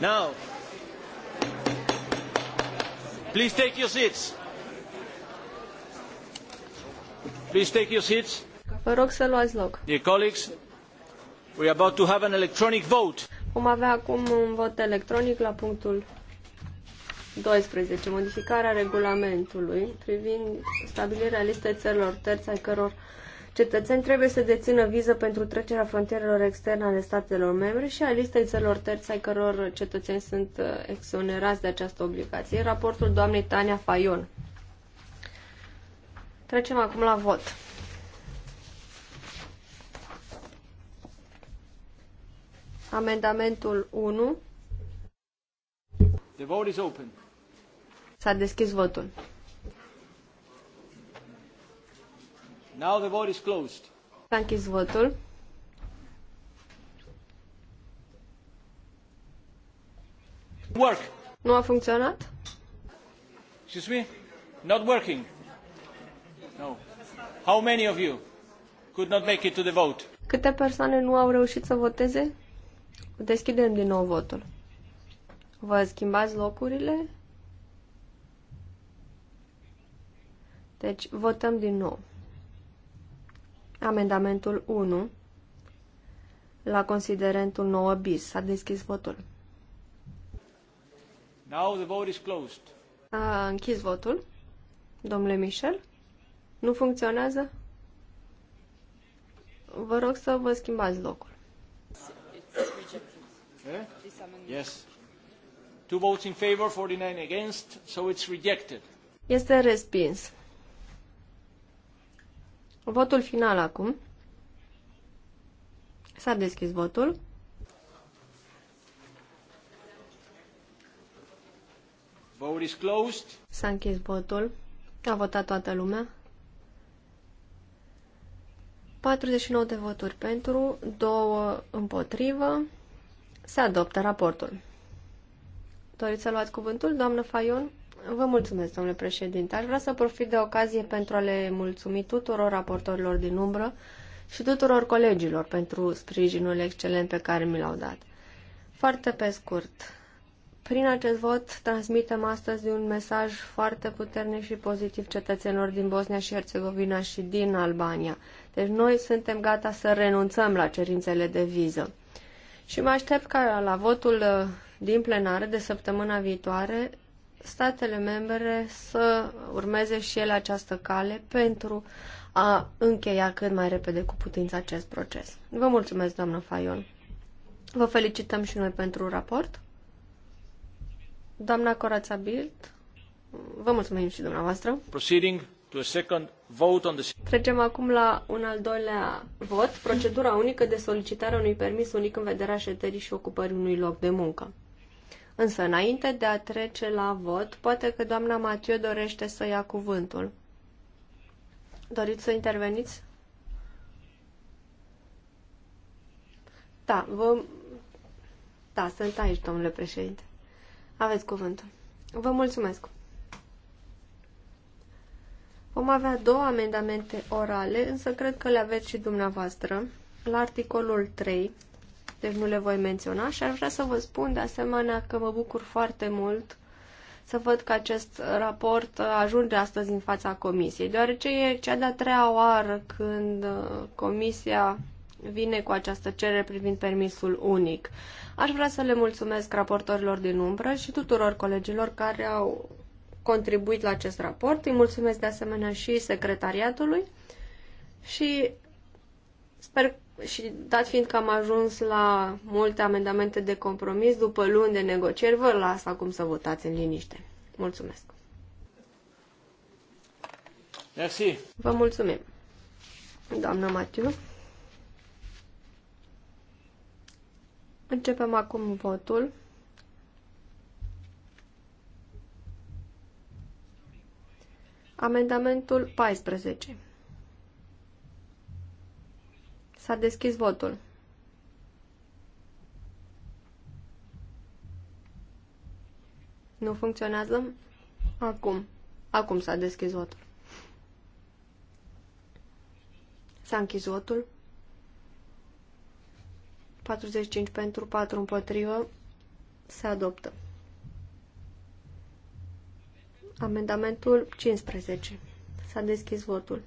Now Please take your seats Please take your seats Vă rog să luați loc Dear colleagues We are about to have an electronic vote Vom avea acum un vot electronic la punctul 12, modificarea regulamentului privind stabilirea listei țărilor terțe ai căror Cetățeni trebuie să dețină viză pentru trecerea frontierelor externe ale statelor membre și a listei țărilor terțe ai căror cetățeni sunt uh, exonerați de această obligație. Raportul doamnei Tania Fayon. Trecem acum la vot. Amendamentul 1. The vote is open. S-a deschis votul. Now the vote is closed. închis votul. Work. Nu a funcționat? Excuse me? Not working. No. How many of you could not make it to the vote? Câte persoane nu au reușit să voteze? Deschidem din nou votul. Vă schimbați locurile? Deci votăm din nou. Amendamentul 1 la considerentul 9 bis. S-a deschis votul. Now the vote is closed. A închis votul. Domnule Michel, nu funcționează? Vă rog să vă schimbați locul. Eh? Yes. Two votes in favor, 49 against, so it's rejected. Este respins. Votul final acum. S-a deschis votul. Vote is closed. S-a închis votul. A votat toată lumea. 49 de voturi pentru, 2 împotrivă. Se adoptă raportul. Doriți să luați cuvântul, doamnă Faion? Vă mulțumesc, domnule președinte. Aș vrea să profit de ocazie pentru a le mulțumi tuturor raportorilor din umbră și tuturor colegilor pentru sprijinul excelent pe care mi l-au dat. Foarte pe scurt, prin acest vot transmitem astăzi un mesaj foarte puternic și pozitiv cetățenilor din Bosnia și Herțegovina și din Albania. Deci noi suntem gata să renunțăm la cerințele de viză. Și mă aștept ca la votul uh, din plenară de săptămâna viitoare statele membre să urmeze și ele această cale pentru a încheia cât mai repede cu putință acest proces. Vă mulțumesc, doamnă Fayon. Vă felicităm și noi pentru raport. Doamna Corața Bild, vă mulțumim și dumneavoastră. Proceeding to a second vote on the... Trecem acum la un al doilea vot, procedura unică de solicitare a unui permis unic în vederea șederii și ocupării unui loc de muncă. Însă, înainte de a trece la vot, poate că doamna Matiu dorește să ia cuvântul. Doriți să interveniți? Da, vă... Da, sunt aici, domnule președinte. Aveți cuvântul. Vă mulțumesc. Vom avea două amendamente orale, însă cred că le aveți și dumneavoastră. La articolul 3, deci nu le voi menționa și aș vrea să vă spun de asemenea că mă bucur foarte mult să văd că acest raport uh, ajunge astăzi în fața comisiei, deoarece e cea de-a treia oară când uh, comisia vine cu această cerere privind permisul unic. Aș vrea să le mulțumesc raportorilor din umbră și tuturor colegilor care au contribuit la acest raport. Îi mulțumesc de asemenea și secretariatului și sper și dat fiind că am ajuns la multe amendamente de compromis, după luni de negocieri, vă las acum să votați în liniște. Mulțumesc! Merci. Vă mulțumim, Doamna Matiu. Începem acum votul. Amendamentul 14. S-a deschis votul. Nu funcționează? Acum. Acum s-a deschis votul. S-a închis votul. 45 pentru, 4 împotrivă. Se adoptă. Amendamentul 15. S-a deschis votul.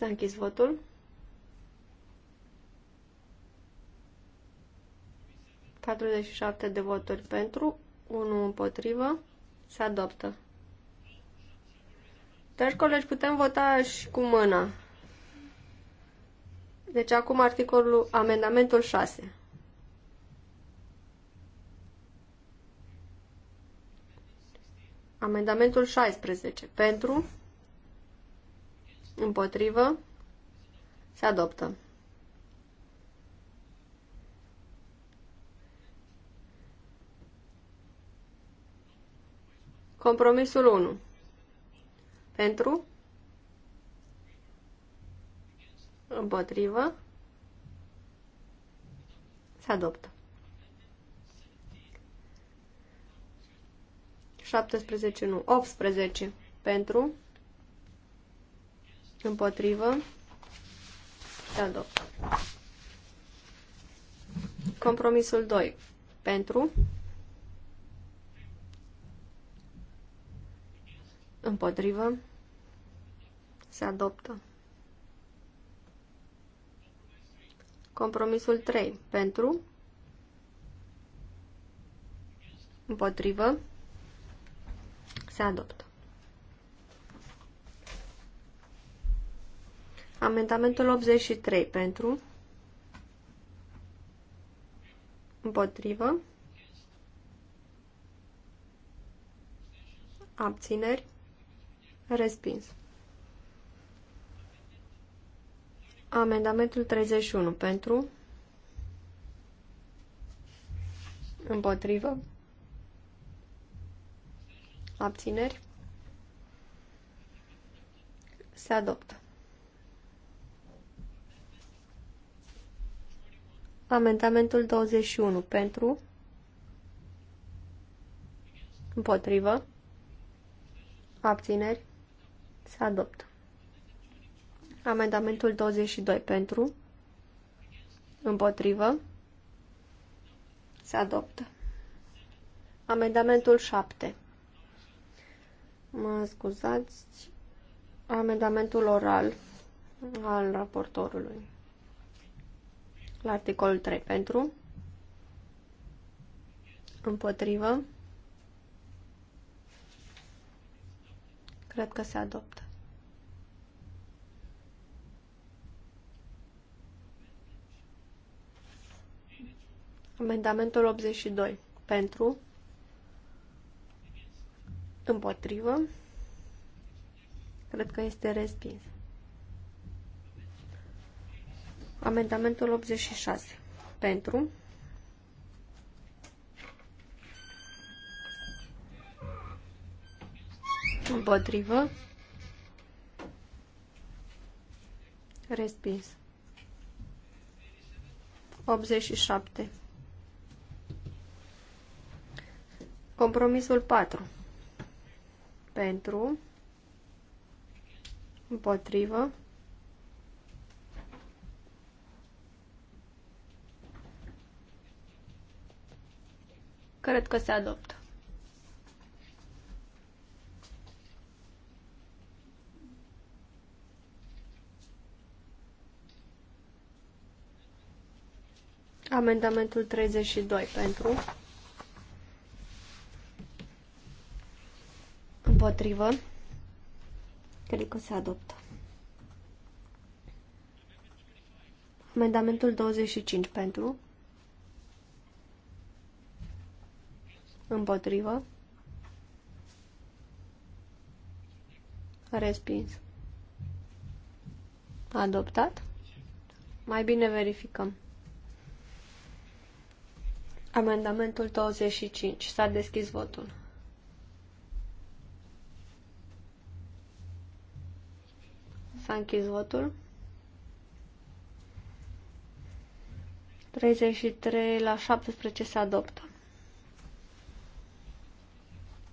S-a închis votul. șapte de voturi pentru, 1 împotrivă. Se adoptă. Dragi colegi, putem vota și cu mâna. Deci acum articolul, amendamentul 6. Amendamentul 16. Pentru, Împotrivă. Se adoptă. Compromisul 1. Pentru. Împotrivă. Se adoptă. 17 nu. 18 pentru. Împotrivă. Se adoptă. Compromisul 2. Pentru. Împotrivă. Se adoptă. Compromisul 3. Pentru. Împotrivă. Se adoptă. Amendamentul 83 pentru. Împotrivă. Abțineri. Respins. Amendamentul 31 pentru. Împotrivă. Abțineri. Se adoptă. Amendamentul 21 pentru, împotrivă, abțineri, se adoptă. Amendamentul 22 pentru, împotrivă, se adoptă. Amendamentul 7. Mă scuzați, amendamentul oral al raportorului. La articolul 3 pentru. Împotrivă. Cred că se adoptă. Amendamentul 82. Pentru. Împotrivă. Cred că este respins. Amendamentul 86. Pentru. Împotrivă. Respins. 87. Compromisul 4. Pentru. Împotrivă. Cred că se adoptă. Amendamentul 32 pentru. Împotrivă. Cred că se adoptă. Amendamentul 25 pentru. Împotrivă. Respins. Adoptat. Mai bine verificăm. Amendamentul 25. S-a deschis votul. S-a închis votul. 33 la 17 se adoptă.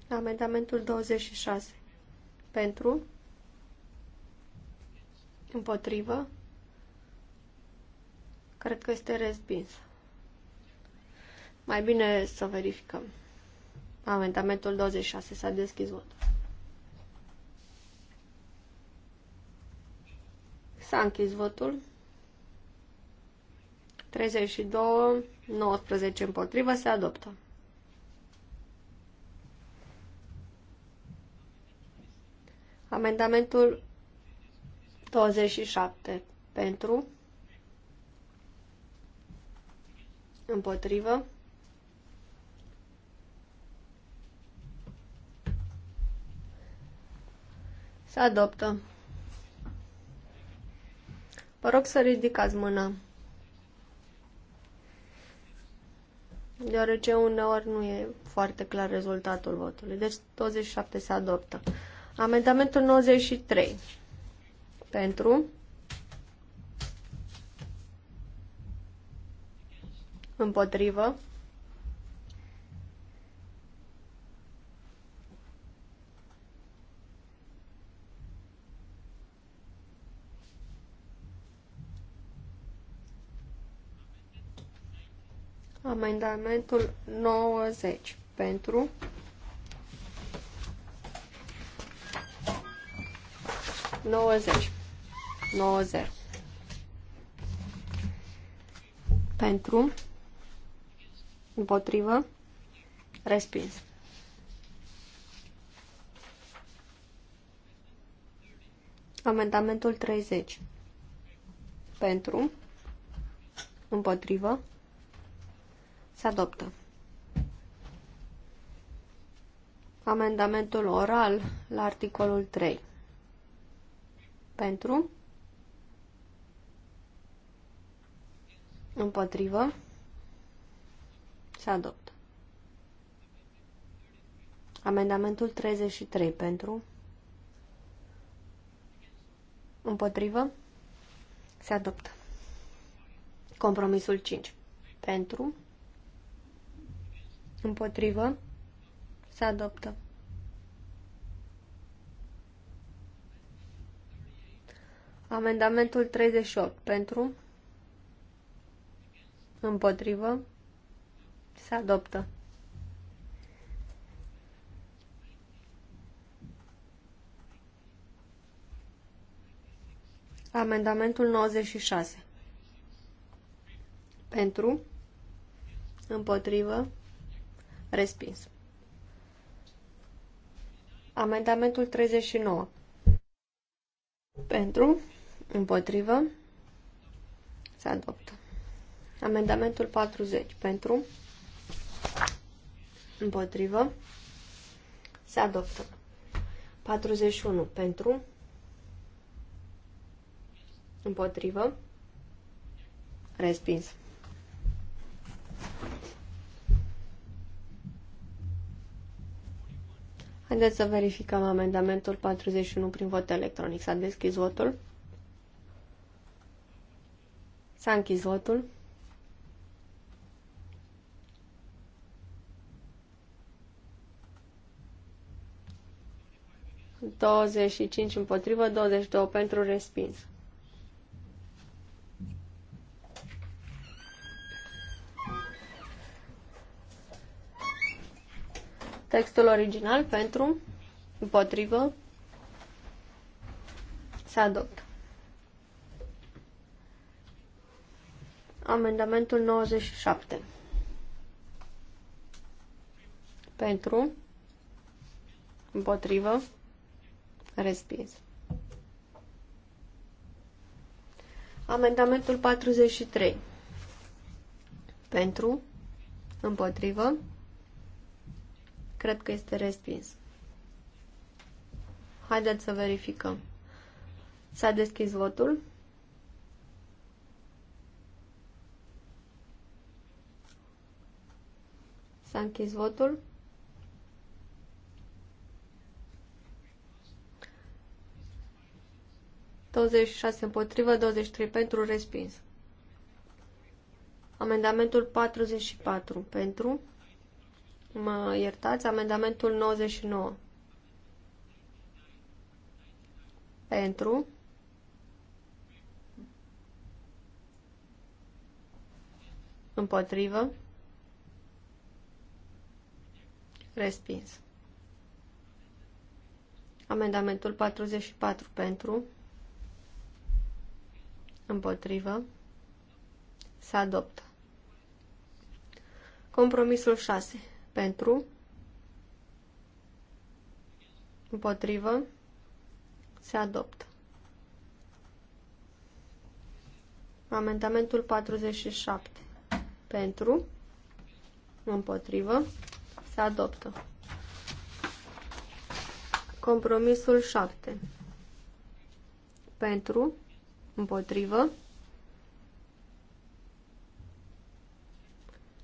Amendamentul 26. Pentru. Împotrivă. Cred că este respins. Mai bine să verificăm. Amendamentul 26 s-a deschis votul. S-a închis votul. 32, 19 împotrivă, se adoptă. Amendamentul 27 pentru, împotrivă, se adoptă. Vă rog să ridicați mâna, deoarece uneori nu e foarte clar rezultatul votului. Deci 27 se adoptă. Amendamentul 93. Pentru. Împotrivă. Amendamentul 90 pentru 90. 90. Pentru. Împotrivă. Respins. Amendamentul 30. Pentru. Împotrivă. Se adoptă. Amendamentul oral la articolul 3 pentru, împotrivă, se adoptă. Amendamentul 33 pentru, împotrivă, se adoptă. Compromisul 5 pentru, împotrivă, se adoptă. Amendamentul 38 pentru, împotrivă, se adoptă. Amendamentul 96 pentru, împotrivă, respins. Amendamentul 39 pentru, Împotrivă. Se adoptă. Amendamentul 40. Pentru. Împotrivă. Se adoptă. 41. Pentru. Împotrivă. Respins. Haideți să verificăm amendamentul 41 prin vot electronic. S-a deschis votul. S-a închis votul. Douăzeci și cinci împotrivă, douăzeci două pentru respins. Textul original pentru, împotrivă, se adoptă. Amendamentul 97. Pentru. Împotrivă. Respins. Amendamentul 43. Pentru. Împotrivă. Cred că este respins. Haideți să verificăm. S-a deschis votul. S-a închis votul. ...26 împotrivă, 23 pentru, respins. Amendamentul 44 pentru, mă iertați, amendamentul 99 pentru, împotrivă, Respins. Amendamentul 44 pentru. Împotrivă. Se adoptă. Compromisul 6 pentru. Împotrivă. Se adoptă. Amendamentul 47 pentru. Împotrivă. Se adoptă. Compromisul 7. Pentru, împotrivă.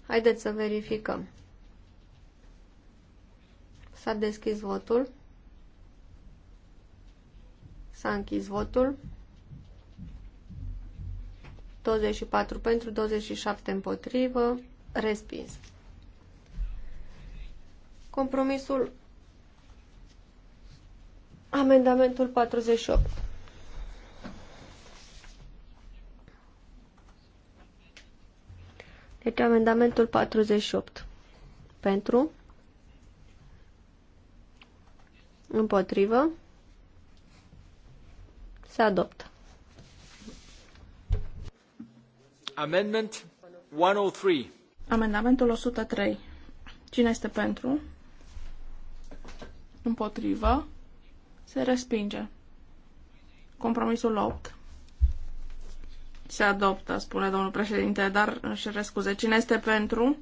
Haideți să verificăm. S-a deschis votul. S-a închis votul. 24 pentru, 27 împotrivă, respins. Compromisul Amendamentul 48. Deci amendamentul 48. Pentru. Împotrivă. Se adoptă. Amendment 103. Amendamentul 103. Cine este pentru? împotrivă, se respinge. Compromisul 8 se adoptă, spune domnul președinte, dar își rescuze. Cine este pentru?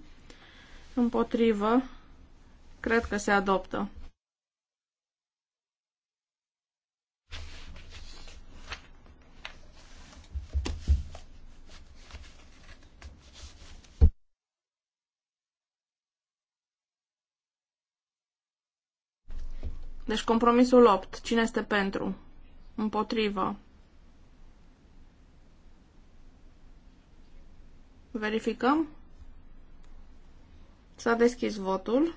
Împotrivă, cred că se adoptă. Deci compromisul 8. Cine este pentru? Împotrivă. Verificăm. S-a deschis votul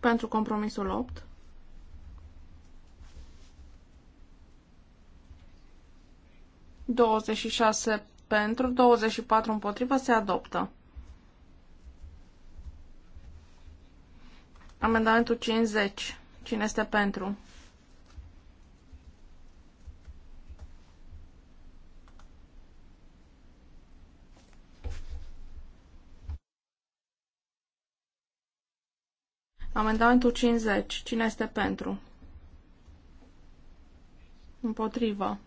pentru compromisul 8. șase pentru, 24 împotrivă, se adoptă. Amendamentul 50. Cine este pentru? Amendamentul 50. Cine este pentru? Împotrivă.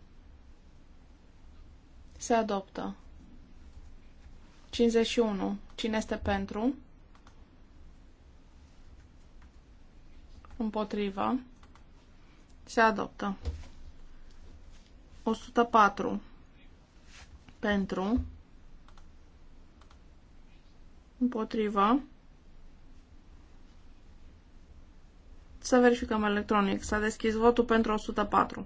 Se adoptă. 51. Cine este pentru? împotrivă, se adoptă. 104 pentru, împotrivă, să verificăm electronic. S-a deschis votul pentru 104.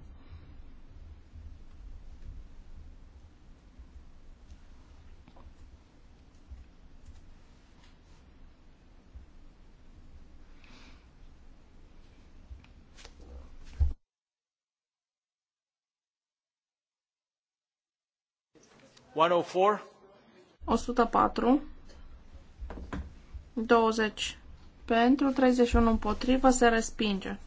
104. 104. 20 pentru, 31 împotrivă, se respinge.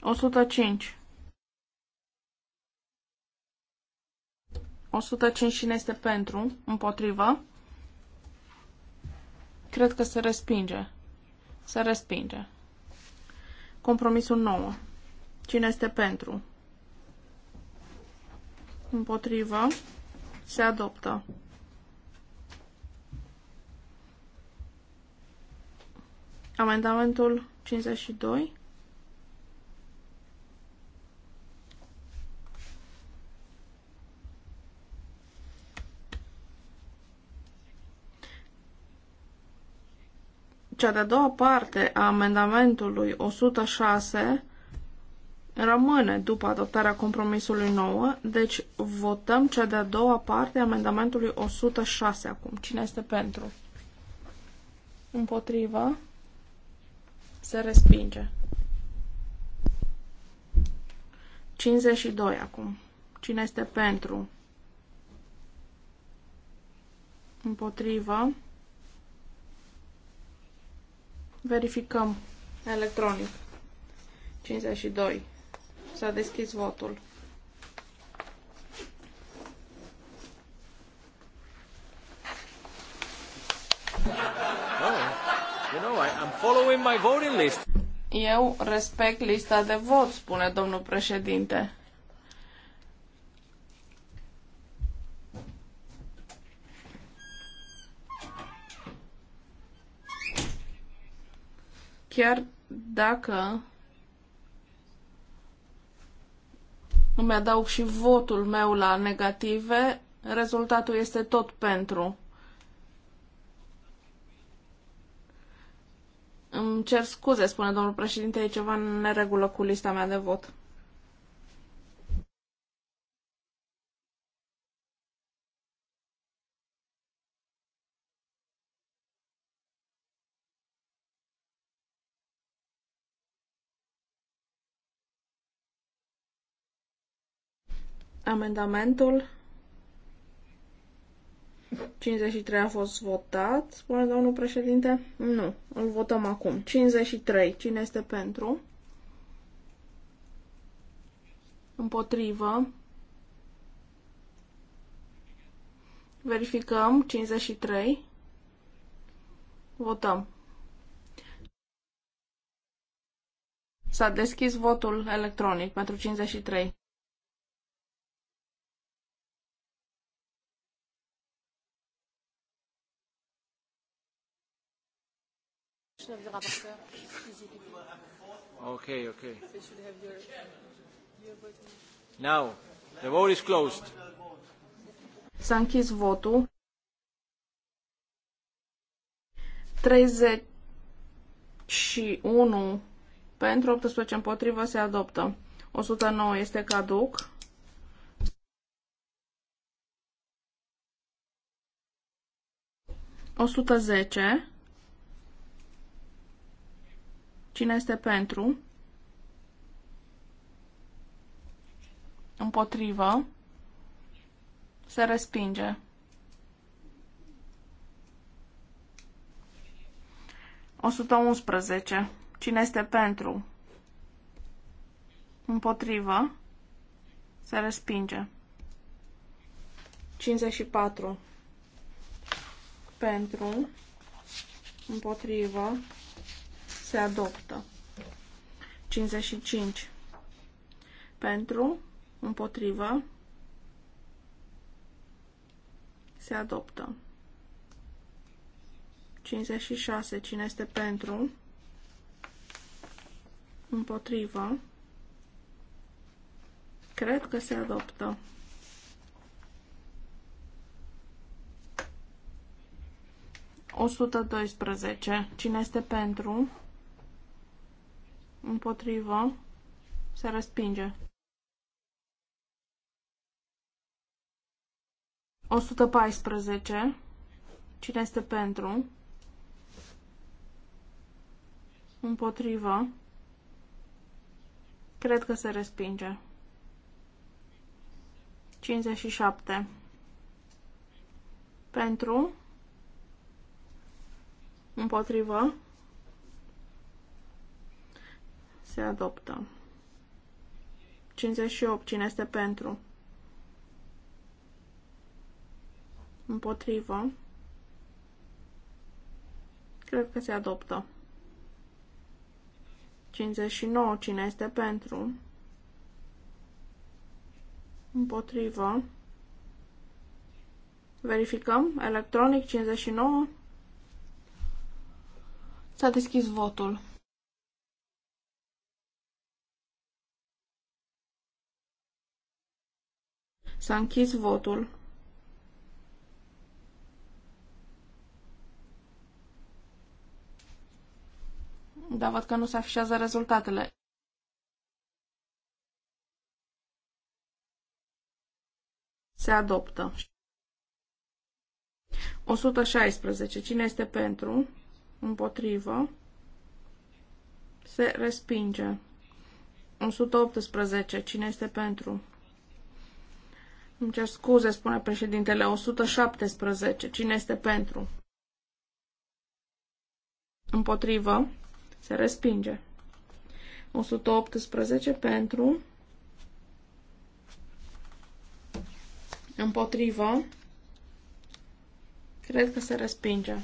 O sută cinci. O sută cinci cine este pentru, împotrivă. Cred că se respinge. Se respinge. Compromisul 9. Cine este pentru? împotrivă, se adoptă. Amendamentul 52. Cea de-a doua parte a amendamentului 106 rămâne după adoptarea compromisului nouă, deci votăm cea de-a doua parte a amendamentului 106 acum. Cine este pentru? Împotrivă? Se respinge. 52 acum. Cine este pentru? Împotrivă? Verificăm electronic. 52. S-a deschis votul. Oh, Eu respect lista de vot, spune domnul președinte. Chiar dacă îmi adaug și votul meu la negative, rezultatul este tot pentru. Îmi cer scuze, spune domnul președinte, e ceva în neregulă cu lista mea de vot. Amendamentul 53 a fost votat, spune domnul președinte? Nu, îl votăm acum. 53. Cine este pentru? Împotrivă. Verificăm. 53. Votăm. S-a deschis votul electronic pentru 53. of the rapporteur. Okay, okay. Now, the vote is closed. S-a închis votul. 31 pentru, 18 împotrivă se adoptă. 109 este caduc. O 110 Cine este pentru? Împotrivă. Se respinge. O sută unsprezece. Cine este pentru? Împotrivă. Se respinge. 54. Pentru. Împotrivă se adoptă. 55 pentru, împotrivă, se adoptă. 56. Cine este pentru? Împotrivă. Cred că se adoptă. 112. Cine este pentru? împotrivă, se respinge. 114. Cine este pentru? Împotrivă. Cred că se respinge. 57. Pentru. Împotrivă. se adoptă. 58. Cine este pentru? Împotrivă. Cred că se adoptă. 59. Cine este pentru? Împotrivă. Verificăm. Electronic 59. S-a deschis votul. S-a închis votul. Dar văd că nu se afișează rezultatele. Se adoptă. 116. Cine este pentru? Împotrivă. Se respinge. 118. Cine este pentru? Îmi cer scuze, spune președintele, 117. Cine este pentru? Împotrivă. Se respinge. 118 pentru. Împotrivă. Cred că se respinge.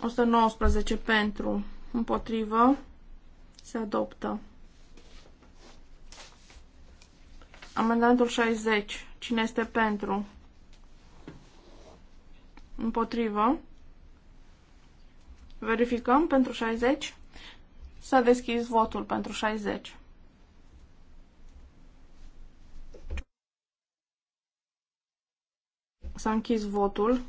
119 pentru. Împotrivă. Se adoptă. Amendamentul 60. Cine este pentru? Împotrivă. Verificăm pentru 60. S-a deschis votul pentru 60. S-a închis votul.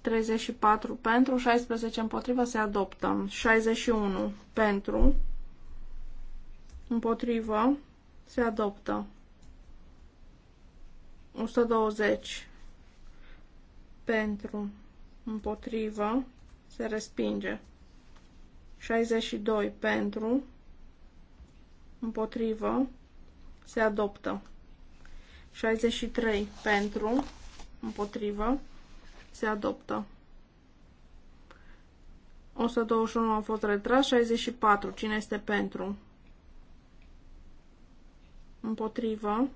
34 pentru, 16 împotrivă, se adoptă. 61 pentru, împotrivă, se adoptă. 120 pentru, împotrivă, se respinge. 62 pentru, împotrivă, se adoptă. 63 pentru, împotrivă, se adoptă. 121 a fost retras, 64, cine este pentru? împotrivă.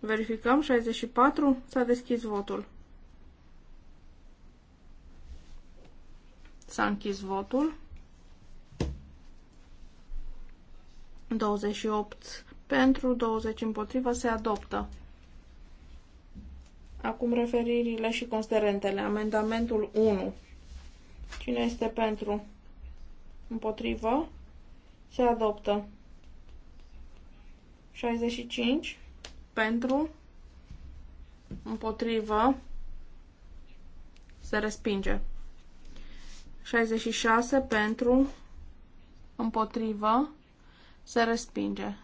Verificăm 64, s-a deschis votul. S-a închis votul. 28 pentru, 20 împotrivă, se adoptă. Acum referirile și considerentele. Amendamentul 1. Cine este pentru? Împotrivă? Se adoptă. 65 pentru, împotrivă, se respinge. 66 pentru, împotrivă, se respinge.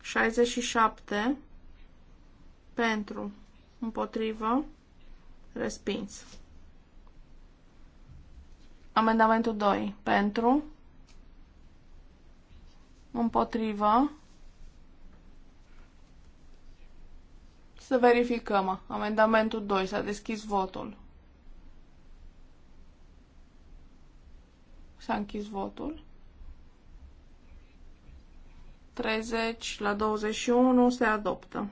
67 pentru, împotrivă, respins. Amendamentul 2 pentru, Împotrivă. Să verificăm. Amendamentul 2. S-a deschis votul. S-a închis votul. 30 la 21 se adoptă.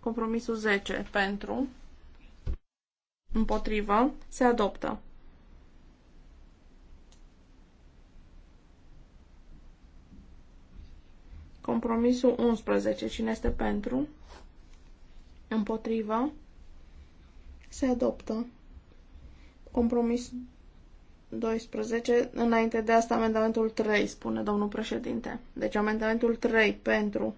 Compromisul 10 pentru. împotriva Se adoptă. Compromisul 11. Cine este pentru? Împotriva? Se adoptă. Compromis 12. Înainte de asta, amendamentul 3, spune domnul președinte. Deci, amendamentul 3 pentru.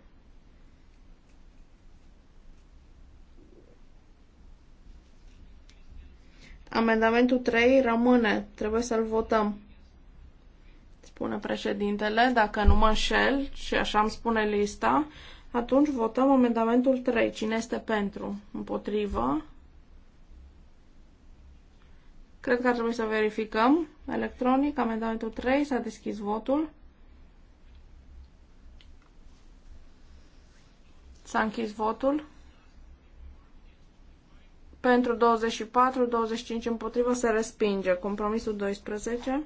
Amendamentul 3 rămâne. Trebuie să-l votăm spune președintele, dacă nu mă înșel, și așa îmi spune lista, atunci votăm amendamentul 3. Cine este pentru? Împotrivă? Cred că ar trebui să verificăm electronic. Amendamentul 3 s-a deschis votul. S-a închis votul. Pentru 24, 25 împotrivă se respinge. Compromisul 12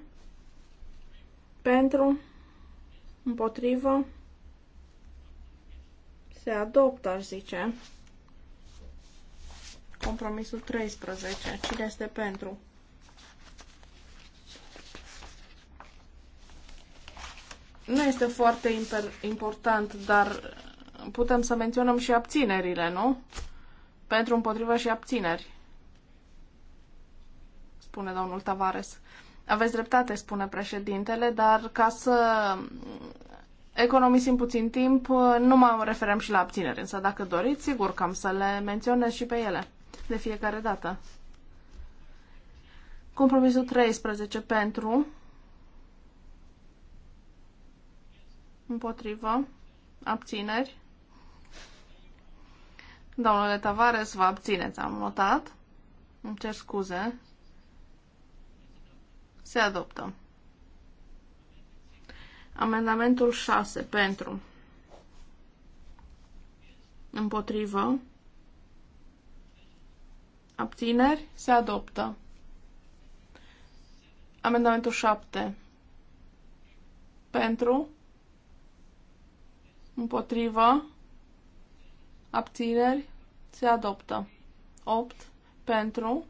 pentru, împotrivă, se adoptă, aș zice. Compromisul 13. Cine este pentru? Nu este foarte important, dar putem să menționăm și abținerile, nu? Pentru împotrivă și abțineri, spune domnul Tavares. Aveți dreptate, spune președintele, dar ca să economisim puțin timp, nu mă referem și la abțineri, însă dacă doriți, sigur că am să le menționez și pe ele, de fiecare dată. Compromisul 13 pentru, împotrivă, abțineri. Domnule Tavares, vă abțineți, am notat. Îmi cer scuze, se adoptă. Amendamentul 6 pentru. Împotrivă. Abțineri. Se adoptă. Amendamentul 7 pentru. Împotrivă. Abțineri. Se adoptă. 8 pentru.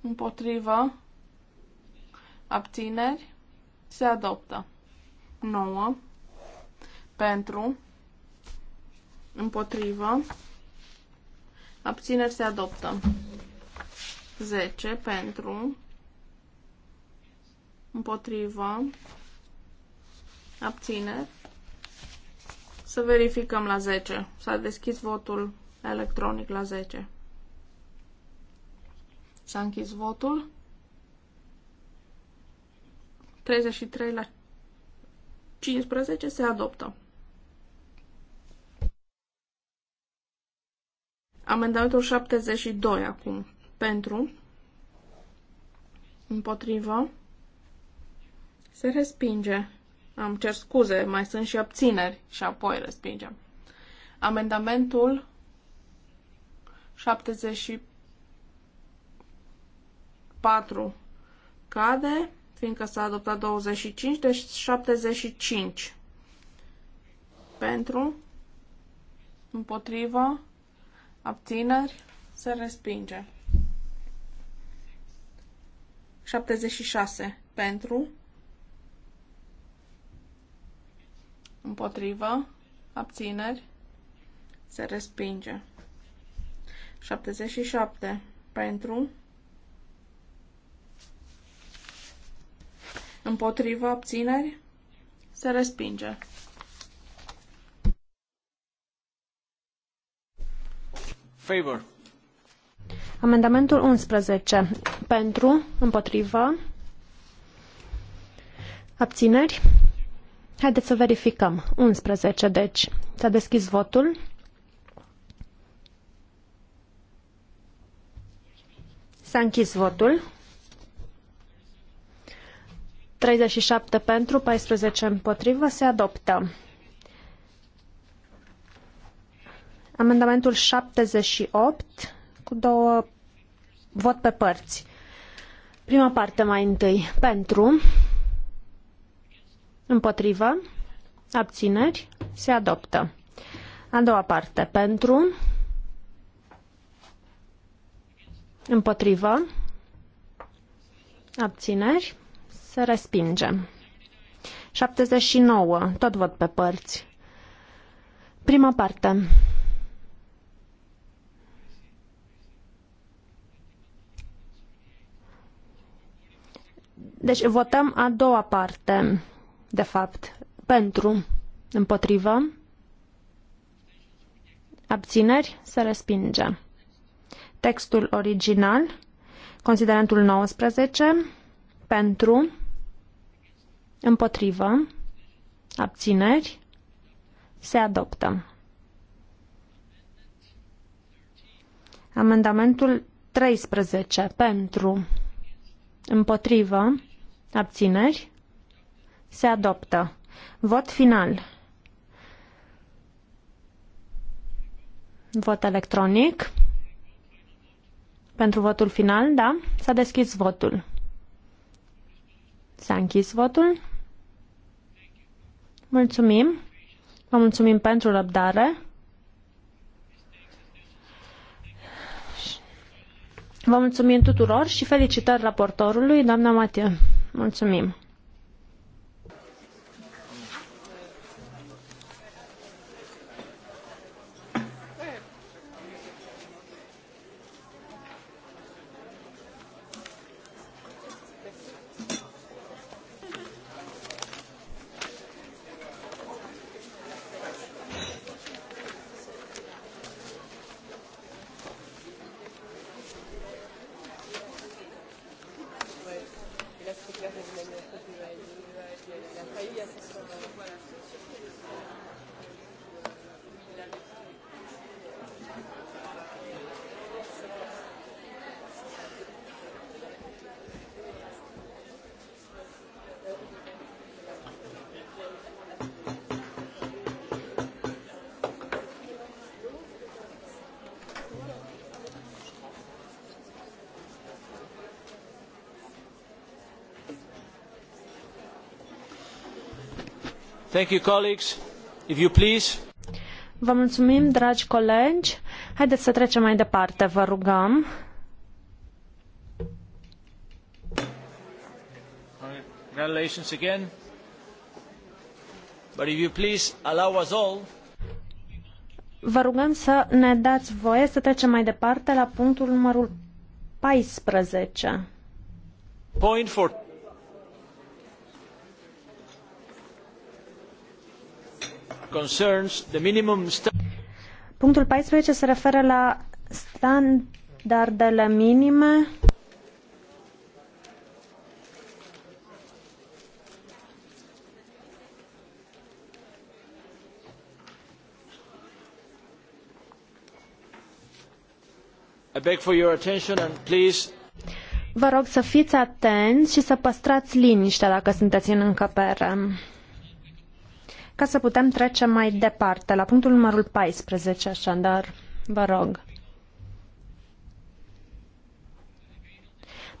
Împotrivă abțineri, se adoptă. 9 pentru, împotrivă, abțineri, se adoptă. 10 pentru, împotrivă, abțineri. Să verificăm la 10. S-a deschis votul electronic la 10. S-a închis votul. 33 la 15 se adoptă. Amendamentul 72 acum. Pentru. Împotrivă. Se respinge. Am cer scuze, mai sunt și abțineri și apoi respingem. Amendamentul 74 cade fiindcă s-a adoptat 25, deci 75 pentru, împotrivă, abțineri, se respinge. 76 pentru, împotrivă, abțineri, se respinge. 77 pentru, Împotrivă abțineri se respinge. Favor. Amendamentul 11. Pentru, împotrivă, abțineri. Haideți să verificăm. 11, deci. S-a deschis votul. S-a închis votul. 37 pentru, 14 împotrivă, se adoptă. Amendamentul 78 cu două vot pe părți. Prima parte mai întâi. Pentru. Împotrivă. Abțineri. Se adoptă. A doua parte. Pentru. Împotrivă. Abțineri. Se respinge. 79. Tot văd pe părți. Prima parte. Deci votăm a doua parte, de fapt, pentru, împotrivă, abțineri, se respinge. Textul original, considerentul 19, pentru, Împotrivă. Abțineri. Se adoptă. Amendamentul 13 pentru împotrivă abțineri se adoptă. Vot final. Vot electronic. Pentru votul final, da, s-a deschis votul. S-a închis votul. Mulțumim. Vă mulțumim pentru răbdare. Vă mulțumim tuturor și felicitări raportorului, doamna Matiu. Mulțumim. Vă mulțumim, dragi colegi. Haideți să trecem mai departe, vă rugăm. Congratulations again. But if you please allow us all Vă rugăm să ne dați voie să trecem mai departe la punctul numărul 14. Point for Punctul 14 se referă la standardele minime I beg for your attention and please... Vă rog să fiți atenți și să păstrați liniștea dacă sunteți în încăpere ca să putem trece mai departe, la punctul numărul 14, așadar, vă rog.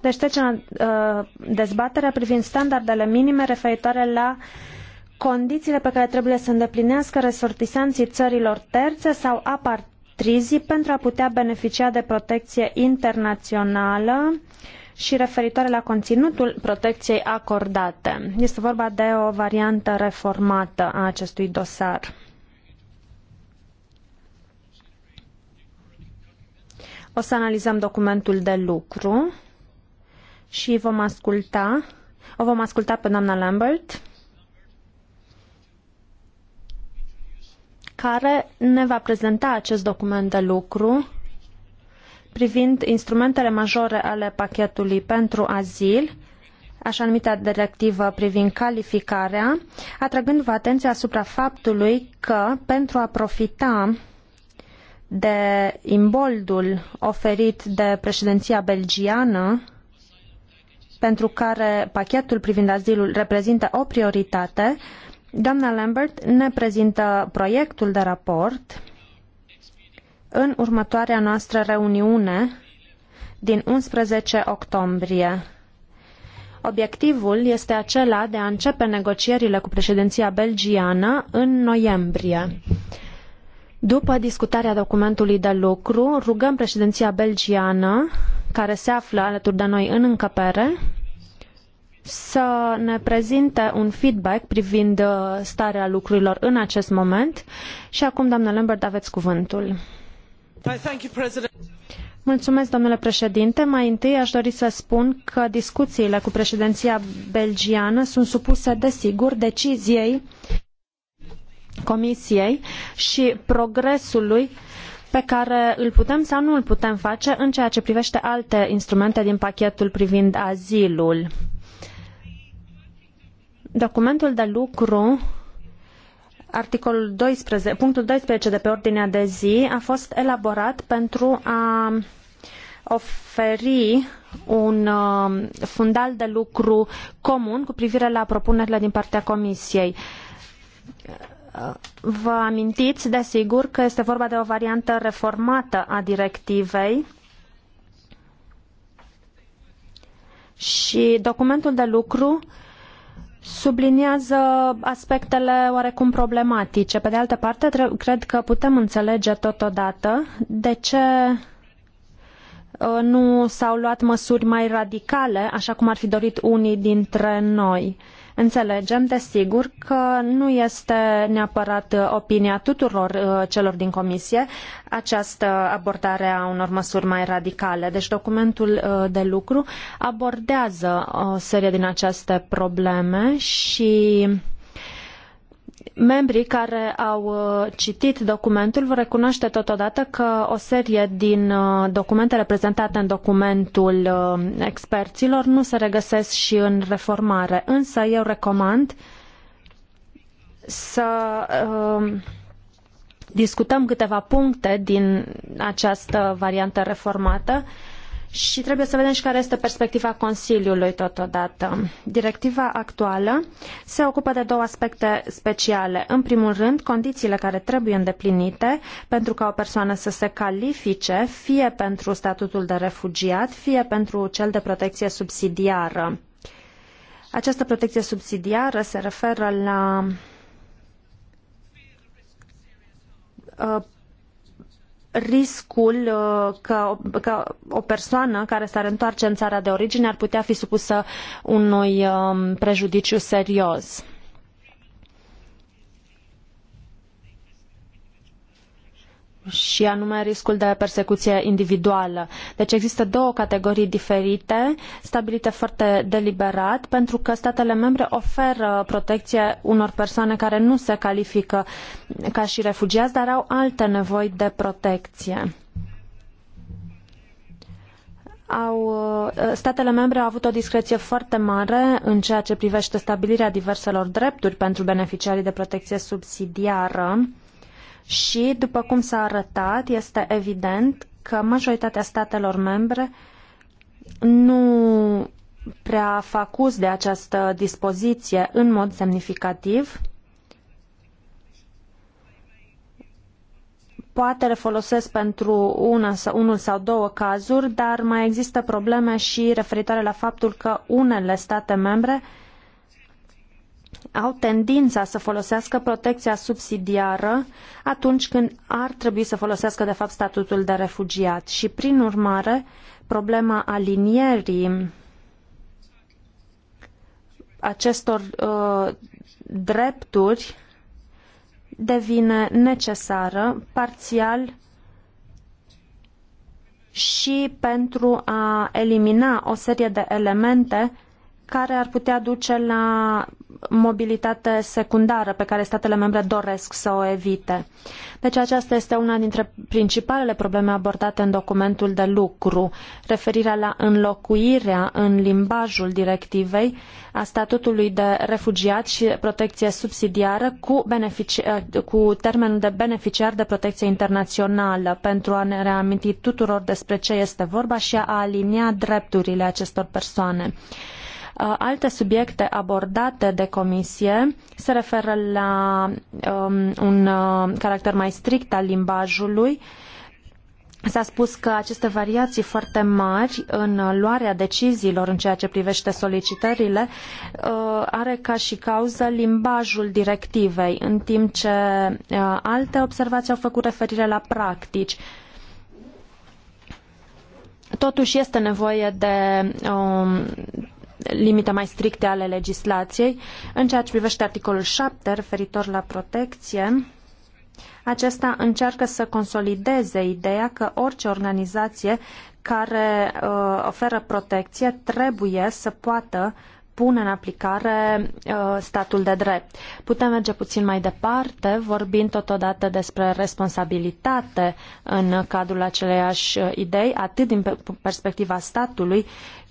Deci trecem la uh, dezbaterea privind standardele minime referitoare la condițiile pe care trebuie să îndeplinească resortisanții țărilor terțe sau apart pentru a putea beneficia de protecție internațională și referitoare la conținutul protecției acordate. Este vorba de o variantă reformată a acestui dosar. O să analizăm documentul de lucru și vom asculta, o vom asculta pe doamna Lambert, care ne va prezenta acest document de lucru privind instrumentele majore ale pachetului pentru azil, așa numita directivă privind calificarea, atrăgându-vă atenția asupra faptului că pentru a profita de imboldul oferit de președinția belgiană, pentru care pachetul privind azilul reprezintă o prioritate, doamna Lambert ne prezintă proiectul de raport în următoarea noastră reuniune din 11 octombrie. Obiectivul este acela de a începe negocierile cu președinția belgiană în noiembrie. După discutarea documentului de lucru, rugăm președinția belgiană, care se află alături de noi în încăpere, să ne prezinte un feedback privind uh, starea lucrurilor în acest moment. Și acum, doamnă Lambert, aveți cuvântul. Mulțumesc, domnule președinte. Mai întâi aș dori să spun că discuțiile cu președinția belgiană sunt supuse, desigur, deciziei Comisiei și progresului pe care îl putem sau nu îl putem face în ceea ce privește alte instrumente din pachetul privind azilul. Documentul de lucru Articolul 12, punctul 12 de pe ordinea de zi a fost elaborat pentru a oferi un um, fundal de lucru comun cu privire la propunerile din partea Comisiei. Vă amintiți, desigur, că este vorba de o variantă reformată a directivei și documentul de lucru uh, subliniază aspectele oarecum problematice. Pe de altă parte, cred că putem înțelege totodată de ce uh, nu s-au luat măsuri mai radicale, așa cum ar fi dorit unii dintre noi. Înțelegem, desigur, că nu este neapărat opinia tuturor uh, celor din comisie această abordare a unor măsuri mai radicale. Deci documentul uh, de lucru abordează o serie din aceste probleme și Membrii care au uh, citit documentul vor recunoaște totodată că o serie din uh, documentele prezentate în documentul uh, experților nu se regăsesc și în reformare, însă eu recomand să discutăm câteva puncte din această variantă reformată și trebuie să vedem și care este perspectiva Consiliului totodată. Directiva actuală se ocupă de două aspecte speciale. În primul rând, condițiile care trebuie îndeplinite pentru ca o persoană să se califice fie pentru statutul de refugiat, fie pentru cel de protecție subsidiară. Această protecție subsidiară se referă la uh, riscul uh, că, că o persoană care s-ar întoarce în țara de origine ar putea fi supusă unui um, prejudiciu serios. și anume riscul de persecuție individuală. Deci există două categorii diferite, stabilite foarte deliberat, pentru că statele membre oferă protecție unor persoane care nu se califică ca și refugiați, dar au alte nevoi de protecție au, statele membre au avut o discreție foarte mare în ceea ce privește stabilirea diverselor drepturi pentru beneficiarii de protecție subsidiară și, după cum s-a arătat, este evident că majoritatea statelor membre nu prea fac uz de această dispoziție în mod semnificativ. Poate le folosesc pentru una, unul sau două cazuri, dar mai există probleme și referitoare la faptul că unele state membre uh, au tendința să folosească protecția subsidiară atunci când ar trebui să folosească de fapt statutul de refugiat și prin urmare problema alinierii acestor uh, drepturi devine necesară parțial și pentru a elimina o serie de elemente care ar putea duce la mobilitate secundară pe care statele membre doresc să o evite. Deci aceasta este una dintre principalele probleme abordate în documentul de lucru, referirea la înlocuirea în limbajul directivei a statutului de refugiat și protecție subsidiară cu, eh, cu termenul de beneficiar de protecție internațională pentru a ne reaminti tuturor despre ce este vorba și a alinia drepturile acestor Persoane. Uh, alte subiecte abordate de comisie se referă la um, un uh, caracter mai strict al limbajului. S-a spus că aceste variații foarte mari în luarea deciziilor în ceea ce privește solicitările uh, are ca și cauză limbajul directivei, în timp ce alte observații au făcut referire la practici. Totuși este nevoie de um, limite mai stricte ale legislației. În ceea ce privește articolul 7, referitor la protecție, acesta încearcă să consolideze ideea că orice organizație care uh, oferă protecție trebuie să poată pune în aplicare uh, statul de drept. Putem merge puțin mai departe, vorbind totodată despre responsabilitate în cadrul aceleiași uh, idei, atât din perspectiva statului,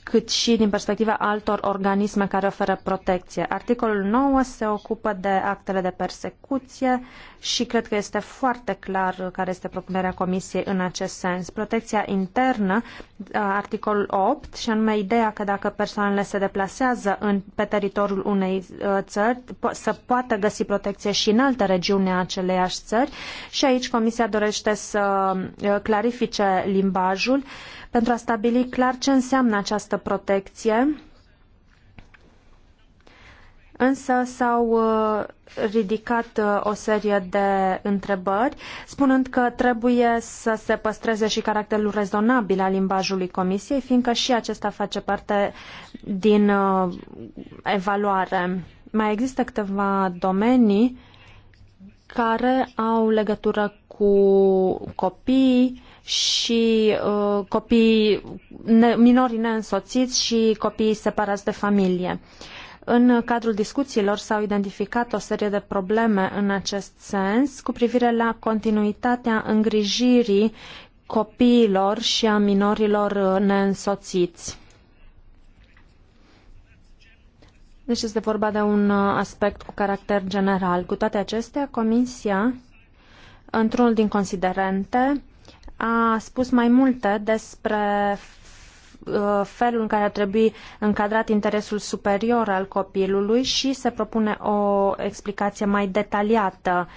cât și din perspectiva altor organisme care oferă protecție. Articolul 9 se ocupă de actele de persecuție și cred că este foarte clar care este propunerea Comisiei în acest sens. Protecția internă, articolul 8, și anume ideea că dacă persoanele se deplasează în, pe teritoriul unei uh, țări, po- să poată găsi protecție și în alte regiune a aceleiași țări și aici Comisia dorește să uh, clarifice limbajul uh, pentru a stabili clar ce înseamnă această protecție. Însă s-au uh, ridicat uh, o serie de întrebări, spunând că trebuie să se păstreze și caracterul rezonabil al limbajului comisiei, fiindcă și acesta face parte din uh, evaluare. Mai există câteva domenii care au legătură cu copii, și uh, copii, ne, minorii neînsoțiți și copiii separați de familie. În cadrul discuțiilor s-au identificat o serie de probleme în acest sens cu privire la continuitatea îngrijirii copiilor și a minorilor uh, neînsoțiți. Deci este vorba de un uh, aspect cu caracter general. Cu toate acestea, Comisia, într-unul din considerente, a spus mai multe despre uh, felul în care ar trebui încadrat interesul superior al copilului și se propune o explicație mai detaliată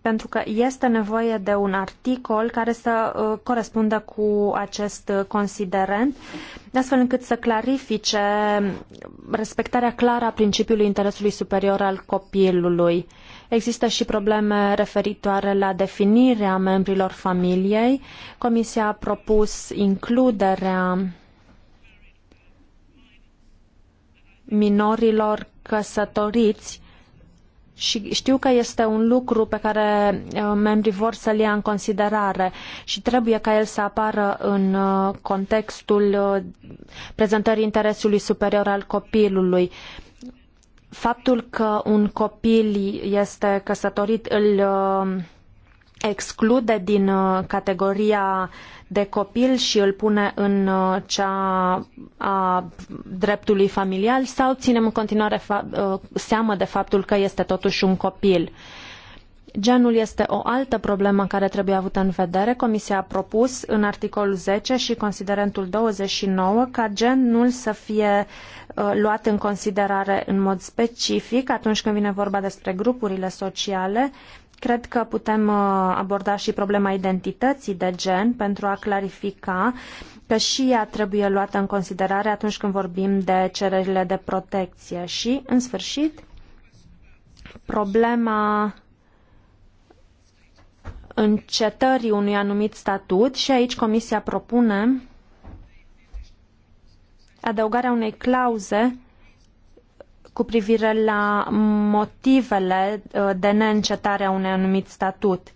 pentru că este nevoie de un articol care să uh, corespundă cu acest considerent, astfel încât să clarifice respectarea clară a principiului interesului superior al copilului. Uh, Există și probleme referitoare la definirea membrilor familiei. Comisia a propus includerea minorilor căsătoriți și știu că este un lucru pe care uh, membrii vor să-l ia în considerare și trebuie ca el să apară în uh, contextul uh, prezentării interesului superior al copilului faptul că un copil este căsătorit îl uh, exclude din uh, categoria de copil și îl pune în uh, cea a dreptului familial sau ținem în continuare seamă de faptul că este totuși un copil? Uh, Genul este o altă problemă care trebuie avută în vedere. Comisia a propus în articolul 10 și considerentul 29 ca genul să fie uh, luat în considerare în mod specific atunci când vine vorba despre grupurile sociale. Cred că putem uh, aborda și problema identității de gen pentru a clarifica că și ea trebuie luată în considerare atunci când vorbim de cererile de protecție. Și, în sfârșit, problema încetării unui anumit statut și aici Comisia propune adăugarea unei clauze cu privire la motivele uh, de neîncetare a unui anumit statut.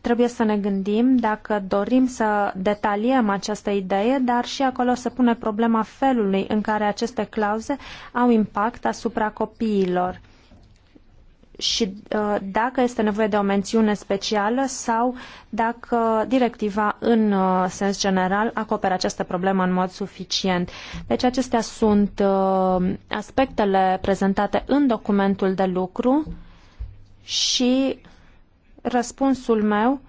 Trebuie să ne gândim dacă dorim să detaliem această idee, dar și acolo se pune problema felului în care aceste clauze au impact asupra copiilor și uh, dacă este nevoie de o mențiune specială sau dacă directiva în uh, sens general acoperă această problemă în mod suficient. Deci acestea sunt uh, aspectele prezentate în documentul de lucru și răspunsul meu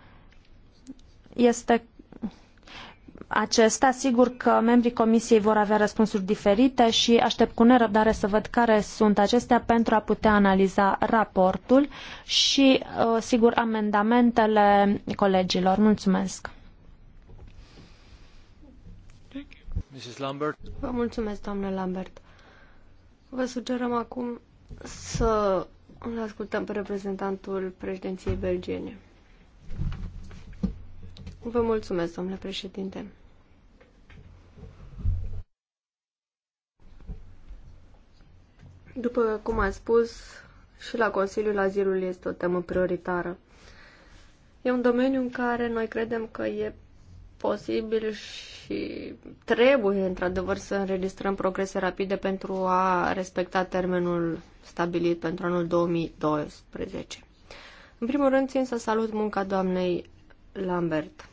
este acesta. Sigur că membrii comisiei vor avea răspunsuri diferite și aștept cu nerăbdare să văd care sunt acestea pentru a putea analiza raportul și, uh, sigur, amendamentele colegilor. Mulțumesc! Mrs. Lambert. Vă mulțumesc, doamnă Lambert. Vă sugerăm acum să îl ascultăm pe reprezentantul președinției belgiene. Vă mulțumesc, domnule președinte. După cum am spus, și la Consiliul Azilului este o temă prioritară. E un domeniu în care noi credem că e posibil și trebuie, într-adevăr, să înregistrăm progrese rapide pentru a respecta termenul stabilit pentru anul 2012. În primul rând, țin să salut munca doamnei Lambert.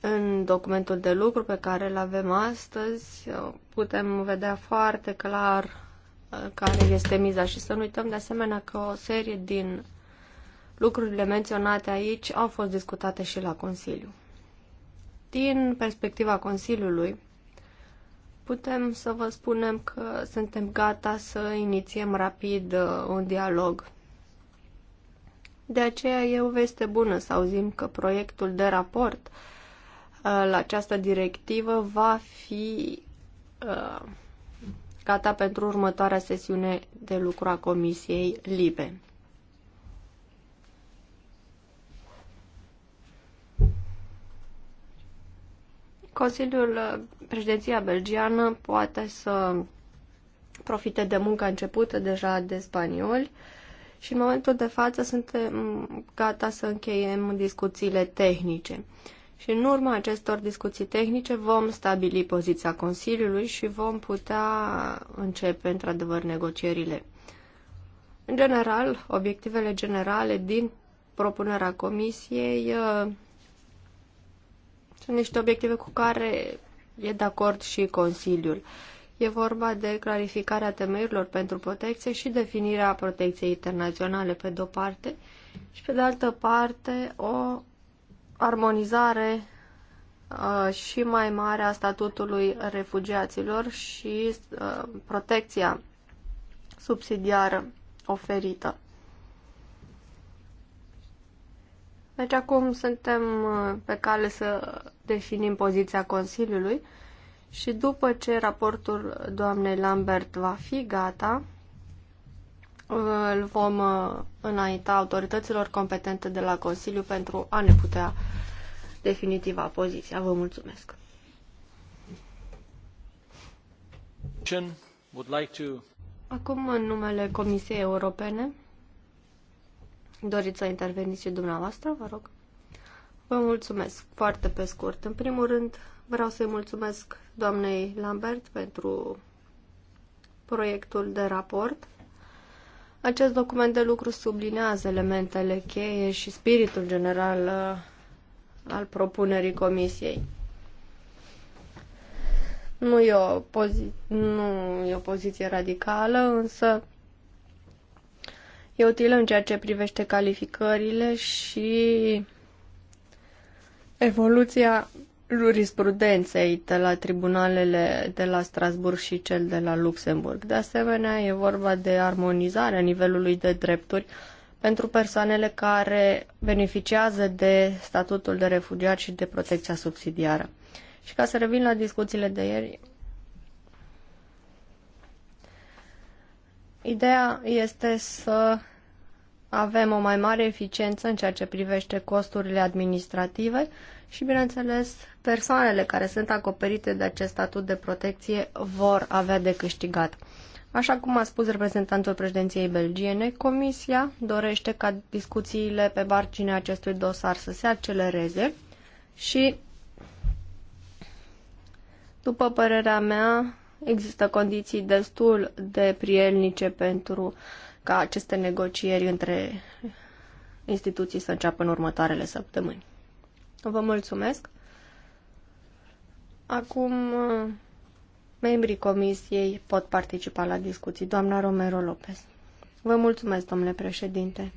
În documentul de lucru pe care îl avem astăzi putem vedea foarte clar uh, care este miza și să nu uităm de asemenea că o serie din lucrurile menționate aici au fost discutate și la Consiliu. Din perspectiva Consiliului, putem să vă spunem că suntem gata să inițiem rapid uh, un dialog de aceea e o veste bună să auzim că proiectul de raport uh, la această directivă va fi uh, gata pentru următoarea sesiune de lucru a Comisiei Libe. Consiliul uh, Președinția Belgiană poate să profite de munca începută deja de spanioli și în momentul de față suntem gata să încheiem discuțiile tehnice. Și în urma acestor discuții tehnice vom stabili poziția Consiliului și vom putea începe într-adevăr negocierile. În general, obiectivele generale din propunerea Comisiei uh, sunt niște obiective cu care e de acord și Consiliul. Uh, E vorba de clarificarea temerilor pentru protecție și definirea protecției internaționale pe de-o parte și pe de altă parte o armonizare uh, și mai mare a statutului refugiaților și uh, protecția subsidiară oferită. Deci acum suntem pe cale să definim poziția Consiliului. Și după ce raportul doamnei Lambert va fi gata, îl vom uh, înainta autorităților competente de la Consiliu pentru a ne putea definitiva poziția. Vă mulțumesc. Acum, în numele Comisiei Europene, doriți să interveniți și dumneavoastră, vă rog. Vă mulțumesc foarte pe scurt. În primul rând, Vreau să-i mulțumesc doamnei Lambert pentru proiectul de raport. Acest document de lucru sublinează elementele cheie și spiritul general uh, al propunerii comisiei. Nu e o, pozi- nu e o poziție radicală, însă e utilă în ceea ce privește calificările și evoluția jurisprudenței de la tribunalele de la Strasburg și cel de la Luxemburg. De asemenea, e vorba de armonizarea nivelului de drepturi pentru persoanele care beneficiază de statutul de refugiat și de protecția subsidiară. Și ca să revin la discuțiile de ieri, ideea este să avem o mai mare eficiență în ceea ce privește costurile administrative, și, bineînțeles, persoanele care sunt acoperite de acest statut de protecție vor avea de câștigat. Așa cum a spus reprezentantul președinției belgiene, Comisia dorește ca discuțiile pe marginea acestui dosar să se accelereze și, după părerea mea, există condiții destul de prielnice pentru ca aceste negocieri între instituții să înceapă în următoarele săptămâni. Vă mulțumesc. Acum, uh, membrii comisiei pot participa la discuții. Doamna Romero Lopez. Vă mulțumesc, domnule președinte.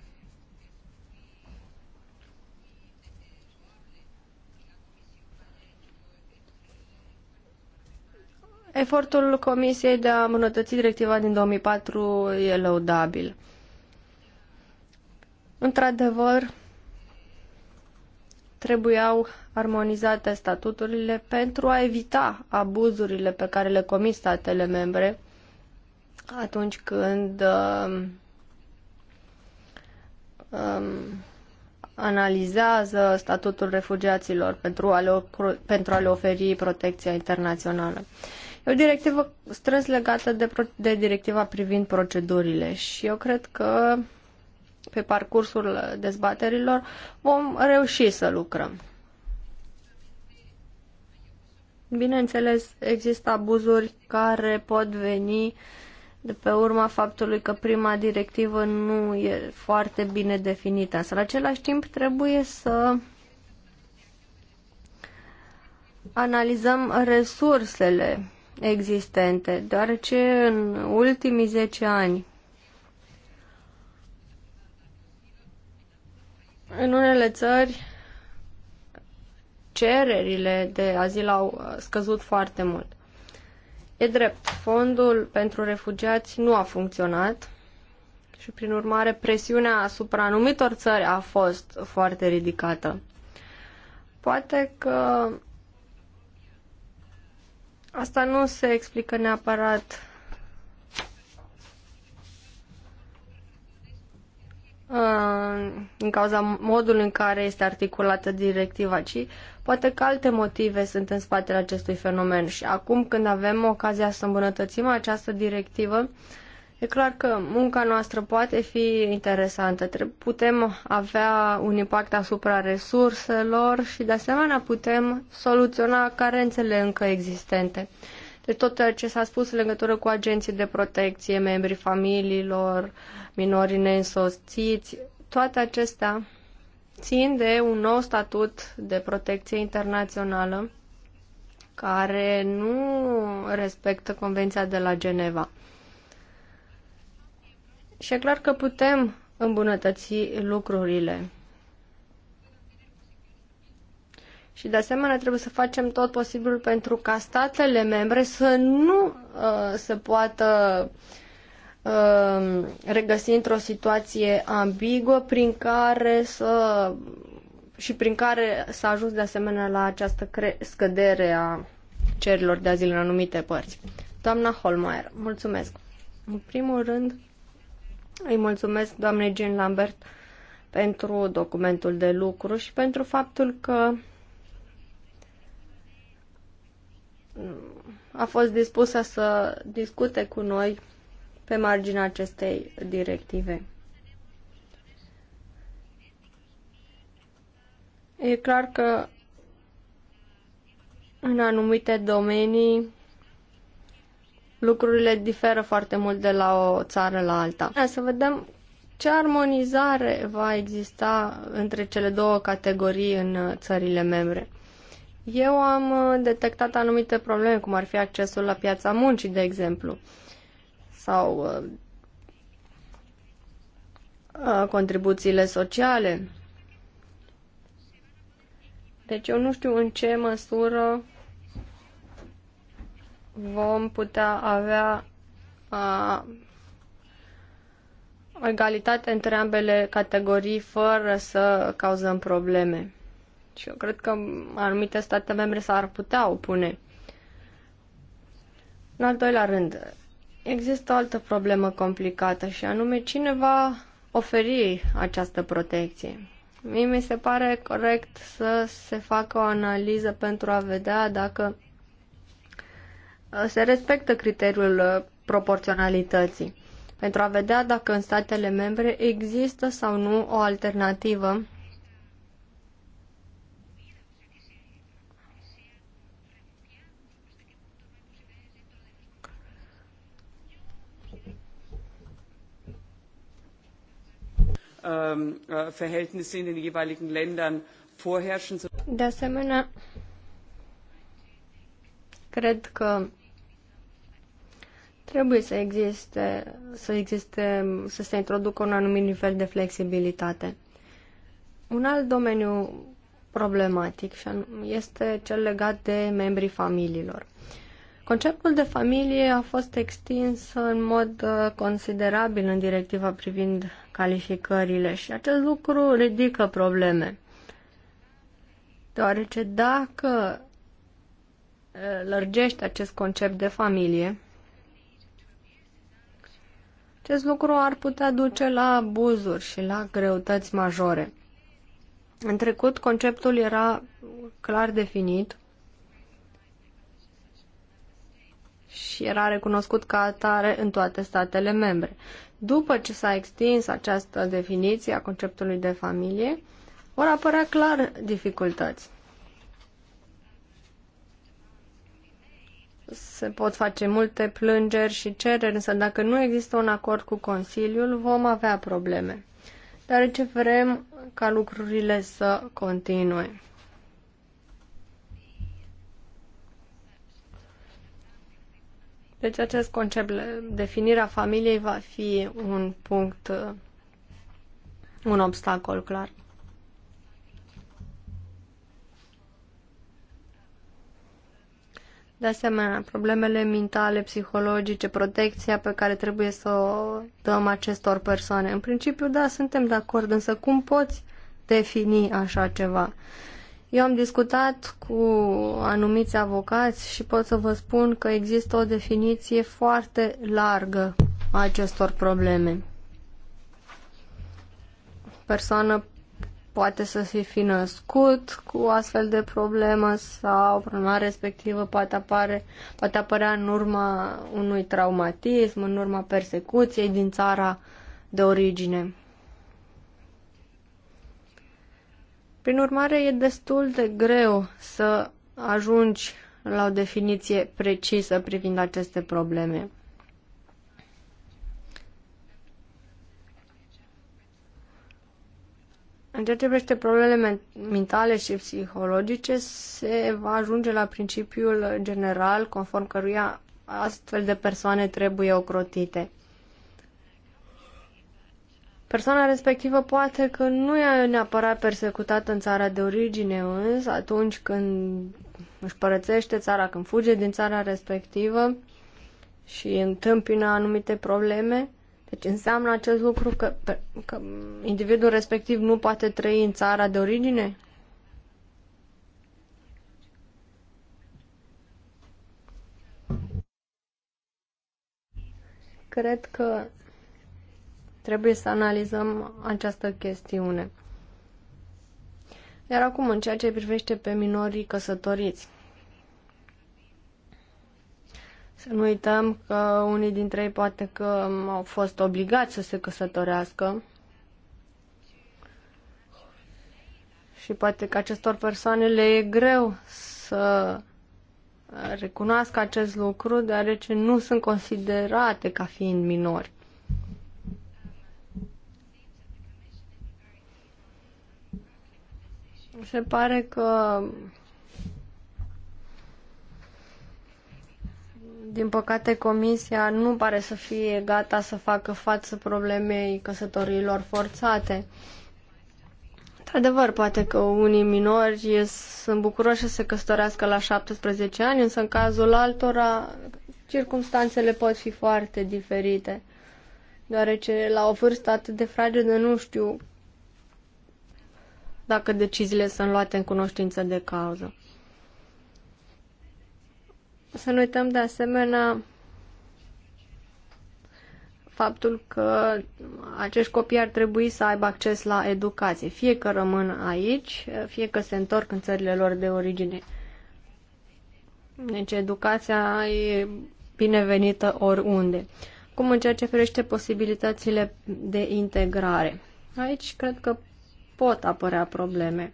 Efortul Comisiei de a îmbunătăți directiva din 2004 e lăudabil. Într-adevăr, trebuiau armonizate statuturile pentru a evita abuzurile pe care le comit statele membre atunci când um, um, analizează statutul refugiaților pentru a, le, pentru a le oferi protecția internațională. E o directivă strâns legată de, de directiva privind procedurile și eu cred că pe parcursul dezbaterilor, vom reuși să lucrăm. Bineînțeles, există abuzuri care pot veni de pe urma faptului că prima directivă nu e foarte bine definită. Însă, la același timp, trebuie să analizăm resursele existente, deoarece în ultimii 10 ani În unele țări, cererile de azil au uh, scăzut foarte mult. E drept, fondul pentru refugiați nu a funcționat și, prin urmare, presiunea asupra anumitor țări a fost foarte ridicată. Poate că asta nu se explică neapărat din uh, cauza modului în care este articulată directiva, ci poate că alte motive sunt în spatele acestui fenomen. Și acum când avem ocazia să îmbunătățim această directivă, e clar că munca noastră poate fi interesantă. Putem avea un impact asupra resurselor și de asemenea putem soluționa carențele încă existente de tot uh, ce s-a spus în legătură cu agenții de protecție, membrii familiilor, minorii neînsoțiți, toate acestea țin de un nou statut de protecție internațională care nu respectă Convenția de la Geneva. Și e clar că putem îmbunătăți lucrurile. Și de asemenea trebuie să facem tot posibilul pentru ca statele membre să nu uh, se poată uh, regăsi într-o situație ambiguă prin care să și prin care s-a ajuns de asemenea la această scădere a cerilor de azil în anumite părți. Doamna Holmeier, mulțumesc. În primul rând, îi mulțumesc doamnei Jean Lambert pentru documentul de lucru și pentru faptul că a fost dispusă să discute cu noi pe marginea acestei directive. E clar că în anumite domenii lucrurile diferă foarte mult de la o țară la alta. Să vedem ce armonizare va exista între cele două categorii în țările membre. Eu am uh, detectat anumite probleme, cum ar fi accesul la piața muncii, de exemplu, sau uh, uh, contribuțiile sociale. Deci eu nu știu în ce măsură vom putea avea uh, egalitate între ambele categorii fără să cauzăm probleme. Și eu cred că anumite state membre s-ar putea opune. În al doilea rând, există o altă problemă complicată și anume cine va oferi această protecție. Mie mi se pare corect să se facă o analiză pentru a vedea dacă uh, se respectă criteriul uh, proporționalității, pentru a vedea dacă în statele membre există sau nu o alternativă Ähm, äh, Verhältnisse in den jeweiligen Ländern vorherrschen. De asemenea, cred că trebuie să existe, să existe, să se introducă un anumit nivel de flexibilitate. Un alt domeniu problematic este cel legat de membrii familiilor. Uh, Conceptul de familie a fost extins în mod uh, considerabil în directiva privind calificările și acest lucru ridică probleme. Deoarece dacă uh, lărgești acest concept de familie, acest lucru ar putea duce la abuzuri și la greutăți majore. În trecut, conceptul era clar definit și era recunoscut ca atare în toate statele membre. După ce s-a extins această definiție a conceptului de familie, vor apărea clar dificultăți. Se pot face multe plângeri și cereri, însă dacă nu există un acord cu Consiliul, vom avea probleme, deoarece vrem ca lucrurile să continue. Deci acest concept, definirea familiei, va fi un punct, un obstacol clar. De asemenea, problemele mentale, psihologice, protecția pe care trebuie să o dăm acestor persoane. În principiu, da, suntem de acord, însă cum poți defini așa ceva? Eu am discutat cu anumiți avocați și pot să vă spun că există o definiție foarte largă a acestor probleme. Persoană poate să se fi născut cu astfel de problemă sau problema respectivă poate, apare, poate apărea în urma unui traumatism, în urma persecuției din țara de origine. Prin urmare, e destul de greu să ajungi la o definiție precisă privind aceste probleme. În ceea ce privește problemele mentale și psihologice, se va ajunge la principiul general conform căruia astfel de persoane trebuie ocrotite. Persoana respectivă poate că nu e neapărat persecutată în țara de origine, însă atunci când își părățește țara, când fuge din țara respectivă și întâmpină anumite probleme, deci înseamnă acest lucru că, că individul respectiv nu poate trăi în țara de origine? Cred că Trebuie să analizăm această chestiune. Iar acum, în ceea ce privește pe minorii căsătoriți, să nu uităm că unii dintre ei poate că au fost obligați să se căsătorească și poate că acestor persoane le e greu să recunoască acest lucru, deoarece nu sunt considerate ca fiind minori. Se pare că din păcate, comisia nu pare să fie gata să facă față problemei căsătoriilor forțate. Într-adevăr, poate că unii minori sunt bucuroși să se căsătorească la 17 ani, însă în cazul altora circumstanțele pot fi foarte diferite, deoarece la o vârstă atât de fragedă nu știu dacă deciziile sunt luate în cunoștință de cauză. Să nu uităm de asemenea faptul că acești copii ar trebui să aibă acces la educație, fie că rămân aici, fie că se întorc în țările lor de origine. Deci educația e binevenită oriunde. Cum în ceea ce privește posibilitățile de integrare. Aici cred că pot apărea probleme.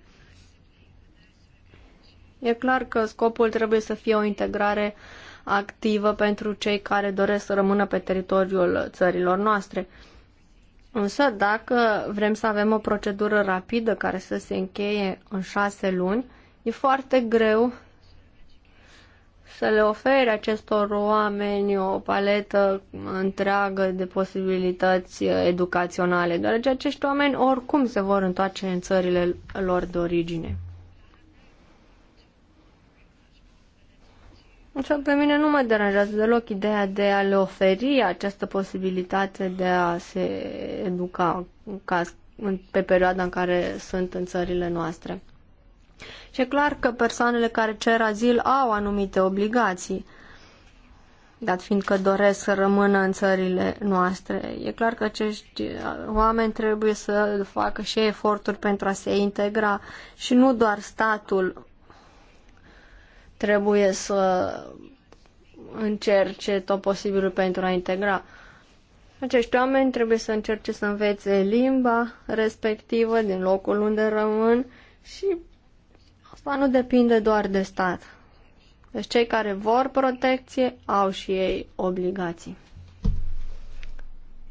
E clar că scopul trebuie să fie o integrare activă pentru cei care doresc să rămână pe teritoriul țărilor noastre. Însă, dacă vrem să avem o procedură rapidă care să se încheie în șase luni, e foarte greu să le ofere acestor oameni o paletă întreagă de posibilități uh, educaționale, deoarece acești oameni oricum se vor întoarce în țările lor de origine. Așa deci, pe mine nu mă deranjează deloc ideea de a le oferi această posibilitate de a se educa ca, pe perioada în care sunt în țările noastre. Și e clar că persoanele care cer azil au anumite obligații, dat fiind că doresc să rămână în țările noastre. E clar că acești oameni trebuie să facă și eforturi pentru a se integra și nu doar statul trebuie să încerce tot posibilul pentru a integra. Acești oameni trebuie să încerce să învețe limba respectivă din locul unde rămân și Asta nu depinde doar de stat. Deci cei care vor protecție au și ei obligații.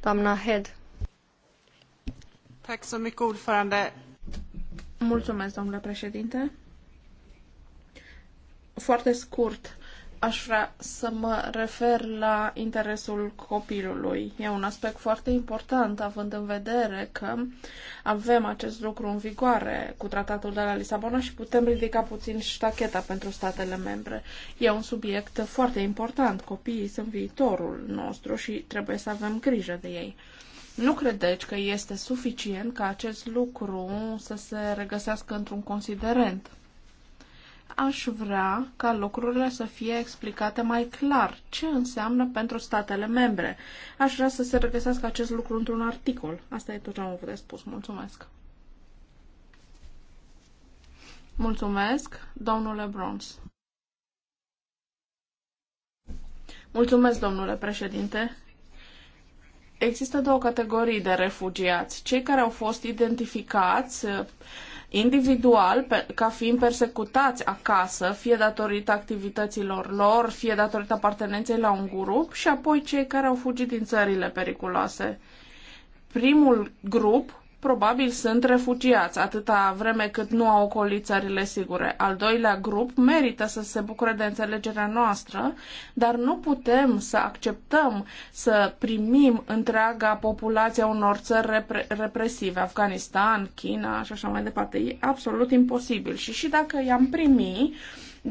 Doamna Head. Mulțumesc, domnule președinte. Foarte scurt aș vrea să mă refer la interesul copilului. E un aspect foarte important, având în vedere că avem acest lucru în vigoare cu tratatul de la Lisabona și putem ridica puțin ștacheta pentru statele membre. E un subiect foarte important. Copiii sunt viitorul nostru și trebuie să avem grijă de ei. Nu credeți că este suficient ca acest lucru să se regăsească într-un considerent? aș vrea ca lucrurile să fie explicate mai clar ce înseamnă pentru statele membre. Aș vrea să se regăsească acest lucru într-un articol. Asta e tot ce am avut de spus. Mulțumesc. Mulțumesc, domnule Brons. Mulțumesc, domnule președinte. Există două categorii de refugiați. Cei care au fost identificați individual pe, ca fiind persecutați acasă, fie datorită activităților lor, fie datorită apartenenței la un grup și apoi cei care au fugit din țările periculoase. Primul grup probabil sunt refugiați atâta vreme cât nu au ocolit țările sigure. Al doilea grup merită să se bucure de înțelegerea noastră, dar nu putem să acceptăm să primim întreaga populație a unor țări repre- represive, Afganistan, China și așa mai departe. E absolut imposibil. Și și dacă i-am primi, uh,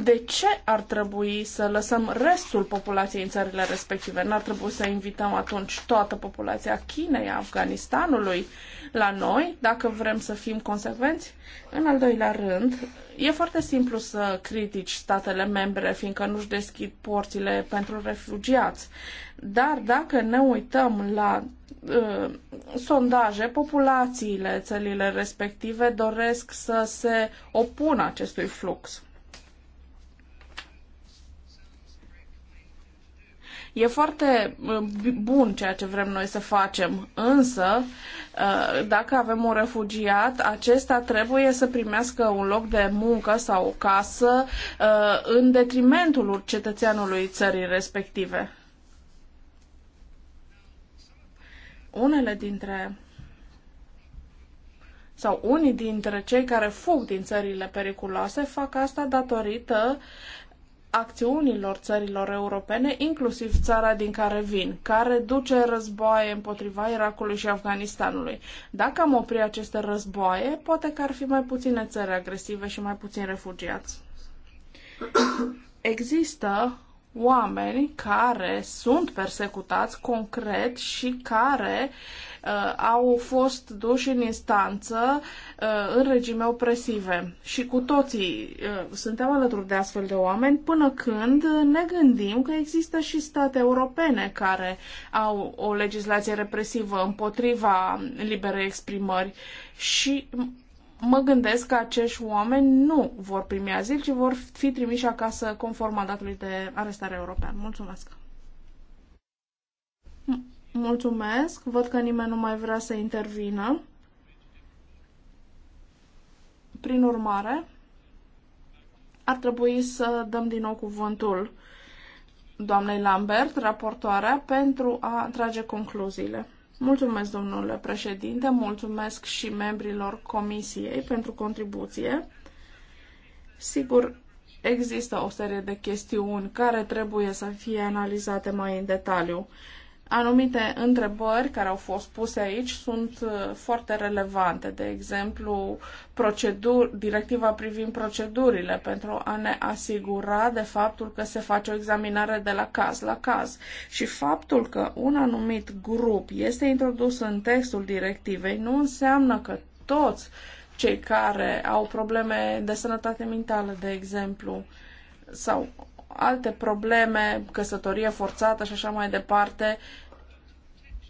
de ce ar trebui să lăsăm restul populației în țările respective? N-ar trebui să invităm atunci toată populația Chinei, Afganistanului la noi, dacă vrem să fim consecvenți? În al doilea rând, e foarte simplu să critici statele membre, fiindcă nu-și deschid porțile pentru refugiați. Dar dacă ne uităm la uh, sondaje, populațiile țările respective doresc să se opună acestui flux. E foarte uh, bun ceea ce vrem noi să facem, însă uh, dacă avem un refugiat, acesta trebuie să primească un loc de muncă sau o casă uh, în detrimentul cetățeanului țării respective. Unele dintre sau unii dintre cei care fug din țările periculoase fac asta datorită acțiunilor țărilor europene, inclusiv țara din care vin, care duce războaie împotriva Irakului și Afganistanului. Dacă am opri aceste războaie, poate că ar fi mai puține țări agresive și mai puțini refugiați. Există oameni care sunt persecutați concret și care uh, uh, au fost duși în instanță uh, în regime opresive. Și cu toții uh, suntem alături de astfel de oameni până când ne gândim că există și state europene care au o legislație represivă împotriva liberei exprimări și mă gândesc că acești oameni nu vor primi azil, ci vor fi trimiși acasă conform mandatului de arestare european. Mulțumesc! Mulțumesc. Văd că nimeni nu mai vrea să intervină. Prin urmare, ar trebui să dăm din nou cuvântul doamnei Lambert, raportoarea, pentru a trage concluziile. Mulțumesc, domnule președinte, mulțumesc și membrilor comisiei pentru contribuție. Sigur, există o serie de chestiuni care trebuie să fie analizate mai în detaliu Anumite întrebări care au fost puse aici sunt uh, foarte relevante, de exemplu, procedur, directiva privind procedurile pentru a ne asigura de faptul că se face o examinare de la caz la caz și faptul că un anumit grup este introdus în textul directivei nu înseamnă că toți cei care au probleme de sănătate mentală, de exemplu, sau alte probleme, căsătorie forțată și așa mai departe,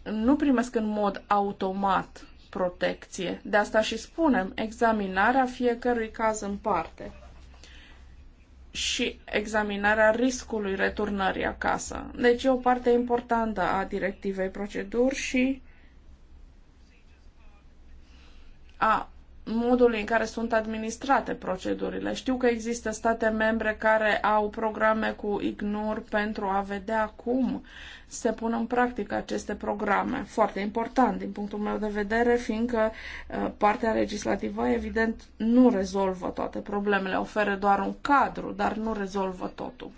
nu primesc în mod automat protecție. De asta și spunem examinarea fiecărui caz în parte și examinarea riscului returnării acasă. Deci e o parte importantă a directivei proceduri și a modului în care sunt administrate procedurile. Știu că există state membre care au programe cu IGNUR pentru a vedea cum se pun în practică aceste programe. Foarte important din punctul meu de vedere, fiindcă uh, partea legislativă evident nu rezolvă toate problemele, oferă doar un cadru, dar nu rezolvă totul.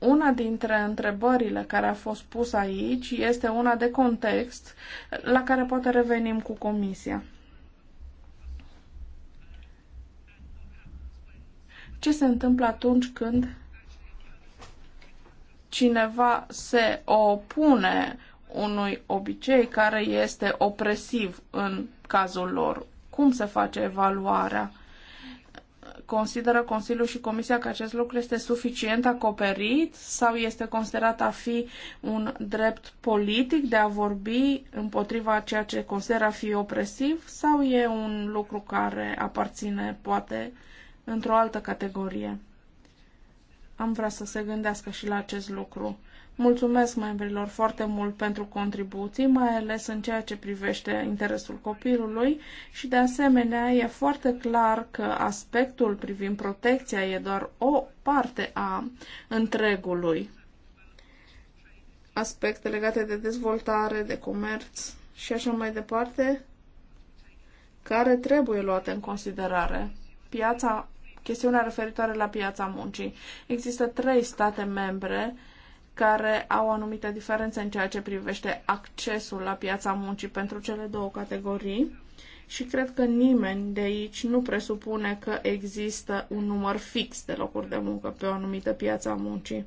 Una dintre întrebările care a fost pusă aici este una de context la care poate revenim cu comisia. Ce se întâmplă atunci când cineva se opune unui obicei care este opresiv în cazul lor? Cum se face evaluarea? Consideră Consiliul și Comisia că acest lucru este suficient acoperit sau este considerat a fi un drept politic de a vorbi împotriva ceea ce consideră a fi opresiv sau e un lucru care aparține poate într-o altă categorie? Am vrea să se gândească și la acest lucru. Mulțumesc membrilor foarte mult pentru contribuții, mai ales în ceea ce privește interesul copilului și de asemenea e foarte clar că aspectul privind protecția e doar o parte a întregului. Aspecte legate de dezvoltare, de comerț și așa mai departe, care trebuie luate în considerare. Piața, chestiunea referitoare la piața muncii. Există trei state membre care au anumite diferențe în ceea ce privește accesul la piața muncii pentru cele două categorii și cred că nimeni de aici nu presupune că există un număr fix de locuri de muncă pe o anumită piață a muncii.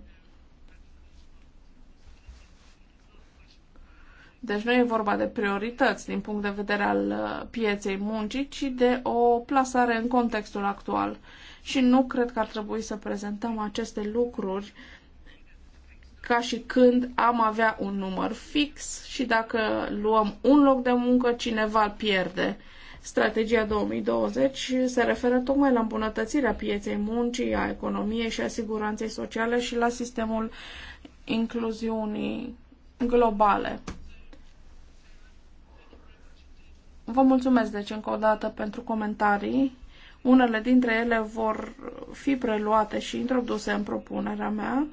Deci nu e vorba de priorități din punct de vedere al uh, pieței muncii, ci de o plasare în contextul actual. Și nu cred că ar trebui să prezentăm aceste lucruri ca și când am avea un număr fix și dacă luăm un loc de muncă, cineva îl pierde. Strategia 2020 se referă tocmai la îmbunătățirea pieței muncii, a economiei și a siguranței sociale și la sistemul incluziunii globale. Vă mulțumesc deci încă o dată pentru comentarii. Unele dintre ele vor fi preluate și introduse în propunerea mea,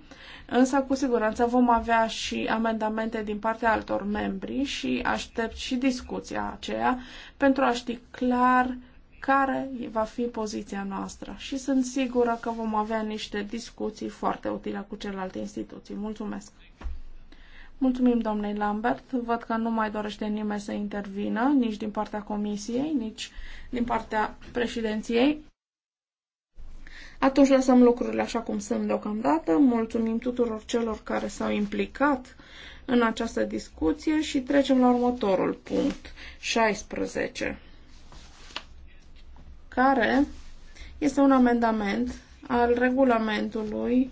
însă cu siguranță vom avea și amendamente din partea altor membri și aștept și discuția aceea pentru a ști clar care va fi poziția noastră și sunt sigură că vom avea niște discuții foarte utile cu celelalte instituții. Mulțumesc! Mulțumim domnei Lambert. Văd că nu mai dorește nimeni să intervină, nici din partea comisiei, nici din partea președinției. Atunci lăsăm lucrurile așa cum sunt deocamdată. Mulțumim tuturor celor care s-au implicat în această discuție și trecem la următorul punct, 16, care este un amendament al regulamentului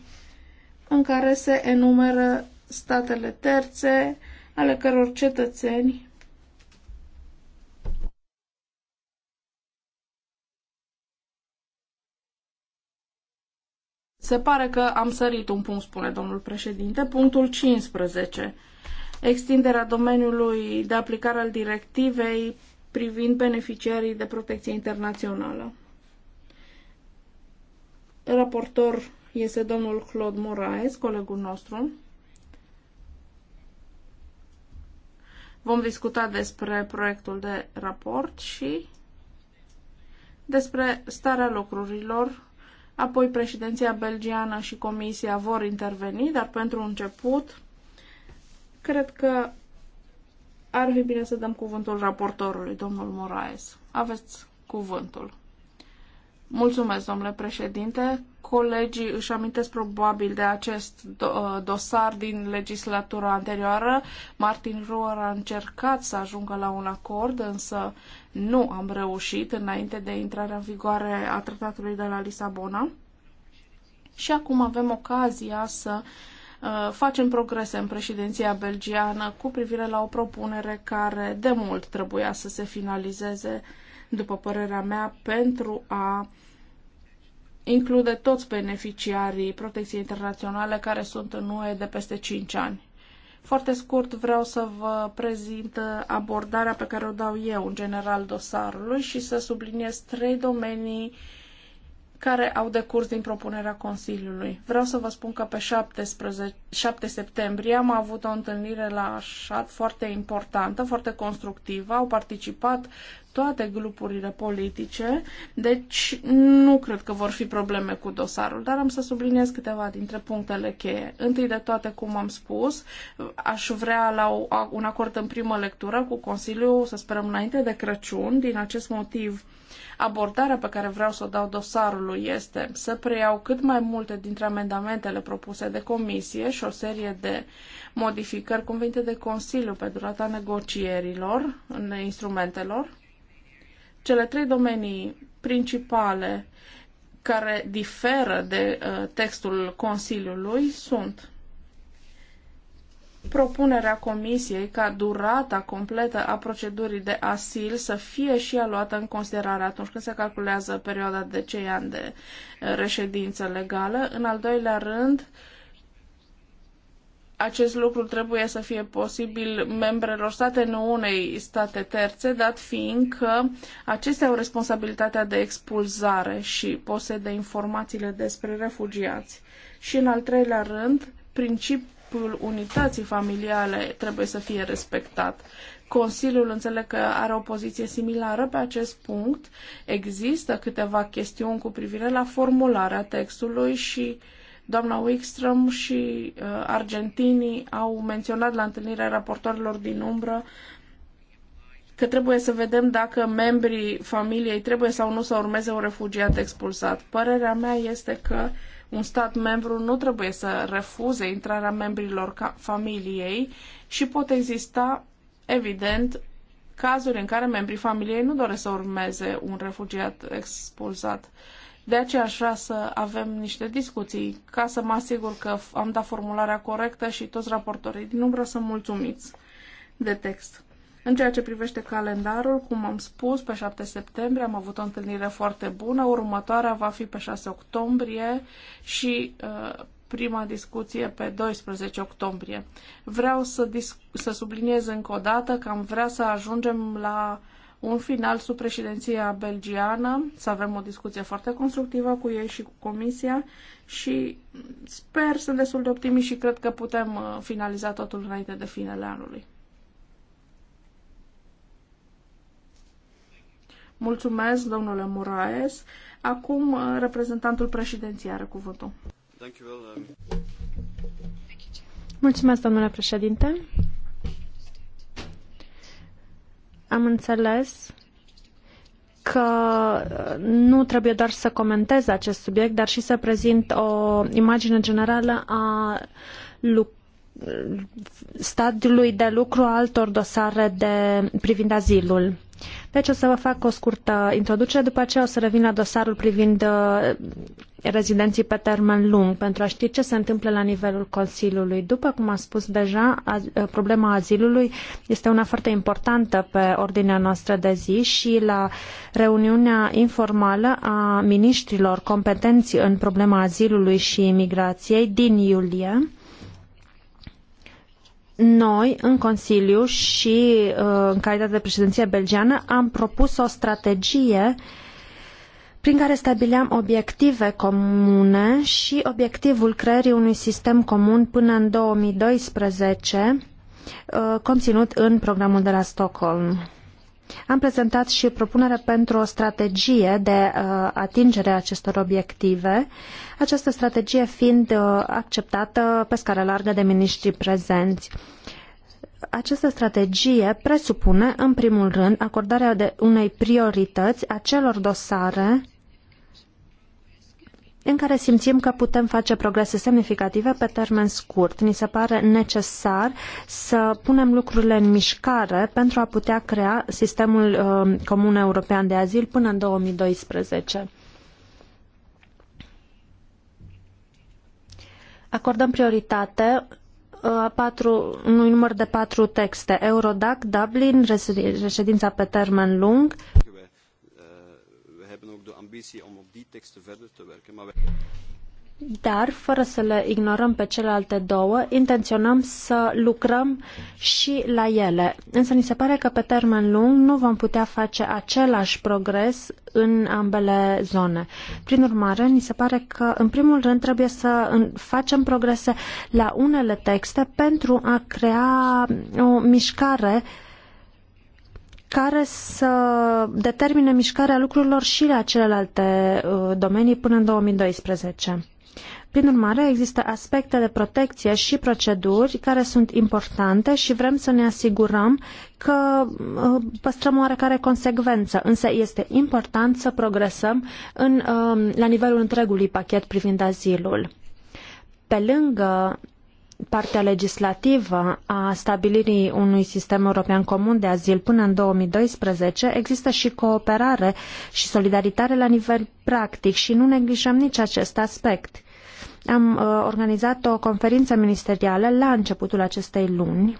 în care se enumeră statele terțe, ale căror cetățeni Se pare că am sărit un punct, spune domnul președinte. Punctul 15. Extinderea domeniului de aplicare al directivei privind beneficiarii de protecție internațională. Raportor este domnul Claude Moraes, colegul nostru. Vom discuta despre proiectul de raport și despre starea lucrurilor. Apoi președinția belgiană și comisia vor interveni, dar pentru început cred că ar fi bine să dăm cuvântul raportorului, domnul Moraes. Aveți cuvântul. Mulțumesc, domnule președinte. Colegii își amintesc probabil de acest ă, dosar din legislatura anterioară. Martin Ruhr a încercat să ajungă la un acord, însă nu am reușit înainte de intrarea în vigoare a tratatului de la Lisabona. Și acum avem ocazia să ă, facem progrese în președinția belgiană cu privire la o propunere care de mult trebuia să se finalizeze, după părerea mea, pentru a include toți beneficiarii protecției internaționale care sunt în UE de peste 5 ani. Foarte scurt vreau să vă prezint abordarea pe care o dau eu în general dosarului și să subliniez trei domenii care au decurs din propunerea Consiliului. Vreau să vă spun că pe 17, 7 septembrie am avut o întâlnire la Șat foarte importantă, foarte constructivă. Au participat toate grupurile politice, deci nu cred că vor fi probleme cu dosarul, dar am să subliniez câteva dintre punctele cheie. Întâi de toate, cum am spus, aș vrea la un acord în primă lectură cu Consiliul, să sperăm înainte de Crăciun, din acest motiv Abordarea pe care vreau să o dau dosarului este să preiau cât mai multe dintre amendamentele propuse de comisie și o serie de modificări convenite de Consiliu pe durata negocierilor, în instrumentelor, cele trei domenii principale care diferă de uh, textul Consiliului sunt propunerea Comisiei ca durata completă a procedurii de asil să fie și ea luată în considerare atunci când se calculează perioada de cei ani de uh, reședință legală. În al doilea rând, uh, acest lucru trebuie să fie posibil membrelor state, nu unei state terțe, dat fiind că acestea au responsabilitatea de expulzare și posedă informațiile despre refugiați. Și în al treilea rând, principiul unității familiale trebuie să fie respectat. Consiliul înțeleg că are o poziție similară pe acest punct. Există câteva chestiuni cu privire la formularea textului și uh, Doamna Wickström și uh, argentinii au menționat la întâlnirea raportorilor din umbră că trebuie să vedem dacă membrii familiei trebuie sau nu să urmeze un refugiat expulsat. Părerea mea este că un stat membru nu trebuie să refuze intrarea membrilor familiei și pot exista, evident, cazuri în care membrii familiei nu doresc să urmeze un refugiat expulsat. De aceea aș vrea să avem niște discuții ca să mă asigur că am dat formularea corectă și toți raportorii din umbră sunt mulțumiți de text. În ceea ce privește calendarul, cum am spus, pe 7 septembrie am avut o întâlnire foarte bună, următoarea va fi pe 6 octombrie și uh, prima discuție pe 12 octombrie. Vreau să, să subliniez încă o dată că am vrea să ajungem la uh, un final sub președinția belgiană, să avem o discuție foarte constructivă cu ei și cu Comisia și sper, sunt destul de optimist și cred că putem uh, finaliza totul înainte de finele anului. Mulțumesc, domnule Moraes. Acum, uh, reprezentantul președinției are cuvântul. Uh, Mulțumesc, domnule președinte. Am înțeles că uh, nu trebuie doar să comentez acest subiect, dar și să prezint o imagine generală a stadiului de lucru a altor dosare de, privind azilul. Deci o să vă fac o scurtă introducere, după aceea o să revin la dosarul privind uh, rezidenții pe termen lung, pentru a ști ce se întâmplă la nivelul Consiliului. După cum am spus deja, uh, problema azilului este una foarte importantă pe ordinea noastră de zi și la reuniunea informală a ministrilor competenți în problema azilului și imigrației din iulie, noi, în Consiliu și uh, în calitate de președinție belgiană, am propus o strategie prin care stabileam obiective comune și obiectivul creării unui sistem comun până în 2012, uh, conținut în programul de la Stockholm. Am prezentat și propunere pentru o strategie de uh, atingere a acestor obiective, această strategie fiind uh, acceptată pe scară largă de miniștrii prezenți. Această strategie presupune, în primul rând, acordarea de unei priorități acelor dosare în care simțim că putem face progrese semnificative pe termen scurt. Ni se pare necesar să punem lucrurile în mișcare pentru a putea crea sistemul uh, comun european de azil până în 2012. Acordăm prioritate uh, a patru, unui număr de patru texte, Eurodac, Dublin, reședința pe termen lung, om op die verder te werken. Maar Dar, fără să le ignorăm pe celelalte două, intenționăm să lucrăm și la ele. Însă ni se pare că pe termen lung nu vom putea face același progres în ambele zone. Prin urmare, ni se pare că, în primul rând, trebuie să facem progrese la unele texte pentru a crea o mișcare uh, care să determine mișcarea lucrurilor și la celelalte uh, domenii până în 2012. Prin urmare, există aspecte de protecție și proceduri care sunt importante și vrem să ne asigurăm că uh, păstrăm oarecare consecvență, însă este important să progresăm în, uh, la nivelul întregului pachet privind azilul. Pe lângă partea legislativă a stabilirii unui sistem european comun de azil până în 2012, există și cooperare și solidaritate la nivel practic și nu neglijăm nici acest aspect. Am uh, organizat o conferință ministerială la începutul acestei luni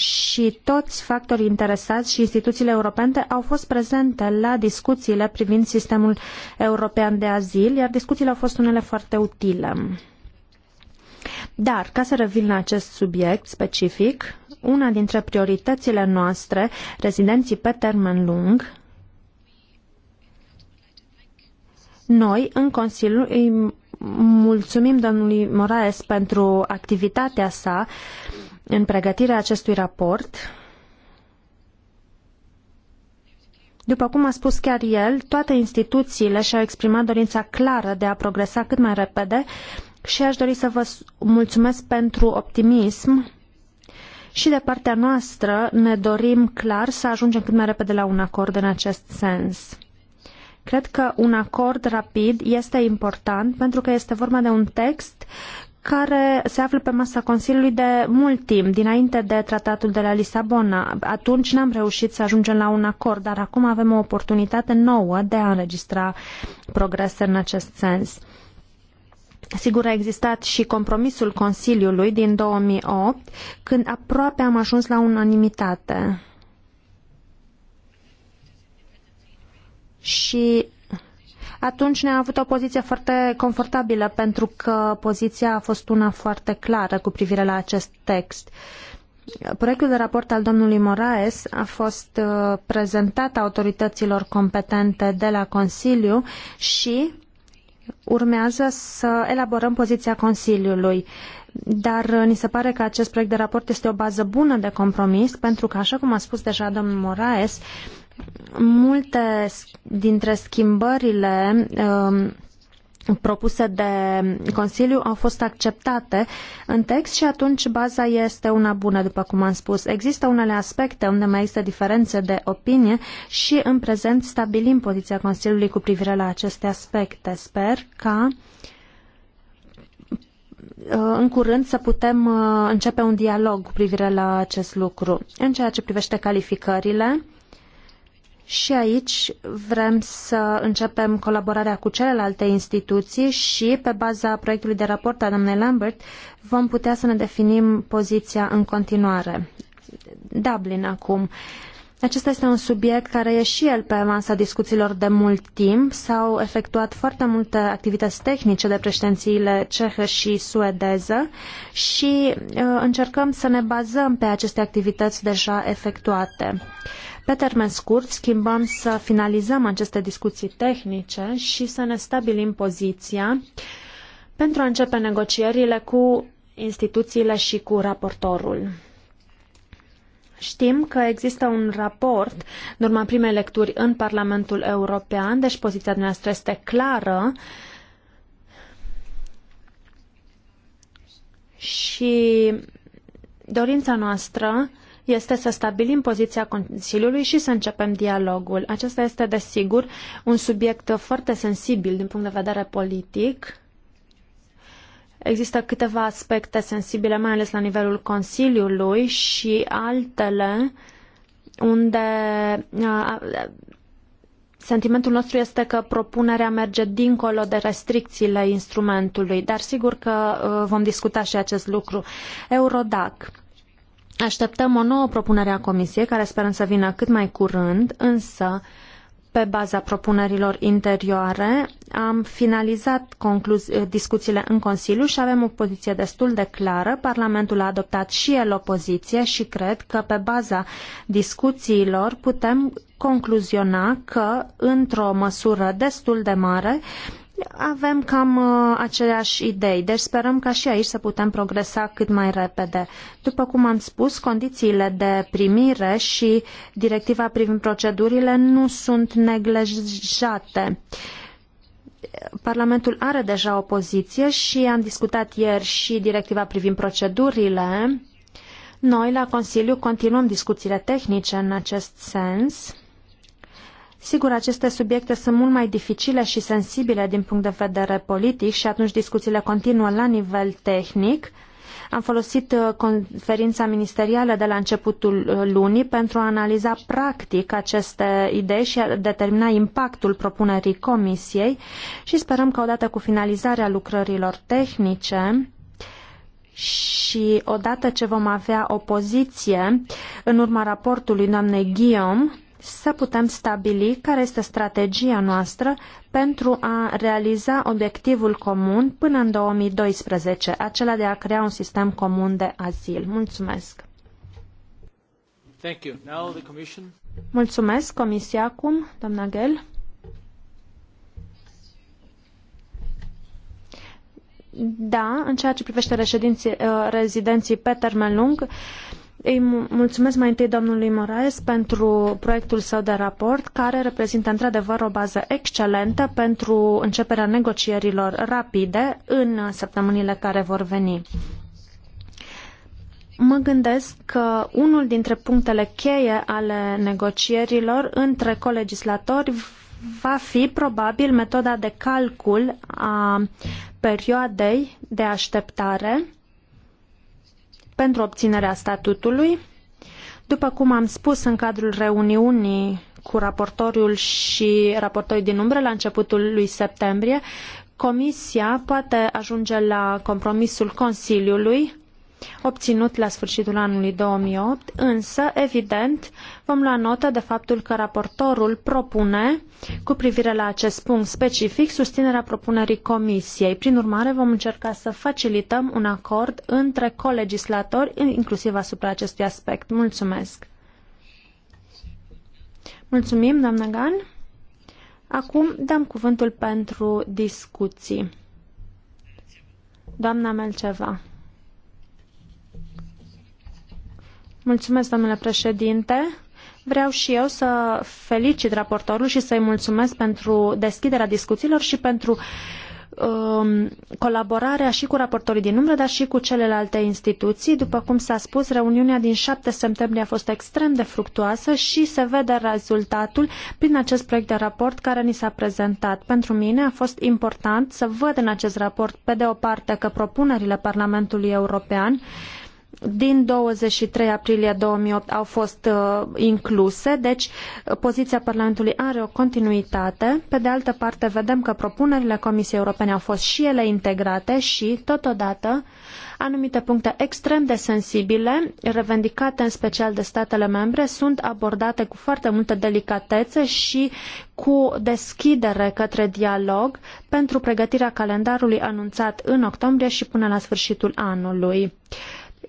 și toți factorii interesați și instituțiile europene au fost prezente la discuțiile privind sistemul european de azil, iar discuțiile au fost unele foarte utile. Dar, ca să revin la acest subiect specific, una dintre prioritățile noastre, rezidenții pe termen lung, noi, în Consiliu, îi mulțumim domnului Moraes pentru activitatea sa în pregătirea acestui raport. După cum a spus chiar el, toate instituțiile și-au exprimat dorința clară de a progresa cât mai repede și aș dori să vă mulțumesc pentru optimism și de partea noastră ne dorim clar să ajungem cât mai repede la un acord în acest sens. Cred că un acord rapid este important pentru că este vorba de un text care se află pe masa Consiliului de mult timp, dinainte de tratatul de la Lisabona. Atunci n-am reușit să ajungem la un acord, dar acum avem o oportunitate nouă de a înregistra progrese în acest sens. Sigur, a existat și compromisul Consiliului din 2008, când aproape am ajuns la unanimitate. și atunci ne-am avut o poziție foarte confortabilă pentru că poziția a fost una foarte clară cu privire la acest text. Proiectul de raport al domnului Moraes a fost uh, prezentat autorităților competente de la Consiliu și urmează să elaborăm poziția Consiliului. Dar uh, ni se pare că acest proiect de raport este o bază bună de compromis pentru că, așa cum a spus deja domnul Moraes, Multe dintre schimbările um, propuse de Consiliu au fost acceptate în text și atunci baza este una bună, după cum am spus. Există unele aspecte unde mai există diferențe de opinie și în prezent stabilim poziția Consiliului cu privire la aceste aspecte. Sper ca uh, în curând să putem uh, începe un dialog cu privire la acest lucru. În ceea ce privește calificările, și aici vrem să începem colaborarea cu celelalte instituții și, pe baza proiectului de raport a doamnei Lambert, vom putea să ne definim poziția în continuare. Dublin acum. Acesta este un subiect care e și el pe masa discuțiilor de mult timp. S-au efectuat foarte multe activități tehnice de președințiile cehă și suedeză și uh, încercăm să ne bazăm pe aceste activități deja efectuate. Uh, pe termen scurt, schimbăm să finalizăm aceste discuții tehnice și să ne stabilim poziția pentru a începe negocierile cu instituțiile și cu raportorul. Știm că există un raport în urma primei lecturi în Parlamentul European, deci poziția noastră este clară și dorința noastră este să stabilim poziția Consiliului și să începem dialogul. Acesta este, desigur, un subiect foarte sensibil din punct de vedere politic. Există câteva aspecte sensibile, mai ales la nivelul Consiliului și altele unde sentimentul nostru este că propunerea merge dincolo de restricțiile instrumentului, dar sigur că uh, vom discuta și acest lucru. Eurodac. Așteptăm o nouă propunere a Comisiei, care sperăm să vină cât mai curând, însă, pe baza propunerilor interioare, am finalizat discuțiile în Consiliu și avem o poziție destul de clară. Parlamentul a adoptat și el o poziție și cred că pe baza discuțiilor putem concluziona că, într-o măsură destul de mare, avem cam uh, aceleași idei, deci sperăm ca și aici să putem progresa cât mai repede. După cum am spus, condițiile de primire și directiva privind procedurile nu sunt neglijate. Parlamentul are deja o poziție și am discutat ieri și directiva privind procedurile. Noi, la Consiliu, continuăm discuțiile tehnice în acest sens Sigur, aceste subiecte sunt mult mai dificile și sensibile din punct de vedere politic și atunci discuțiile continuă la nivel tehnic. Am folosit uh, conferința ministerială de la începutul uh, lunii pentru a analiza practic aceste idei și a determina impactul propunerii comisiei și sperăm că odată cu finalizarea lucrărilor tehnice și odată ce vom avea o poziție în urma raportului doamnei Guillaume, să putem stabili care este strategia noastră pentru a realiza obiectivul comun până în 2012, acela de a crea un sistem comun de azil. Mulțumesc! Thank you. Now the commission. Mulțumesc, Comisia acum, doamna Gel. Da, în ceea ce privește uh, rezidenții pe termen lung, uh, îi mulțumesc mai întâi domnului Moraes pentru proiectul său de raport, care reprezintă într-adevăr o bază excelentă pentru începerea negocierilor rapide în săptămânile care vor veni. Mă gândesc că unul dintre punctele cheie ale negocierilor între colegislatori va fi probabil metoda de calcul a perioadei de așteptare pentru obținerea statutului. După cum am spus în cadrul reuniunii cu raportorul și raportorii din umbră la începutul lui septembrie, Comisia poate ajunge la compromisul Consiliului obținut la sfârșitul anului 2008, însă, evident, vom lua notă de faptul că raportorul propune, cu privire la acest punct specific, susținerea propunerii Comisiei. Prin urmare, vom încerca să facilităm un acord între colegislatori, inclusiv asupra acestui aspect. Mulțumesc! Mulțumim, doamnă Gan. Acum dăm cuvântul pentru discuții. Doamna Melceva. Mulțumesc, domnule președinte. Vreau și eu să felicit raportorul și să-i mulțumesc pentru deschiderea discuțiilor și pentru um, colaborarea și cu raportorii din umbră, dar și cu celelalte instituții. După cum s-a spus, reuniunea din 7 septembrie a fost extrem de fructuoasă și se vede rezultatul prin acest proiect de raport care ni s-a prezentat. Pentru mine a fost important să văd în acest raport, pe de o parte, că propunerile Parlamentului European din 23 aprilie 2008 au fost uh, incluse, deci uh, poziția Parlamentului are o continuitate. Pe de altă parte, vedem că propunerile Comisiei Europene au fost și ele integrate și, totodată, anumite puncte extrem de sensibile, revendicate în special de statele membre, sunt abordate cu foarte multă delicatețe și cu deschidere către dialog pentru pregătirea calendarului anunțat în octombrie și până la sfârșitul anului.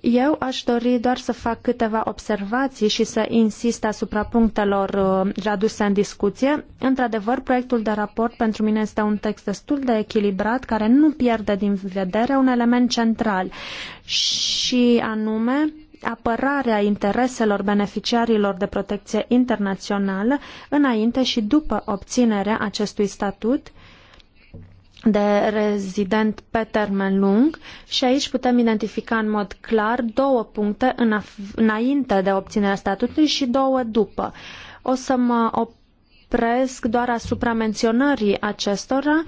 Eu aș dori doar să fac câteva observații și să insist asupra punctelor uh, aduse în discuție. Într-adevăr, proiectul de raport pentru mine este un text destul de echilibrat, care nu pierde din vedere un element central, și anume apărarea intereselor beneficiarilor de protecție internațională înainte și după obținerea acestui statut de rezident pe termen lung și aici putem identifica în mod clar două puncte înainte de obținerea statutului și două după. O să mă opresc doar asupra menționării acestora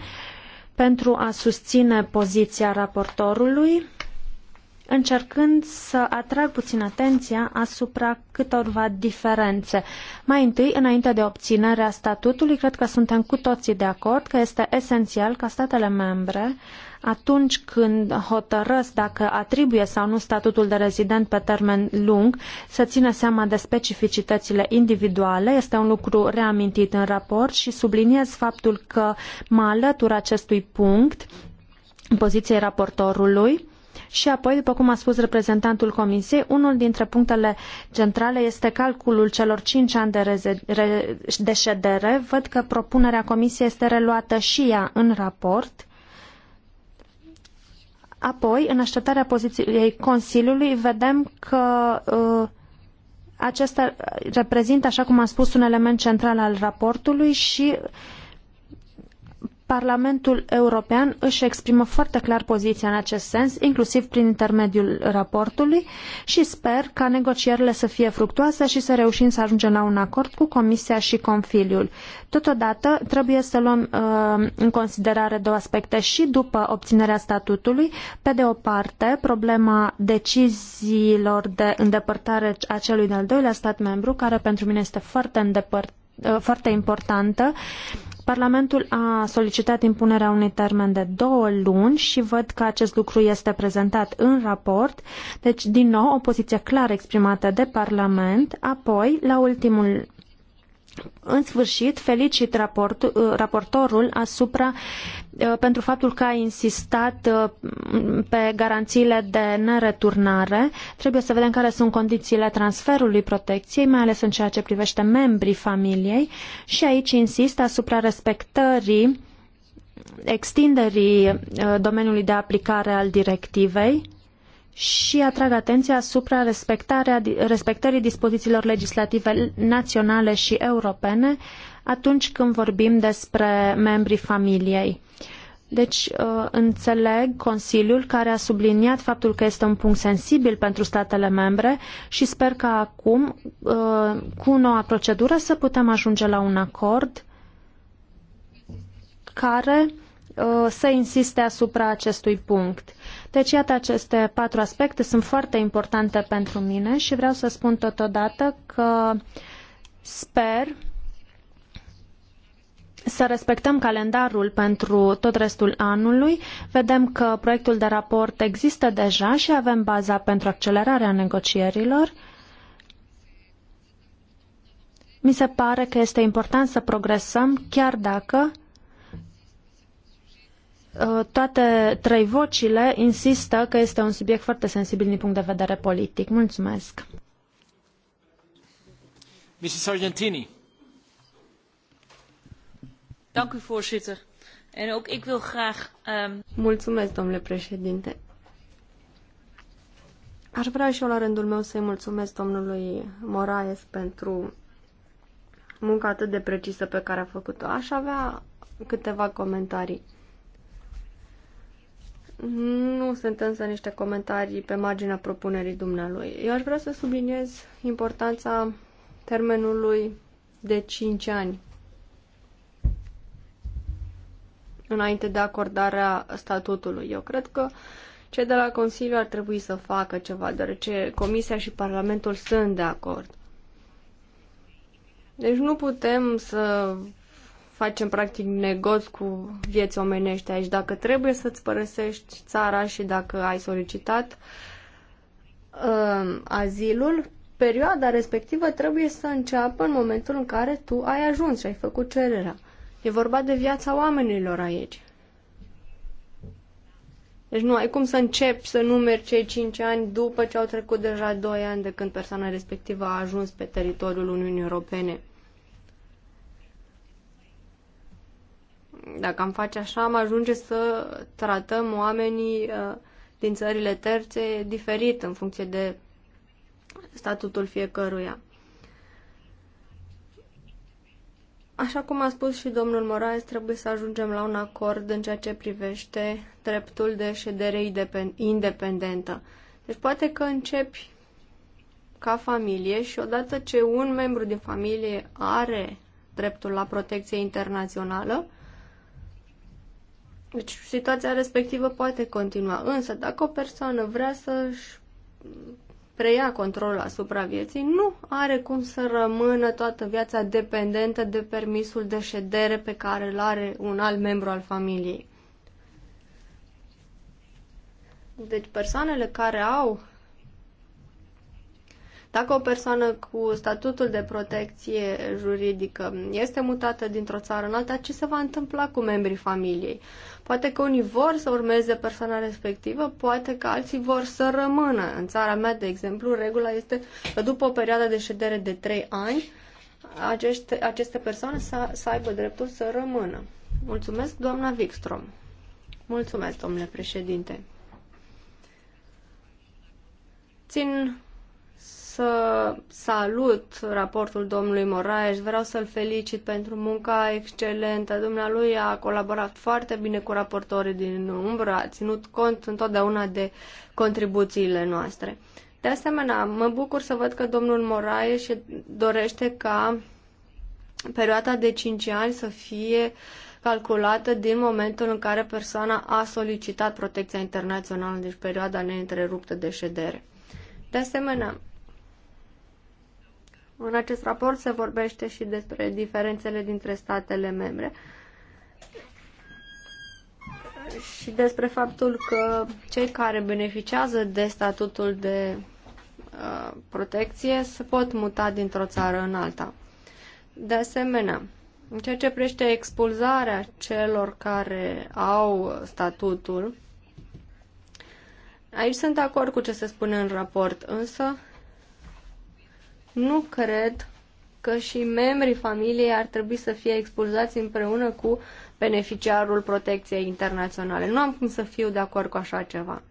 pentru a susține poziția raportorului încercând să atrag puțin atenția asupra câtorva diferențe. Mai întâi, înainte de obținerea statutului, cred că suntem cu toții de acord că este esențial ca statele membre atunci când hotărăsc dacă atribuie sau nu statutul de rezident pe termen lung, să țină seama de specificitățile individuale. Este un lucru reamintit în raport și subliniez faptul că mă alătur acestui punct poziției raportorului și apoi, după cum a spus reprezentantul Comisiei, unul dintre punctele centrale este calculul celor 5 ani de, reze- de ședere. Văd că propunerea Comisiei este reluată și ea în raport. Apoi, în așteptarea poziției Consiliului, vedem că uh, acesta reprezintă, așa cum am spus, un element central al raportului și uh, Parlamentul European își exprimă foarte clar poziția în acest sens, inclusiv prin intermediul raportului și sper ca negocierile să fie fructuoase și să reușim să ajungem la un acord cu Comisia și Confiliul. Totodată, trebuie să luăm uh, în considerare două aspecte și după obținerea statutului. Pe de o parte, problema deciziilor de îndepărtare a celui de-al doilea stat membru, care pentru mine este foarte uh, foarte importantă Parlamentul a solicitat impunerea unui termen de două luni și văd că acest lucru este prezentat în raport. Deci, din nou, o poziție clar exprimată de Parlament. Apoi, la ultimul în sfârșit, felicit raport, uh, raportorul asupra uh, pentru faptul că a insistat uh, pe garanțiile de nereturnare. Trebuie să vedem care sunt condițiile transferului protecției, mai ales în ceea ce privește membrii familiei și aici insist asupra respectării extinderii domeniului de aplicare al directivei și atrag atenția asupra respectării dispozițiilor legislative naționale și europene atunci când vorbim despre membrii familiei. Deci uh, înțeleg Consiliul care a subliniat faptul că este un punct sensibil pentru statele membre și sper că acum, uh, cu noua procedură, să putem ajunge la un acord care Uh, să insiste asupra acestui punct. Deci, iată, aceste patru aspecte sunt foarte importante pentru mine și vreau să spun totodată că sper să respectăm calendarul pentru tot restul anului. Vedem că proiectul de raport există deja și avem baza pentru accelerarea negocierilor. Mi se pare că este important să progresăm chiar dacă Uh, toate trei vocile insistă că este un subiect foarte sensibil din punct de vedere politic. Mulțumesc. Mrs. Argentini. Dank u, voorzitter. En ook ik wil graag... Ehm, mulțumesc, domnule președinte. Aș vrea și eu la rândul meu să-i mulțumesc domnului Moraes pentru munca atât de precisă pe care a făcut-o. Aș avea câteva comentarii. Nu sunt însă niște comentarii pe marginea propunerii dumnealui. Eu aș vrea să subliniez importanța termenului de 5 ani înainte de acordarea statutului. Eu cred că cei de la Consiliu ar trebui să facă ceva, deoarece Comisia și Parlamentul sunt de acord. Deci nu putem să facem practic negoți cu vieți omenești aici. Dacă trebuie să-ți părăsești țara și dacă ai solicitat uh, azilul, perioada respectivă trebuie să înceapă în momentul în care tu ai ajuns și ai făcut cererea. E vorba de viața oamenilor aici. Deci nu ai cum să începi să numeri cei 5 ani după ce au trecut deja 2 ani de când persoana respectivă a ajuns pe teritoriul Uniunii Europene. Dacă am face așa, am ajunge să tratăm oamenii uh, din țările terțe diferit în funcție de statutul fiecăruia. Așa cum a spus și domnul Moraes, trebuie să ajungem la un acord în ceea ce privește dreptul de ședere independentă. Deci poate că începi ca familie și odată ce un membru din familie are dreptul la protecție internațională, deci situația respectivă poate continua, însă dacă o persoană vrea să-și preia controlul asupra vieții, nu are cum să rămână toată viața dependentă de permisul de ședere pe care îl are un alt membru al familiei. Deci persoanele care au dacă o persoană cu statutul de protecție juridică este mutată dintr-o țară în alta, ce se va întâmpla cu membrii familiei? Poate că unii vor să urmeze persoana respectivă, poate că alții vor să rămână. În țara mea, de exemplu, regula este că după o perioadă de ședere de 3 ani, aceste, aceste persoane să, să aibă dreptul să rămână. Mulțumesc, doamna Wikstrom. Mulțumesc, domnule președinte. Țin să salut raportul domnului Moraes, vreau să-l felicit pentru munca excelentă. Dumnealui a colaborat foarte bine cu raportorii din umbră, a ținut cont întotdeauna de contribuțiile noastre. De asemenea, mă bucur să văd că domnul Moraes dorește ca perioada de 5 ani să fie calculată din momentul în care persoana a solicitat protecția internațională, deci perioada neîntreruptă de ședere. De asemenea, în acest raport se vorbește și despre diferențele dintre statele membre și despre faptul că cei care beneficiază de statutul de uh, protecție se pot muta dintr-o țară în alta. De asemenea, în ceea ce prește expulzarea celor care au statutul, aici sunt de acord cu ce se spune în raport, însă nu cred că și membrii familiei ar trebui să fie expulzați împreună cu beneficiarul protecției internaționale. Nu am cum să fiu de acord cu așa ceva.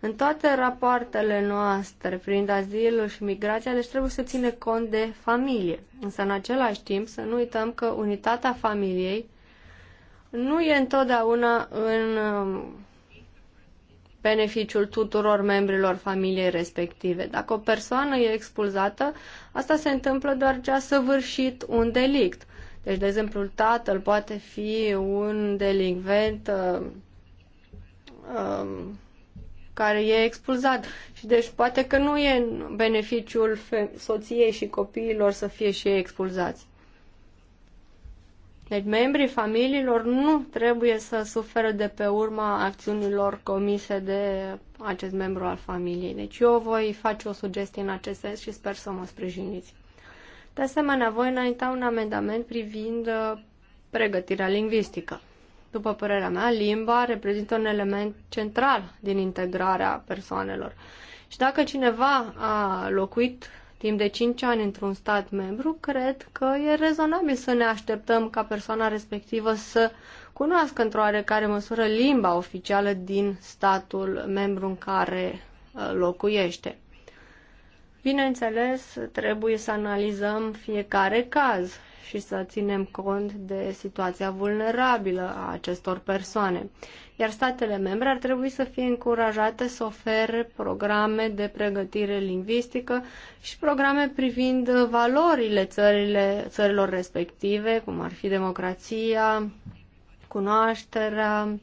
În toate rapoartele noastre privind azilul și migrația, deci trebuie să ține cont de familie. Însă, în același timp, să nu uităm că unitatea familiei nu e întotdeauna în beneficiul tuturor membrilor familiei respective. Dacă o persoană e expulzată, asta se întâmplă doar ce a săvârșit un delict. Deci, de exemplu, tatăl poate fi un delinvent uh, uh, care e expulzat. Și deci poate că nu e în beneficiul soției și copiilor să fie și ei expulzați. Deci membrii familiilor nu trebuie să suferă de pe urma acțiunilor comise de acest membru al familiei. Deci eu voi face o sugestie în acest sens și sper să mă sprijiniți. De asemenea, voi înainta un amendament privind uh, pregătirea lingvistică. După părerea mea, limba reprezintă un element central din integrarea persoanelor. Și dacă cineva a locuit timp de 5 ani într-un stat membru, cred că e rezonabil să ne așteptăm ca persoana respectivă să cunoască într-o oarecare măsură limba oficială din statul membru în care uh, locuiește. Bineînțeles, trebuie să analizăm fiecare caz și să ținem cont de situația vulnerabilă a acestor persoane. Iar statele membre ar trebui să fie încurajate să ofere programe de pregătire lingvistică și programe privind valorile țările, țărilor respective, cum ar fi democrația, cunoașterea,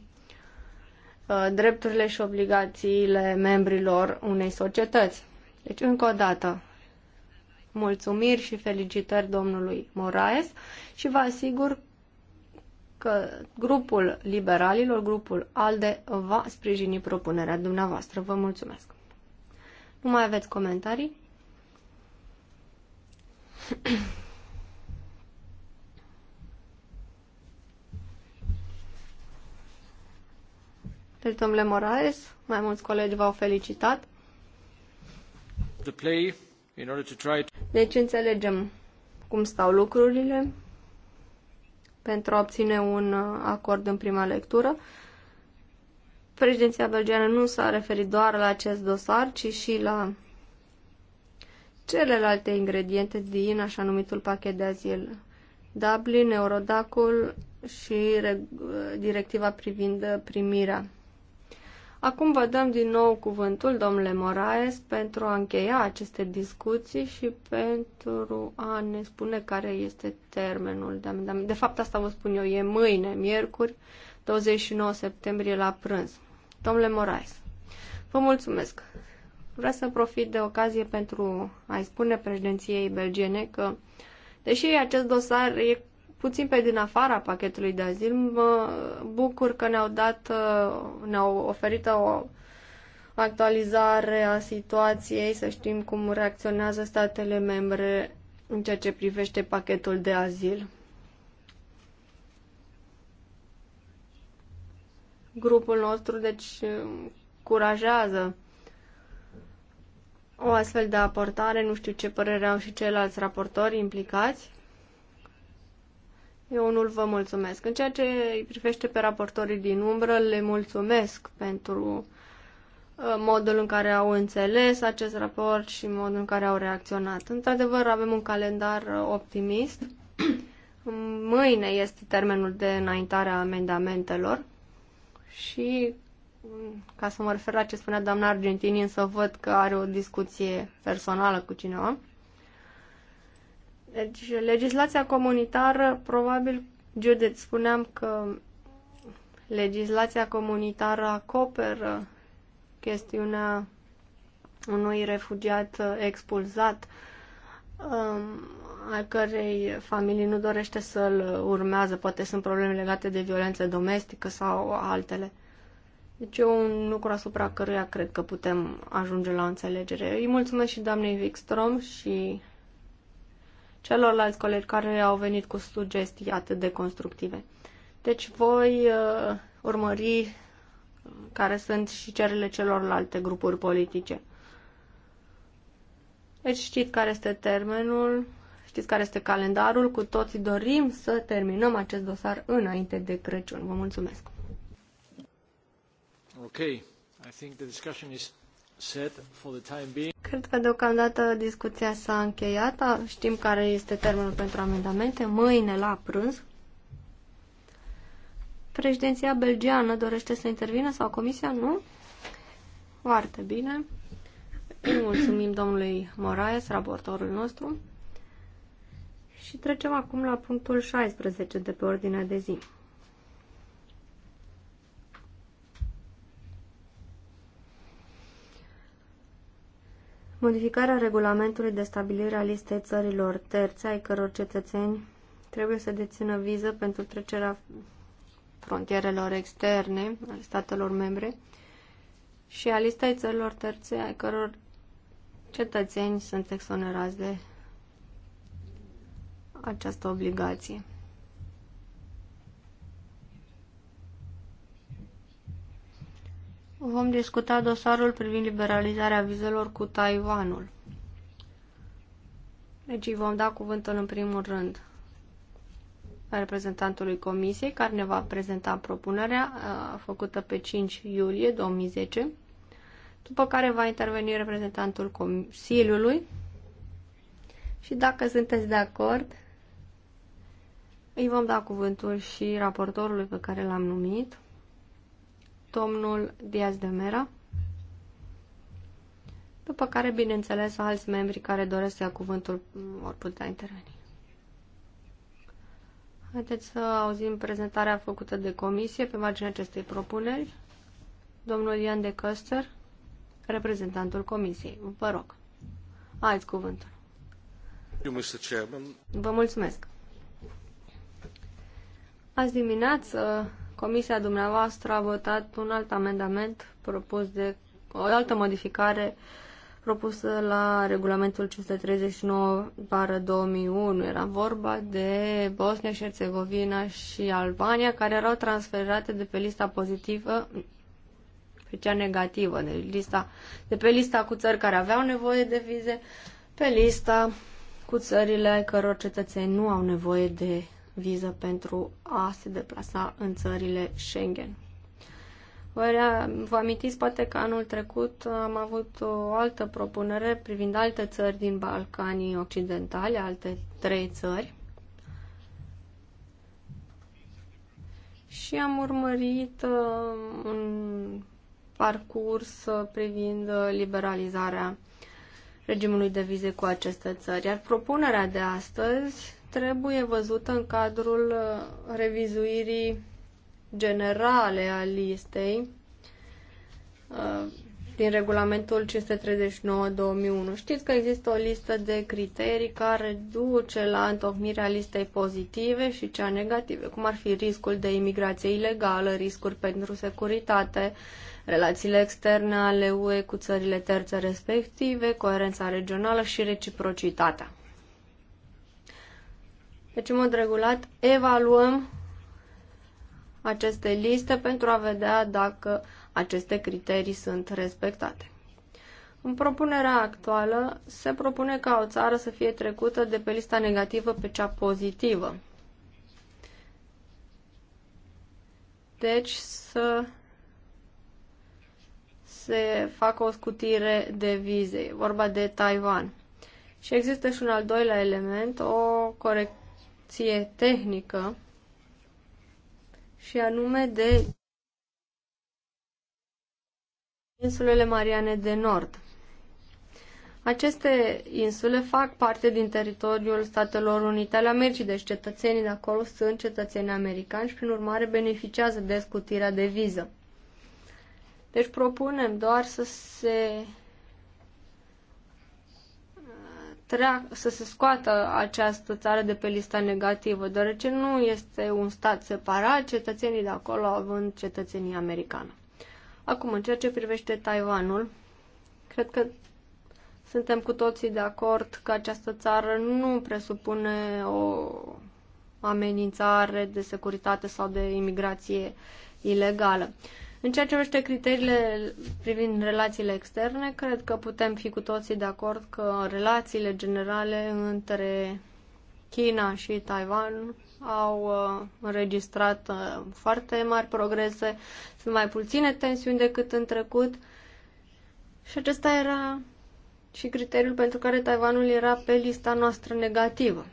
ă, drepturile și obligațiile membrilor unei societăți. Deci, încă o dată, mulțumiri și felicitări domnului Moraes și vă asigur că grupul liberalilor, grupul ALDE, va sprijini propunerea dumneavoastră. Vă mulțumesc. Nu mai aveți comentarii? Deci, domnule Moraes, mai mulți colegi v-au felicitat. The play deci înțelegem cum stau lucrurile pentru a obține un uh, acord în prima lectură. Președinția belgeană nu s-a referit doar la acest dosar, ci și la celelalte ingrediente din așa numitul pachet de azil. Dublin, Eurodacul și uh, directiva privind primirea Acum vă dăm din nou cuvântul, domnule Moraes, pentru a încheia aceste discuții și pentru a ne spune care este termenul de amendament. De fapt, asta vă spun eu, e mâine, miercuri, 29 septembrie la prânz. Domnule Moraes, vă mulțumesc. Vreau să profit de ocazie pentru a-i spune președinției belgiene că, deși acest dosar e puțin pe din afara pachetului de azil. Mă bucur că ne-au dat, uh, ne-au oferit o actualizare a situației, să știm cum reacționează statele membre în ceea ce privește pachetul de azil. Grupul nostru, deci, curajează o astfel de aportare. Nu știu ce părere au și ceilalți raportori implicați. Eu nu-l vă mulțumesc. În ceea ce îi privește pe raportorii din umbră, le mulțumesc pentru uh, modul în care au înțeles acest raport și modul în care au reacționat. Într-adevăr, avem un calendar uh, optimist. Mâine este termenul de înaintare a amendamentelor și, mm, ca să mă refer la ce spunea doamna Argentini, însă văd că are o discuție personală cu cineva. Deci, legislația comunitară, probabil, Judith, spuneam că legislația comunitară acoperă chestiunea unui refugiat uh, expulzat um, al cărei familii nu dorește să-l urmează, poate sunt probleme legate de violență domestică sau altele. Deci e un lucru asupra căruia cred că putem ajunge la înțelegere. Îi mulțumesc și doamnei Wikstrom și celorlalți colegi care au venit cu sugestii atât de constructive. Deci voi uh, urmări care sunt și cerile celorlalte grupuri politice. Deci știți care este termenul, știți care este calendarul, cu toții dorim să terminăm acest dosar înainte de Crăciun. Vă mulțumesc! Ok, I think the discussion is set for the time being. Cred că deocamdată discuția s-a încheiat. Știm care este termenul pentru amendamente. Mâine la prânz. Președinția belgiană dorește să intervină sau comisia? Nu? Foarte bine. mulțumim domnului Moraes, raportorul nostru. Și trecem acum la punctul 16 de pe ordinea de zi. Modificarea regulamentului de stabilire a listei țărilor terțe ai căror cetățeni trebuie să dețină viză pentru trecerea frontierelor externe ale statelor membre și a listei țărilor terțe ai căror cetățeni sunt exonerați de această obligație. vom discuta dosarul privind liberalizarea vizelor cu Taiwanul. Deci îi vom da cuvântul în primul rând reprezentantului comisiei care ne va prezenta propunerea uh, făcută pe 5 iulie 2010, după care va interveni reprezentantul Consiliului și dacă sunteți de acord, îi vom da cuvântul și raportorului pe care l-am numit, domnul Diaz de Mera, după care, bineînțeles, alți membri care doresc să ia cuvântul vor putea interveni. Haideți să auzim prezentarea făcută de comisie pe marginea acestei propuneri. Domnul Ian de Căster, reprezentantul comisiei. Vă rog, ați cuvântul. Vă mulțumesc. Azi dimineață Comisia dumneavoastră a votat un alt amendament propus de o altă modificare propusă la regulamentul 539 2001. Era vorba de Bosnia și Herțegovina și Albania care erau transferate de pe lista pozitivă pe cea negativă, de, lista, de pe lista cu țări care aveau nevoie de vize, pe lista cu țările căror cetățeni nu au nevoie de viză pentru a se deplasa în țările Schengen. Vă amintiți poate că anul trecut am avut o altă propunere privind alte țări din Balcanii Occidentale, alte trei țări. Și am urmărit uh, un parcurs privind liberalizarea regimului de vize cu aceste țări. Iar propunerea de astăzi trebuie văzută în cadrul uh, revizuirii generale a listei uh, din regulamentul 539-2001. Știți că există o listă de criterii care duce la întocmirea listei pozitive și cea negative, cum ar fi riscul de imigrație ilegală, riscuri pentru securitate, relațiile externe ale UE cu țările terțe respective, coerența regională și reciprocitatea. Deci, în mod regulat, evaluăm aceste liste pentru a vedea dacă aceste criterii sunt respectate. În propunerea actuală se propune ca o țară să fie trecută de pe lista negativă pe cea pozitivă. Deci să se facă o scutire de vize, vorba de Taiwan. Și există și un al doilea element, o corect ție tehnică și anume de insulele Mariane de Nord. Aceste insule fac parte din teritoriul Statelor Unite ale Americii, deci cetățenii de acolo sunt cetățeni americani și, prin urmare, beneficiază de scutirea de viză. Deci propunem doar să se să se scoată această țară de pe lista negativă, deoarece nu este un stat separat, cetățenii de acolo având cetățenia americană. Acum, în ceea ce privește Taiwanul, cred că suntem cu toții de acord că această țară nu presupune o amenințare de securitate sau de imigrație ilegală. În ceea ce privește criteriile privind relațiile externe, cred că putem fi cu toții de acord că relațiile generale între China și Taiwan au uh, înregistrat uh, foarte mari progrese, sunt mai puține tensiuni decât în trecut și acesta era și criteriul pentru care Taiwanul era pe lista noastră negativă.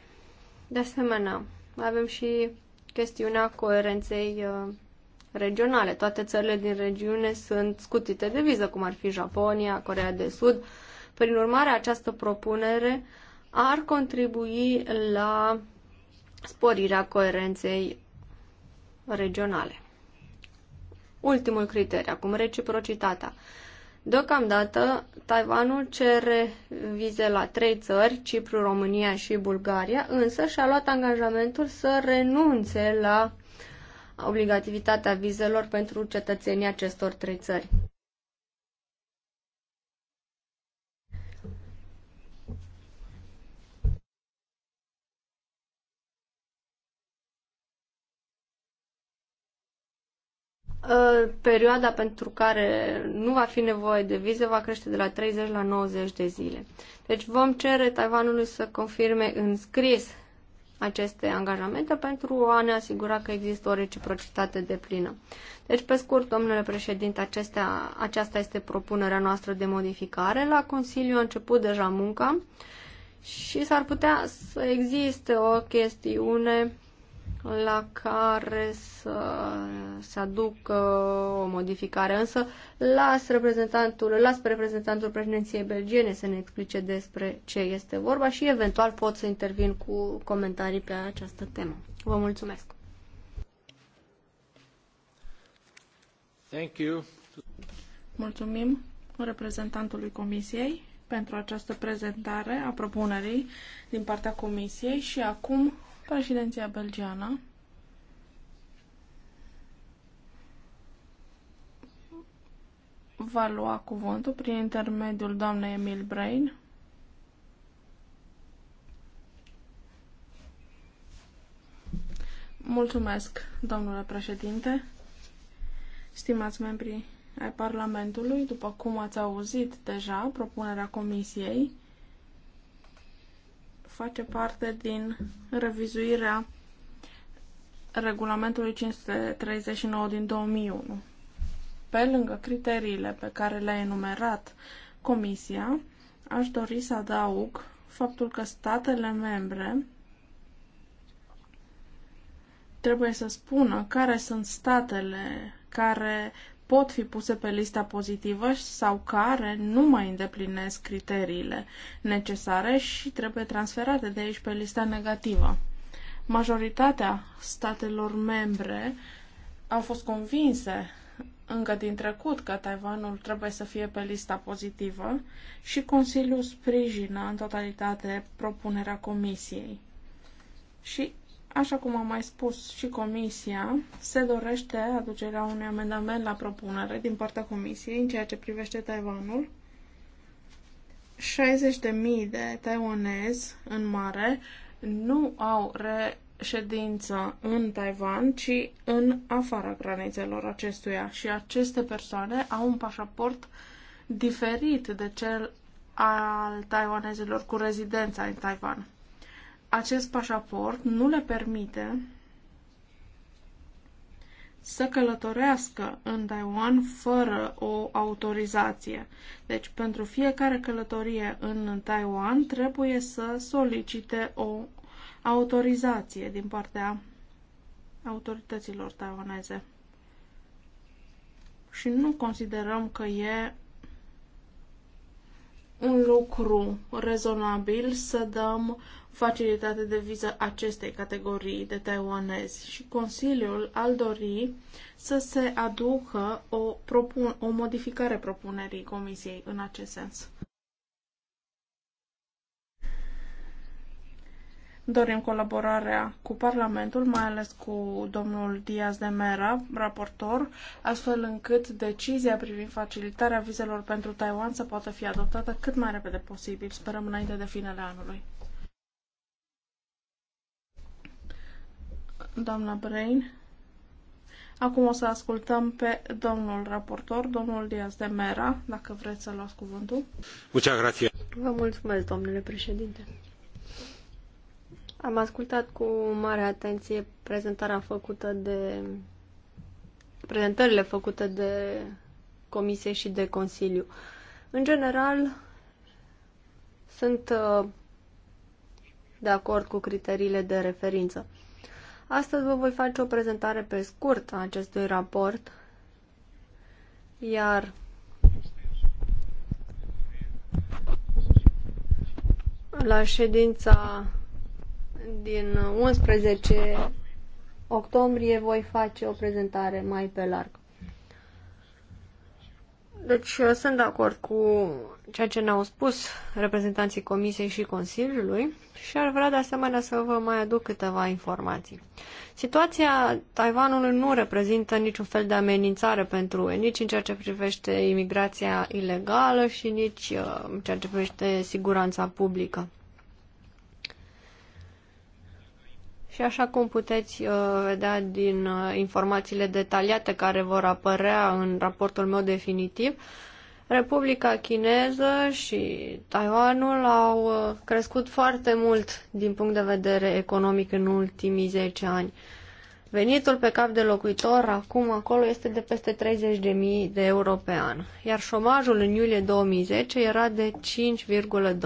De asemenea, avem și chestiunea coerenței uh, regionale. Toate țările din regiune sunt scutite de viză, cum ar fi Japonia, Corea de Sud. Prin urmare, această propunere ar contribui la sporirea coerenței regionale. Ultimul criteriu, acum reciprocitatea. Deocamdată, Taiwanul cere vize la trei țări, Cipru, România și Bulgaria, însă și-a luat angajamentul să renunțe la obligativitatea vizelor pentru cetățenii acestor trei țări. Ă, perioada pentru care nu va fi nevoie de vize va crește de la 30 la 90 de zile. Deci vom cere Taiwanului să confirme în scris aceste angajamente pentru a ne asigura că există o reciprocitate de plină. Deci, pe scurt, domnule președinte, acestea, aceasta este propunerea noastră de modificare. La Consiliu a început deja munca și s-ar putea să existe o chestiune la care să se aducă o modificare. Însă las reprezentantul, las pe reprezentantul președinției belgiene să ne explice despre ce este vorba și eventual pot să intervin cu comentarii pe această temă. Vă mulțumesc! Thank you. Mulțumim reprezentantului Comisiei pentru această prezentare a propunerii din partea Comisiei și acum Președinția belgiană va lua cuvântul prin intermediul doamnei Emil Brain. Mulțumesc, domnule președinte. Stimați membrii ai Parlamentului, după cum ați auzit deja propunerea Comisiei, face parte din revizuirea regulamentului 539 din 2001. Pe lângă criteriile pe care le-a enumerat Comisia, aș dori să adaug faptul că statele membre trebuie să spună care sunt statele care pot fi puse pe lista pozitivă sau care nu mai îndeplinesc criteriile necesare și trebuie transferate de aici pe lista negativă. Majoritatea statelor membre au fost convinse încă din trecut că Taiwanul trebuie să fie pe lista pozitivă și Consiliul sprijină în totalitate propunerea Comisiei. Și Așa cum a mai spus și Comisia, se dorește aducerea unui amendament la propunere din partea Comisiei în ceea ce privește Taiwanul. 60.000 de taiwanezi în mare nu au reședință în Taiwan, ci în afara granițelor acestuia și aceste persoane au un pașaport diferit de cel al taiwanezilor cu rezidența în Taiwan acest pașaport nu le permite să călătorească în Taiwan fără o autorizație. Deci, pentru fiecare călătorie în Taiwan trebuie să solicite o autorizație din partea autorităților taiwaneze. Și nu considerăm că e un lucru rezonabil să dăm facilitate de viză acestei categorii de taiwanezi și Consiliul al dori să se aducă o, propun- o modificare propunerii Comisiei în acest sens. Dorim colaborarea cu Parlamentul, mai ales cu domnul Diaz de Mera, raportor, astfel încât decizia privind facilitarea vizelor pentru Taiwan să poată fi adoptată cât mai repede posibil, sperăm înainte de finele anului. doamna Brain. Acum o să ascultăm pe domnul raportor, domnul Diaz de Mera, dacă vreți să luați cuvântul. Mulțumesc. Vă mulțumesc, domnule președinte. Am ascultat cu mare atenție prezentarea făcută de prezentările făcute de Comisie și de Consiliu. În general, sunt uh, de acord cu criteriile de referință. Astăzi vă voi face o prezentare pe scurt a acestui raport, iar la ședința din 11 octombrie voi face o prezentare mai pe larg. Deci uh, sunt de acord cu ceea ce ne-au spus reprezentanții Comisiei și Consiliului și ar vrea de asemenea să vă mai aduc câteva informații. Situația Taiwanului nu reprezintă niciun fel de amenințare pentru nici în ceea ce privește imigrația ilegală și nici uh, în ceea ce privește siguranța publică. Și așa cum puteți uh, vedea din uh, informațiile detaliate care vor apărea în raportul meu definitiv, Republica Chineză și Taiwanul au uh, crescut foarte mult din punct de vedere economic în ultimii 10 ani. Venitul pe cap de locuitor acum acolo este de peste 30.000 de euro pe an, iar șomajul în iulie 2010 era de 5,2%,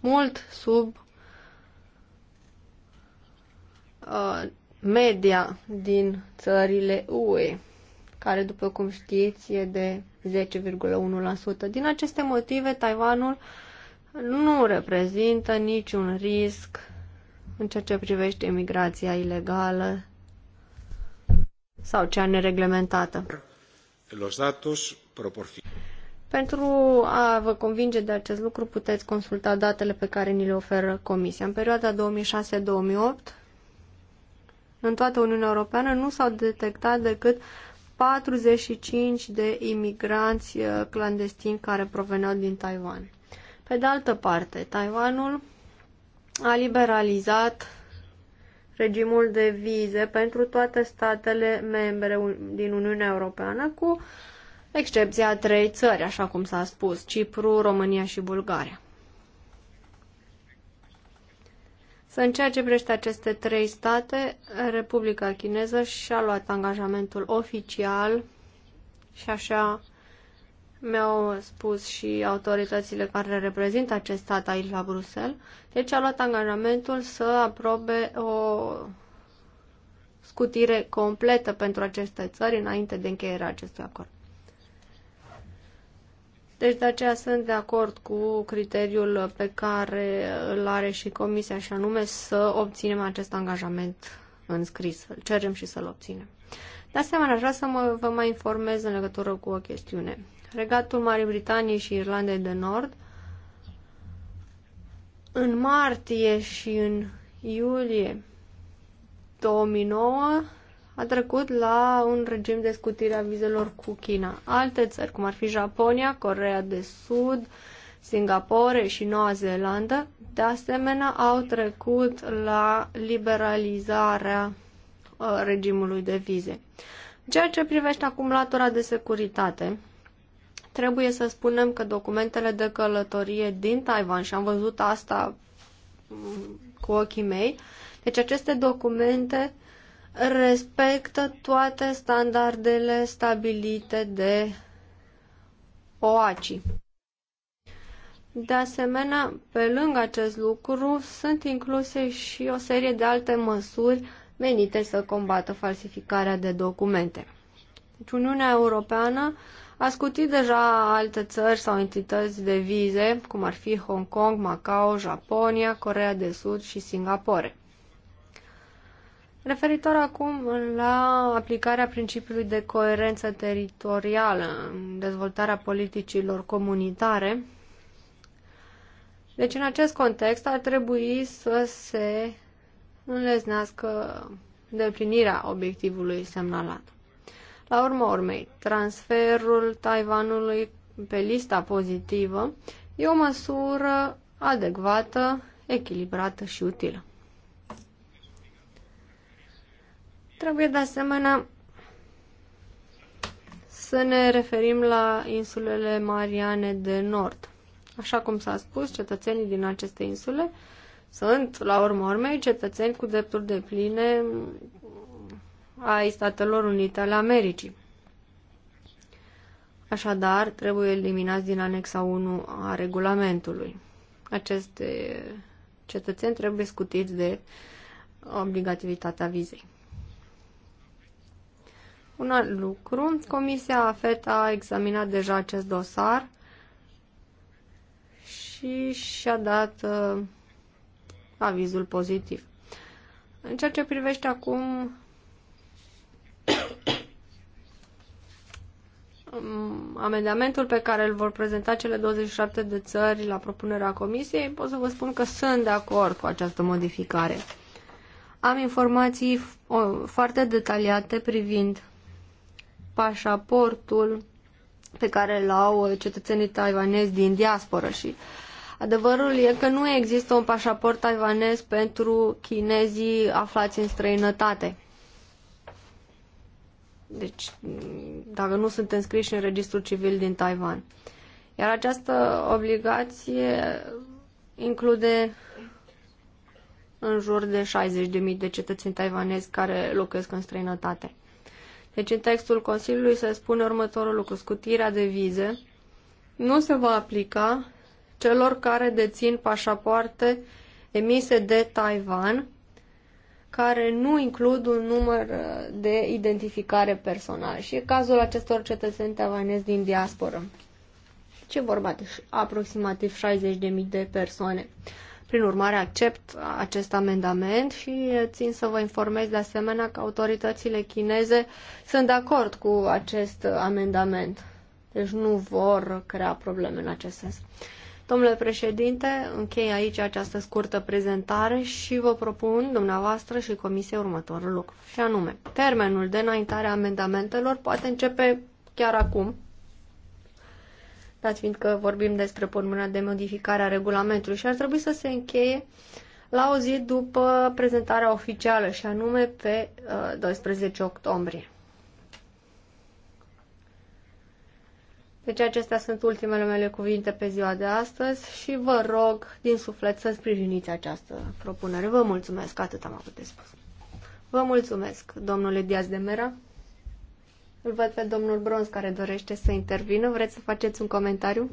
mult sub Uh, media din țările UE, care, după cum știți, e de 10,1%. Din aceste motive, Taiwanul nu reprezintă niciun risc în ceea ce privește imigrația ilegală sau cea nereglementată. Los datos pentru a vă convinge de acest lucru, puteți consulta datele pe care ni le oferă Comisia. În perioada 2006-2008, în toată Uniunea Europeană nu s-au detectat decât 45 de imigranți uh, clandestini care proveneau din Taiwan. Pe de altă parte, Taiwanul a liberalizat regimul de vize pentru toate statele membre din Uniunea Europeană, cu excepția trei țări, așa cum s-a spus, Cipru, România și Bulgaria. Să în ceea ce privește aceste trei state, Republica Chineză și-a luat angajamentul oficial și așa mi-au spus și autoritățile care reprezintă acest stat aici la Bruxelles. Deci a luat angajamentul să aprobe o scutire completă pentru aceste țări înainte de încheierea acestui acord. Deci de aceea sunt de acord cu criteriul pe care îl are și Comisia și anume să obținem acest angajament înscris. Îl cerem și să-l obținem. De asemenea, aș vrea să mă, vă mai informez în legătură cu o chestiune. Regatul Marii Britanii și Irlandei de Nord în martie și în iulie 2009 a trecut la un regim de scutire a vizelor cu China. Alte țări, cum ar fi Japonia, Corea de Sud, Singapore și Noua Zeelandă, de asemenea au trecut la liberalizarea uh, regimului de vize. ceea ce privește acum latura de securitate, trebuie să spunem că documentele de călătorie din Taiwan, și am văzut asta mm, cu ochii mei, deci aceste documente uh, respectă toate standardele stabilite de OACI. De asemenea, pe lângă acest lucru, sunt incluse și o serie de alte măsuri menite să combată falsificarea de documente. Deci Uniunea Europeană a scutit deja alte țări sau entități de vize, cum ar fi Hong Kong, Macau, Japonia, Corea de Sud și Singapore. Referitor acum la aplicarea principiului de coerență teritorială în dezvoltarea politicilor comunitare, deci în acest context ar trebui să se înleznească deplinirea obiectivului semnalat. La urma urmei, transferul Taiwanului pe lista pozitivă e o măsură adecvată, echilibrată și utilă. Trebuie de asemenea să ne referim la insulele Mariane de Nord. Așa cum s-a spus, cetățenii din aceste insule sunt, la urma urmei, cetățeni cu drepturi de pline ai Statelor Unite ale Americii. Așadar, trebuie eliminați din anexa 1 a regulamentului. Aceste cetățeni trebuie scutiți de obligativitatea vizei. Un alt lucru, Comisia AFET a examinat deja acest dosar și și-a dat uh, avizul pozitiv. În ceea ce privește acum um, amendamentul pe care îl vor prezenta cele 27 de țări la propunerea Comisiei, pot să vă spun că sunt de acord cu această modificare. Am informații uh, foarte detaliate privind pașaportul pe care îl au cetățenii taiwanezi din diasporă și adevărul e că nu există un pașaport taiwanez pentru chinezii aflați în străinătate. Deci, dacă nu sunt înscriși în registrul civil din Taiwan. Iar această obligație include în jur de 60.000 de cetățeni taiwanezi care locuiesc în străinătate. Deci în textul Consiliului se spune următorul lucru. Scutirea de vize nu se va aplica celor care dețin pașapoarte emise de Taiwan, care nu includ un număr uh, de identificare personală. Și e cazul acestor cetățeni taiwanezi din diasporă. Ce vorba de aproximativ 60.000 de persoane. Prin urmare, accept acest amendament și țin să vă informez de asemenea că autoritățile chineze sunt de acord cu acest amendament. Deci nu vor crea probleme în acest sens. Domnule președinte, închei aici această scurtă prezentare și vă propun dumneavoastră și comisia următorul lucru. Și anume, termenul de înaintare a amendamentelor poate începe chiar acum, dat fiindcă vorbim despre pormâna de modificare a regulamentului și ar trebui să se încheie la o zi după prezentarea oficială și anume pe 12 uh, octombrie. Deci acestea sunt ultimele mele cuvinte pe ziua de astăzi și vă rog din suflet să sprijiniți această propunere. Vă mulțumesc, atât am avut de spus. Vă mulțumesc, domnule Diaz de Mera. Îl văd pe domnul Bronz care dorește să intervină. Vreți să faceți un comentariu?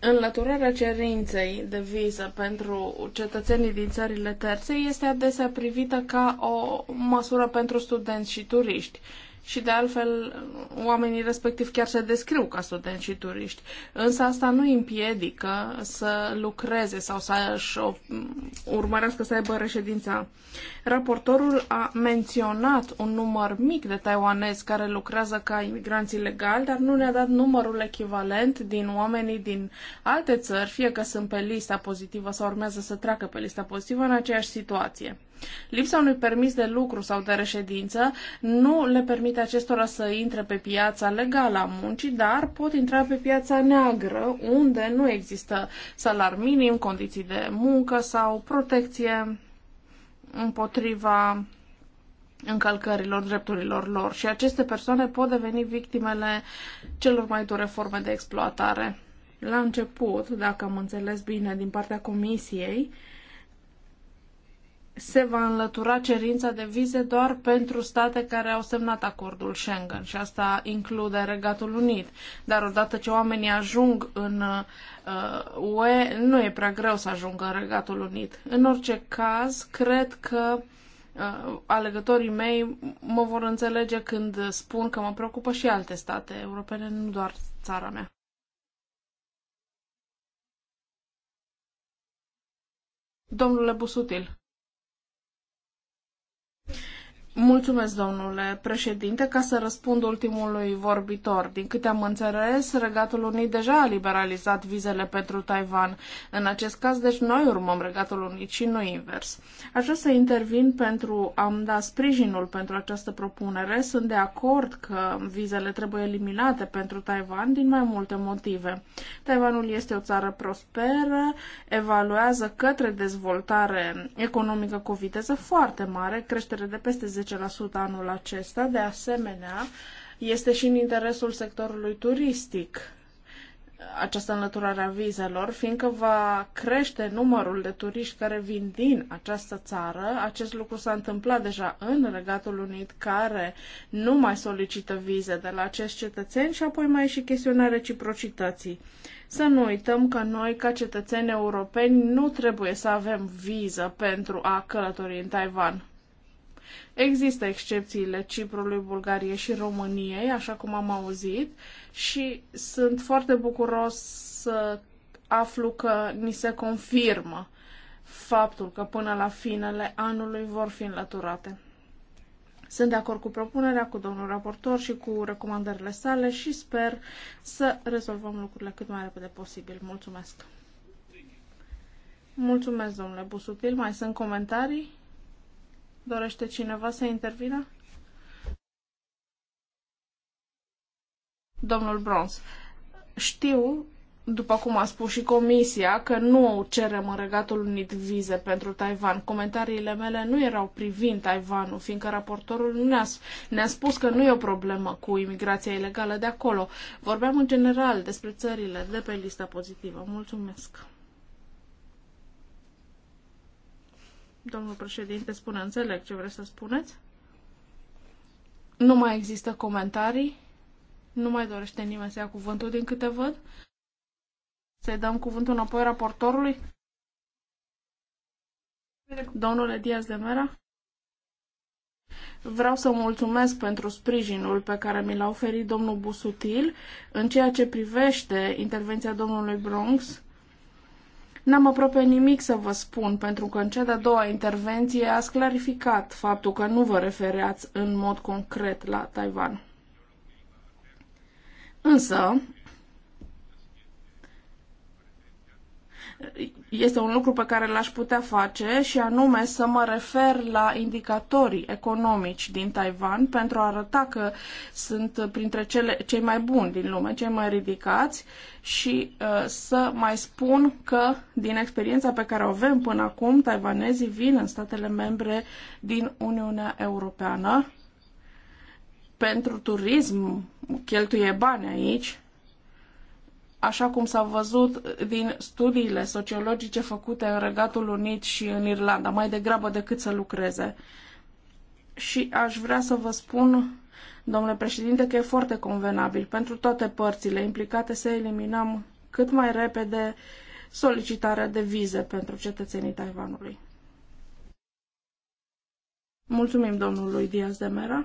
Înlăturarea cerinței de viză pentru cetățenii din țările terțe este adesea privită ca o măsură pentru studenți și turiști și de altfel oamenii respectiv chiar se descriu ca studenți și turiști. Însă asta nu îi împiedică să lucreze sau să-și urmărească să aibă reședința. Raportorul a menționat un număr mic de taiwanezi care lucrează ca imigranți ilegali, dar nu ne-a dat numărul echivalent din oamenii din alte țări, fie că sunt pe lista pozitivă sau urmează să treacă pe lista pozitivă în aceeași situație. Lipsa unui permis de lucru sau de reședință nu le permite acestora să intre pe piața legală a muncii, dar pot intra pe piața neagră, unde nu există salar minim, condiții de muncă sau protecție împotriva încălcărilor drepturilor lor și aceste persoane pot deveni victimele celor mai dure forme de exploatare. La început, dacă am înțeles bine din partea comisiei, se va înlătura cerința de vize doar pentru state care au semnat acordul Schengen și asta include Regatul Unit. Dar odată ce oamenii ajung în uh, UE, nu e prea greu să ajungă în Regatul Unit. În orice caz, cred că uh, alegătorii mei mă vor înțelege când spun că mă preocupă și alte state europene, nu doar țara mea. Domnule Busutil. Mulțumesc, domnule președinte. Ca să răspund ultimului vorbitor, din câte am înțeles, Regatul Unit deja a liberalizat vizele pentru Taiwan. În acest caz, deci noi urmăm Regatul Unit și nu invers. Aș vrea să intervin pentru a-mi da sprijinul pentru această propunere. Sunt de acord că vizele trebuie eliminate pentru Taiwan din mai multe motive. Taiwanul este o țară prosperă, evaluează către dezvoltare economică cu o viteză foarte mare, creștere de peste 10 anul acesta. De asemenea, este și în interesul sectorului turistic această înlăturare a vizelor, fiindcă va crește numărul de turiști care vin din această țară. Acest lucru s-a întâmplat deja în Regatul Unit, care nu mai solicită vize de la acești cetățeni și apoi mai e și chestiunea reciprocității. Să nu uităm că noi, ca cetățeni europeni, nu trebuie să avem viză pentru a călători în Taiwan. Există excepțiile Ciprului, Bulgariei și României, așa cum am auzit, și sunt foarte bucuros să aflu că ni se confirmă faptul că până la finele anului vor fi înlăturate. Sunt de acord cu propunerea, cu domnul raportor și cu recomandările sale și sper să rezolvăm lucrurile cât mai repede posibil. Mulțumesc! Mulțumesc, domnule Busutil. Mai sunt comentarii? Dorește cineva să intervină? Domnul Brons, știu, după cum a spus și comisia, că nu cerem în Regatul Unit vize pentru Taiwan. Comentariile mele nu erau privind Taiwanul, fiindcă raportorul ne-a, ne, -a, ne -a spus că nu e o problemă cu imigrația ilegală de acolo. Vorbeam în general despre țările de pe lista pozitivă. Mulțumesc! Domnul președinte spune, înțeleg ce vreți să spuneți. Nu mai există comentarii. Nu mai dorește nimeni să ia cuvântul din câte văd. Să-i dăm cuvântul înapoi raportorului. Domnule Diaz de Mera. Vreau să mulțumesc pentru sprijinul pe care mi l-a oferit domnul Busutil în ceea ce privește intervenția domnului Bronx N-am aproape nimic să vă spun, pentru că în cea de-a doua intervenție ați clarificat faptul că nu vă refereați în mod concret la Taiwan. Însă, este un lucru pe care l-aș putea face și anume să mă refer la indicatorii economici din Taiwan pentru a arăta că sunt printre cele, cei mai buni din lume, cei mai ridicați și uh, să mai spun că din experiența pe care o avem până acum, taiwanezii vin în statele membre din Uniunea Europeană pentru turism, cheltuie bani aici, Așa cum s-a văzut din studiile sociologice făcute în Regatul Unit și în Irlanda, mai degrabă decât să lucreze. Și aș vrea să vă spun, domnule președinte, că e foarte convenabil pentru toate părțile implicate să eliminăm cât mai repede solicitarea de vize pentru cetățenii Taiwanului. Mulțumim domnului Diaz de Mera.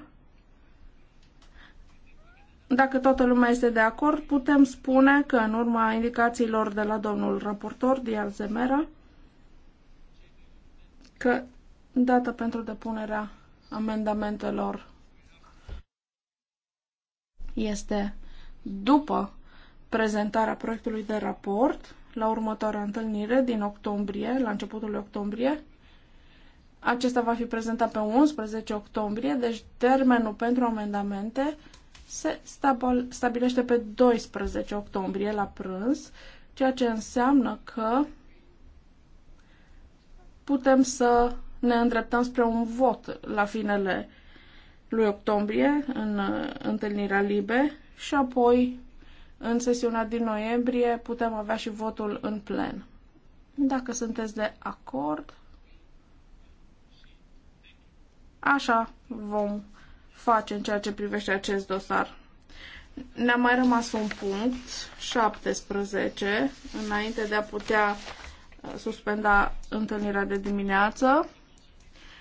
Dacă toată lumea este de acord, putem spune că în urma indicațiilor de la domnul raportor Diaz Zemera, că data pentru depunerea amendamentelor este după prezentarea proiectului de raport la următoarea întâlnire din octombrie, la începutul octombrie. Acesta va fi prezentat pe 11 octombrie, deci termenul pentru amendamente se stabilește pe 12 octombrie la prânz, ceea ce înseamnă că putem să ne îndreptăm spre un vot la finele lui octombrie în uh, întâlnirea LIBE și apoi în sesiunea din noiembrie putem avea și votul în plen. Dacă sunteți de acord, așa vom face în ceea ce privește acest dosar. Ne-a mai rămas un punct, 17, înainte de a putea uh, suspenda întâlnirea de dimineață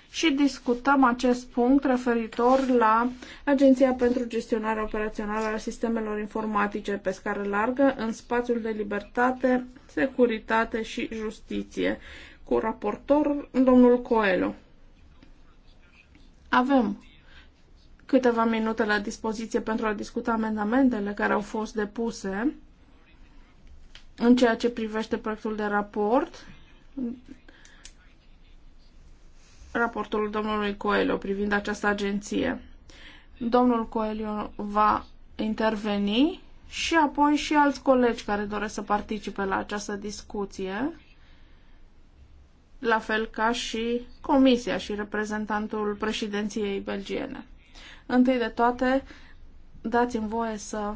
și discutăm acest punct referitor la Agenția pentru Gestionarea Operațională a Sistemelor Informatice pe scară largă în spațiul de libertate, securitate și justiție, cu raportor domnul Coelho. Avem câteva minute la dispoziție pentru a discuta amendamentele care au fost depuse în ceea ce privește proiectul de raport, raportul domnului Coelho privind această agenție. Domnul Coelho va interveni și apoi și alți colegi care doresc să participe la această discuție, la fel ca și comisia și reprezentantul președinției belgiene. Întâi de toate, dați-mi voie să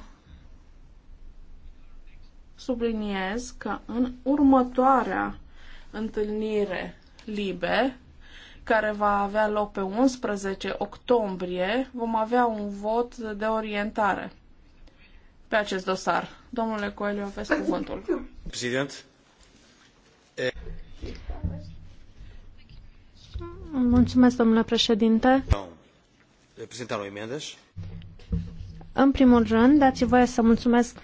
subliniez că în următoarea întâlnire libe, care va avea loc pe 11 octombrie, vom avea un vot de orientare pe acest dosar. Domnule Coelho, aveți cuvântul. Prezident. Mulțumesc, domnule președinte. No. În primul rând, dați voie să mulțumesc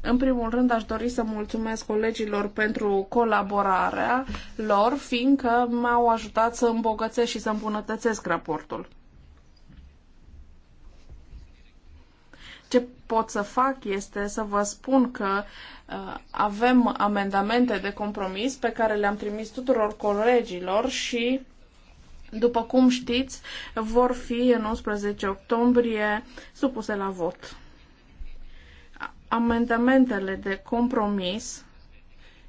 în primul rând, aș dori să mulțumesc colegilor pentru colaborarea lor, fiindcă m-au ajutat să îmbogățesc și să îmbunătățesc raportul. Ce pot să fac este să vă spun că uh, avem amendamente de compromis pe care le-am trimis tuturor colegilor și după cum știți, vor fi în 11 octombrie supuse la vot. Amendamentele de compromis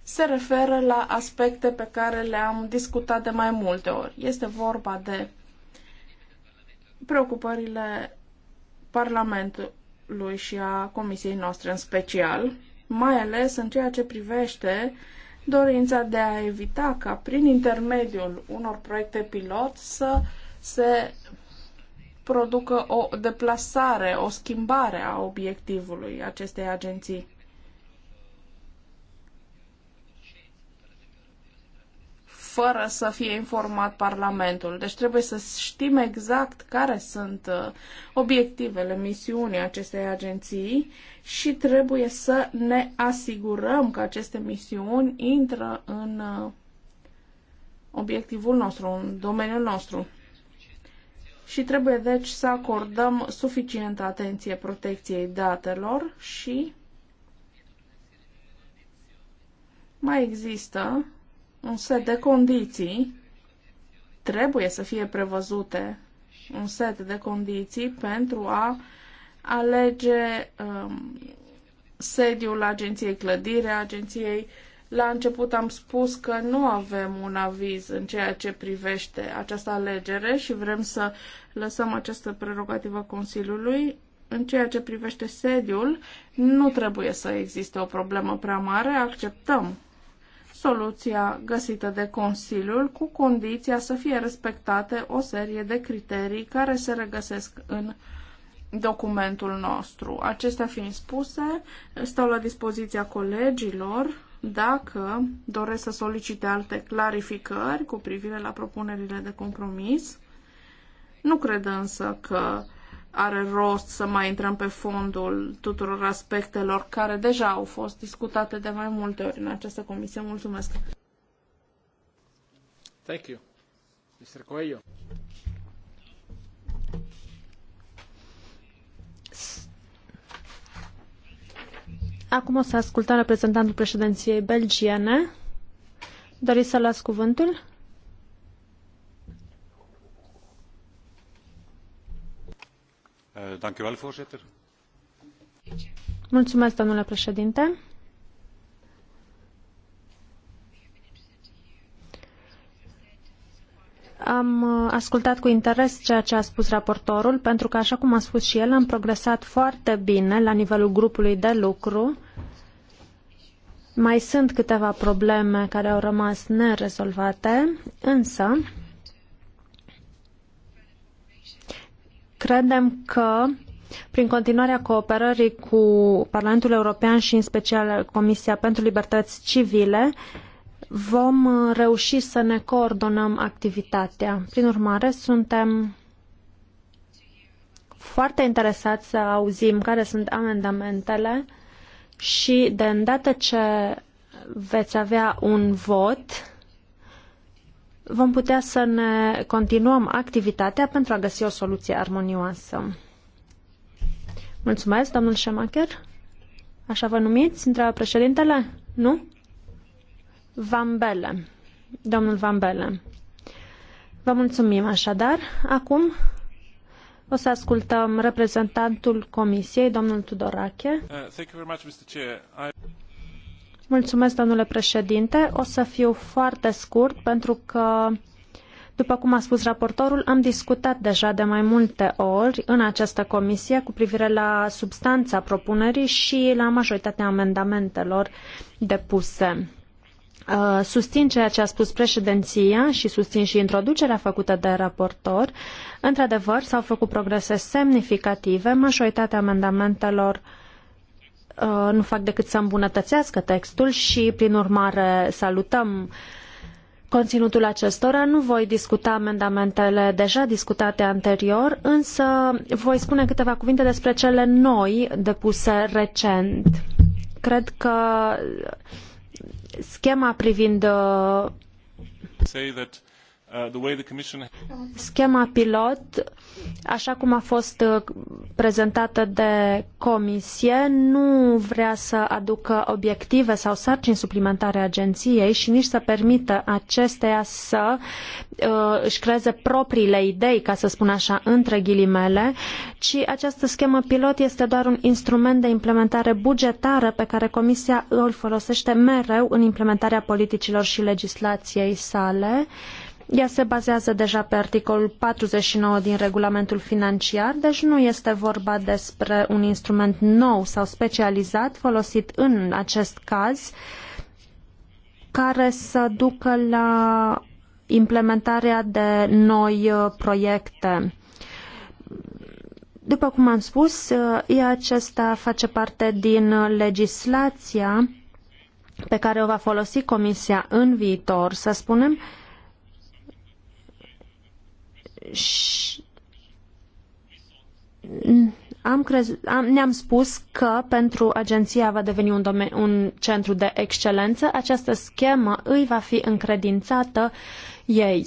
se referă la aspecte pe care le-am discutat de mai multe ori. Este vorba de preocupările Parlamentului și a Comisiei noastre în special, mai ales în ceea ce privește uh, dorința de a evita ca prin intermediul unor proiecte pilot să se producă o deplasare, o schimbare a obiectivului acestei agenții. fără să fie informat Parlamentul. Deci trebuie să știm exact care sunt uh, obiectivele, misiunii acestei agenții și trebuie să ne asigurăm că aceste misiuni intră în uh, obiectivul nostru, în domeniul nostru. Și trebuie deci să acordăm suficientă atenție protecției datelor și mai există un set de condiții, trebuie să fie prevăzute un set de condiții pentru a alege um, sediul agenției clădire, agenției. La început am spus că nu avem un aviz în ceea ce privește această alegere și vrem să lăsăm această prerogativă Consiliului. În ceea ce privește sediul, nu trebuie să existe o problemă prea mare, acceptăm soluția găsită de Consiliul cu condiția să fie respectate o serie de criterii care se regăsesc în documentul nostru. Acestea fiind spuse, stau la dispoziția colegilor dacă doresc să solicite alte clarificări cu privire la propunerile de compromis. Nu cred însă că uh, are rost să mai intrăm pe fondul tuturor aspectelor care deja au fost discutate de mai multe ori în această comisie. Mulțumesc! Thank you. Mr. Coelho. Acum o să ascultăm reprezentantul președinției belgiene. Doriți să las cuvântul? Eh, domnule Am eh, ascultat cu interes ceea ce a spus raportorul, pentru că, așa cum a spus și el, am progresat foarte bine la nivelul grupului de lucru. Mai sunt câteva probleme care au rămas nerezolvate, însă Credem că prin continuarea cooperării cu Parlamentul European și în special Comisia pentru Libertăți Civile, vom reuși să ne coordonăm activitatea. Prin urmare, suntem foarte interesați să auzim care sunt amendamentele și de îndată ce veți avea un vot, vom putea să ne continuăm activitatea pentru a găsi o soluție armonioasă. Mulțumesc, domnul Schemacher. Așa vă numiți? Întreabă președintele? Nu? Vambele. Domnul Vambele. Vă mulțumim așadar. Acum o să ascultăm reprezentantul Comisiei, domnul Tudorache. Uh, Mulțumesc, domnule președinte. O să fiu foarte scurt pentru că, după cum a spus raportorul, am discutat deja de mai multe ori în această comisie cu privire la substanța propunerii și la majoritatea amendamentelor depuse. Uh, susțin ceea ce a spus președinția și susțin și introducerea făcută de raportor. Într-adevăr, s-au făcut progrese semnificative. Majoritatea amendamentelor uh, Uh, nu fac decât să îmbunătățească textul și, prin urmare, salutăm conținutul acestora. Nu voi discuta amendamentele deja discutate anterior, însă voi spune câteva cuvinte despre cele noi depuse recent. Cred că schema privind uh, say that Uh, Schema pilot, așa cum a fost uh, prezentată de comisie, nu vrea să aducă obiective sau sarcini suplimentare agenției și nici să permită acesteia să uh, își creeze propriile idei, ca să spun așa, între ghilimele, ci această schemă pilot este doar un instrument de implementare bugetară pe care comisia îl folosește mereu în implementarea politicilor și legislației sale. Uh, ea se bazează deja pe articolul 49 din regulamentul financiar, deci nu este vorba despre un instrument nou sau specializat folosit în acest caz care să ducă la implementarea de noi uh, proiecte. După cum am spus, uh, ea acesta face parte din uh, legislația pe care o va folosi Comisia în viitor, să spunem, am crezut, am, ne-am spus că pentru agenția va deveni un, domen... un centru de excelență, această schemă îi va fi încredințată ei.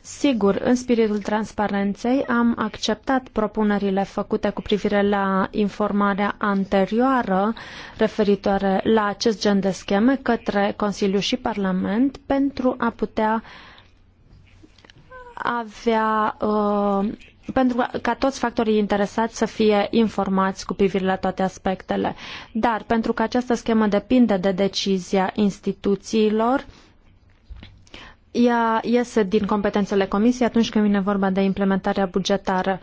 Sigur, în spiritul transparenței am acceptat propunerile făcute cu privire la informarea anterioară referitoare la acest gen de scheme către Consiliu și Parlament pentru a putea uh, avea uh, pentru ca toți factorii interesați să fie informați cu privire la toate aspectele. Dar pentru că această schemă depinde de decizia instituțiilor, ea iese din competențele comisiei atunci când vine vorba de implementarea bugetară.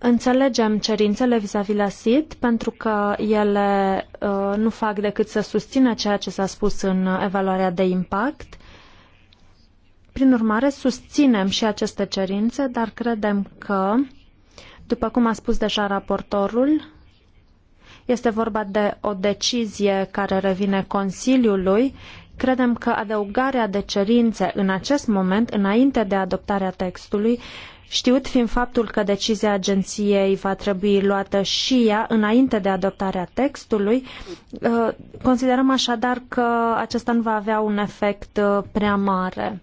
Înțelegem cerințele vis-a-vis -vis la SIT pentru că ele uh, nu fac decât să susțină ceea ce s-a spus în evaluarea de impact prin urmare, susținem și aceste cerințe, dar credem că, după cum a spus deja raportorul, este vorba de o decizie care revine Consiliului. Credem că adăugarea de cerințe în acest moment, înainte de adoptarea textului, știut fiind faptul că decizia agenției va trebui luată și ea înainte de adoptarea textului, ă, considerăm așadar că acesta nu va avea un efect ă, prea mare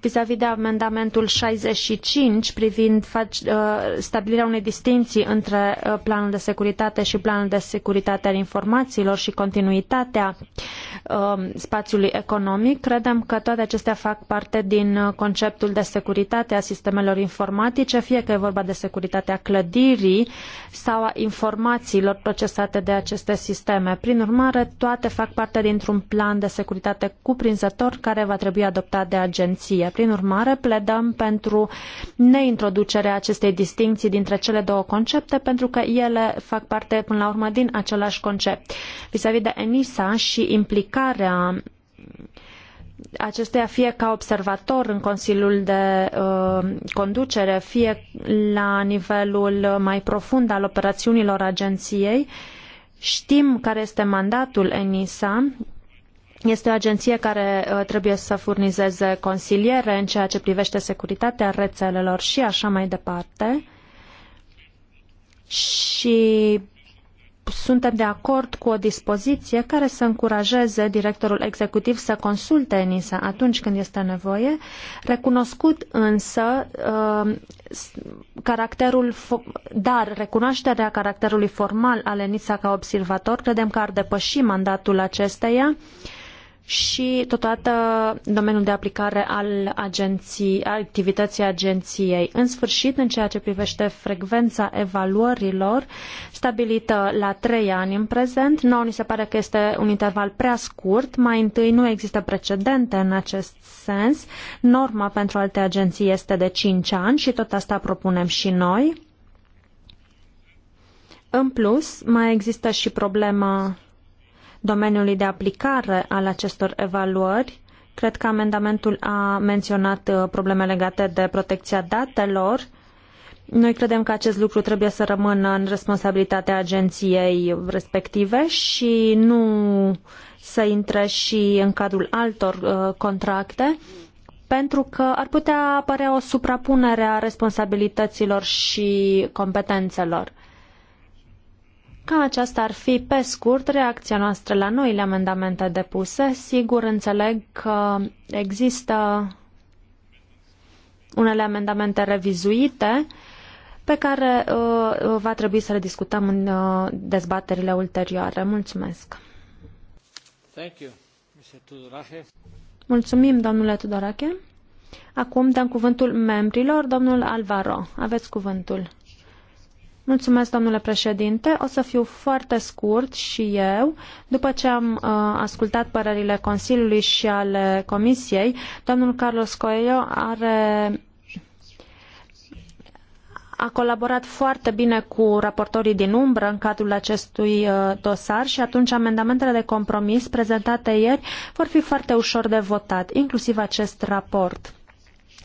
vis-a-vis de amendamentul 65 privind uh, stabilirea unei distinții între uh, planul de securitate și planul de securitate al informațiilor și continuitatea um, spațiului economic, credem că toate acestea fac parte din uh, conceptul de securitate a sistemelor informatice, fie că e vorba de securitatea clădirii sau a informațiilor procesate de aceste sisteme. Prin urmare, toate fac parte dintr-un plan de securitate cuprinzător care va trebui adoptat de agenție familie. Prin urmare, pledăm pentru neintroducerea acestei distinții dintre cele două concepte, pentru că ele fac parte, până la urmă, din același concept. vis a -vis de ENISA și implicarea acesteia fie ca observator în Consiliul de uh, Conducere, fie la nivelul mai profund al operațiunilor agenției. Știm care este mandatul ENISA este o agenție care uh, trebuie să furnizeze consiliere în ceea ce privește securitatea rețelelor și așa mai departe. Și suntem de acord cu o dispoziție care să încurajeze directorul executiv să consulte ENISA atunci când este nevoie, recunoscut însă uh, caracterul, dar recunoașterea caracterului formal al ENISA ca observator, credem că ar depăși mandatul acesteia uh, și totodată domeniul de aplicare al agenții, activității agenției. În sfârșit, în ceea ce privește frecvența evaluărilor, stabilită la trei ani în prezent, nouă ni se pare că este un interval prea scurt. Mai întâi nu există precedente în acest sens. Norma pentru alte agenții este de cinci ani și tot asta propunem și noi. În plus, mai există și problema domeniului de aplicare al acestor evaluări. Cred că amendamentul a menționat uh, probleme legate de protecția datelor. Noi credem că acest lucru trebuie să rămână în responsabilitatea agenției respective și nu să intre și în cadrul altor uh, contracte pentru că ar putea apărea o suprapunere a responsabilităților și competențelor. Cam aceasta ar fi, pe scurt, reacția noastră la noile amendamente depuse. Sigur, înțeleg că există unele amendamente revizuite pe care uh, va trebui să le discutăm în uh, dezbaterile ulterioare. Mulțumesc! Thank you, Mr. Tudorache. Mulțumim, domnule Tudorache. Acum dăm cuvântul membrilor. Domnul Alvaro, aveți cuvântul. Mulțumesc, domnule președinte. O să fiu foarte scurt și eu. După ce am uh, ascultat părerile Consiliului și ale Comisiei, domnul Carlos Coelho are a colaborat foarte bine cu raportorii din umbră în cadrul acestui uh, dosar și atunci amendamentele de compromis prezentate ieri vor fi foarte ușor de votat, inclusiv acest raport.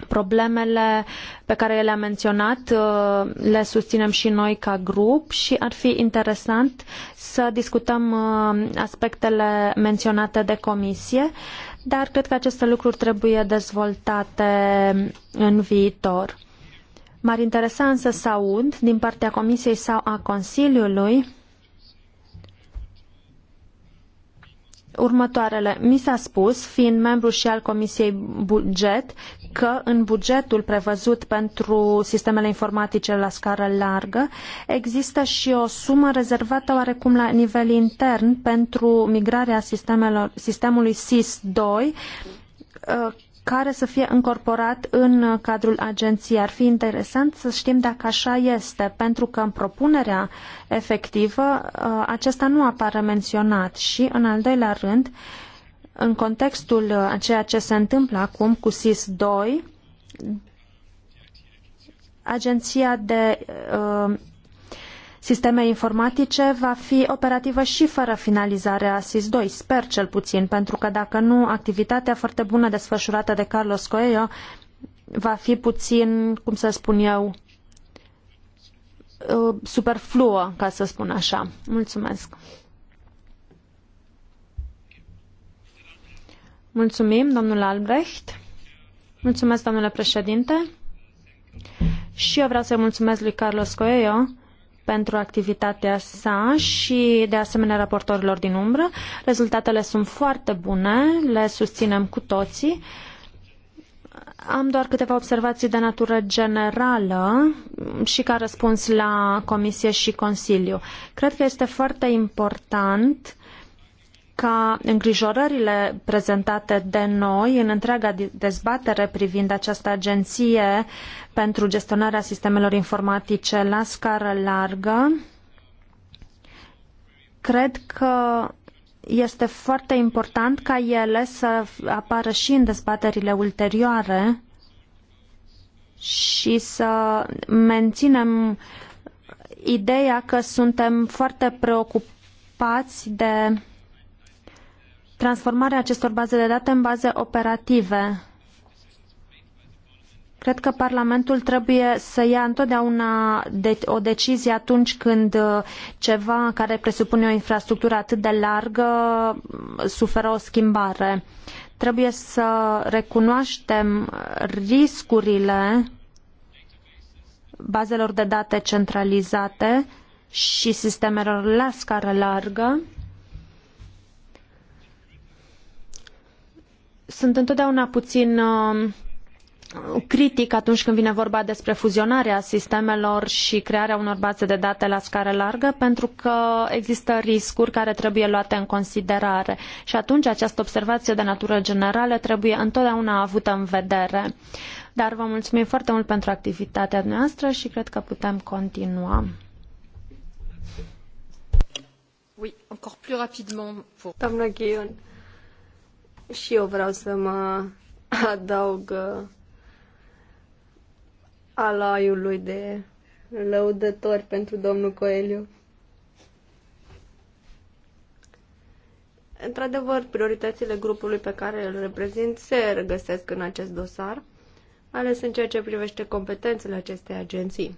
Problemele pe care le a menționat uh, le susținem și noi ca grup și ar fi interesant să discutăm uh, aspectele menționate de comisie, dar cred că aceste lucruri trebuie dezvoltate în viitor. M-ar interesa însă să aud din partea Comisiei sau a Consiliului următoarele. Mi s-a spus, fiind membru și al Comisiei Buget, că în bugetul prevăzut pentru sistemele informatice la scară largă există și o sumă rezervată oarecum la nivel intern pentru migrarea sistemelor, sistemului SIS-2 uh, care să fie încorporat în cadrul agenției. Ar fi interesant să știm dacă așa este, pentru că în propunerea efectivă uh, acesta nu apare menționat și, în al doilea rând, în contextul uh, a ceea ce se întâmplă acum cu SIS-2, Agenția de uh, Sisteme Informatice va fi operativă și fără finalizarea SIS-2, sper cel puțin, pentru că dacă nu, activitatea foarte bună desfășurată de Carlos Coelho va fi puțin, cum să spun eu, uh, superfluă, ca să spun așa. Mulțumesc! Mulțumim, domnul Albrecht. Mulțumesc, domnule președinte. Și eu vreau să-i mulțumesc lui Carlos Coelho pentru activitatea sa și, de asemenea, raportorilor din umbră. Rezultatele sunt foarte bune, le susținem cu toții. Am doar câteva observații de natură generală și ca răspuns la Comisie și Consiliu. Cred că este foarte important ca îngrijorările prezentate de noi în întreaga dezbatere privind această agenție pentru gestionarea sistemelor informatice la scară largă, cred că este foarte important ca ele să apară și în dezbaterile ulterioare și să menținem ideea că suntem foarte preocupați de transformarea acestor baze de date în baze operative. Cred că Parlamentul trebuie să ia întotdeauna o decizie atunci când uh, ceva care presupune o infrastructură atât de largă mm, suferă o schimbare. Trebuie să recunoaștem riscurile bazelor de date centralizate și sistemelor la scară largă sunt întotdeauna puțin um, critic atunci când vine vorba despre fuzionarea sistemelor și crearea unor baze de date la scară largă, pentru că există riscuri care trebuie luate în considerare. Și atunci această observație de natură generală trebuie întotdeauna avută în vedere. Dar vă mulțumim foarte mult pentru activitatea noastră și cred că putem continua. Oui, encore plus rapidement pour... Doamna Ghion. Și eu vreau să mă adaug uh, alaiului de lăudători pentru domnul Coeliu. Într-adevăr, prioritățile grupului pe care îl reprezint se regăsesc în acest dosar, ales în ceea ce privește competențele acestei agenții.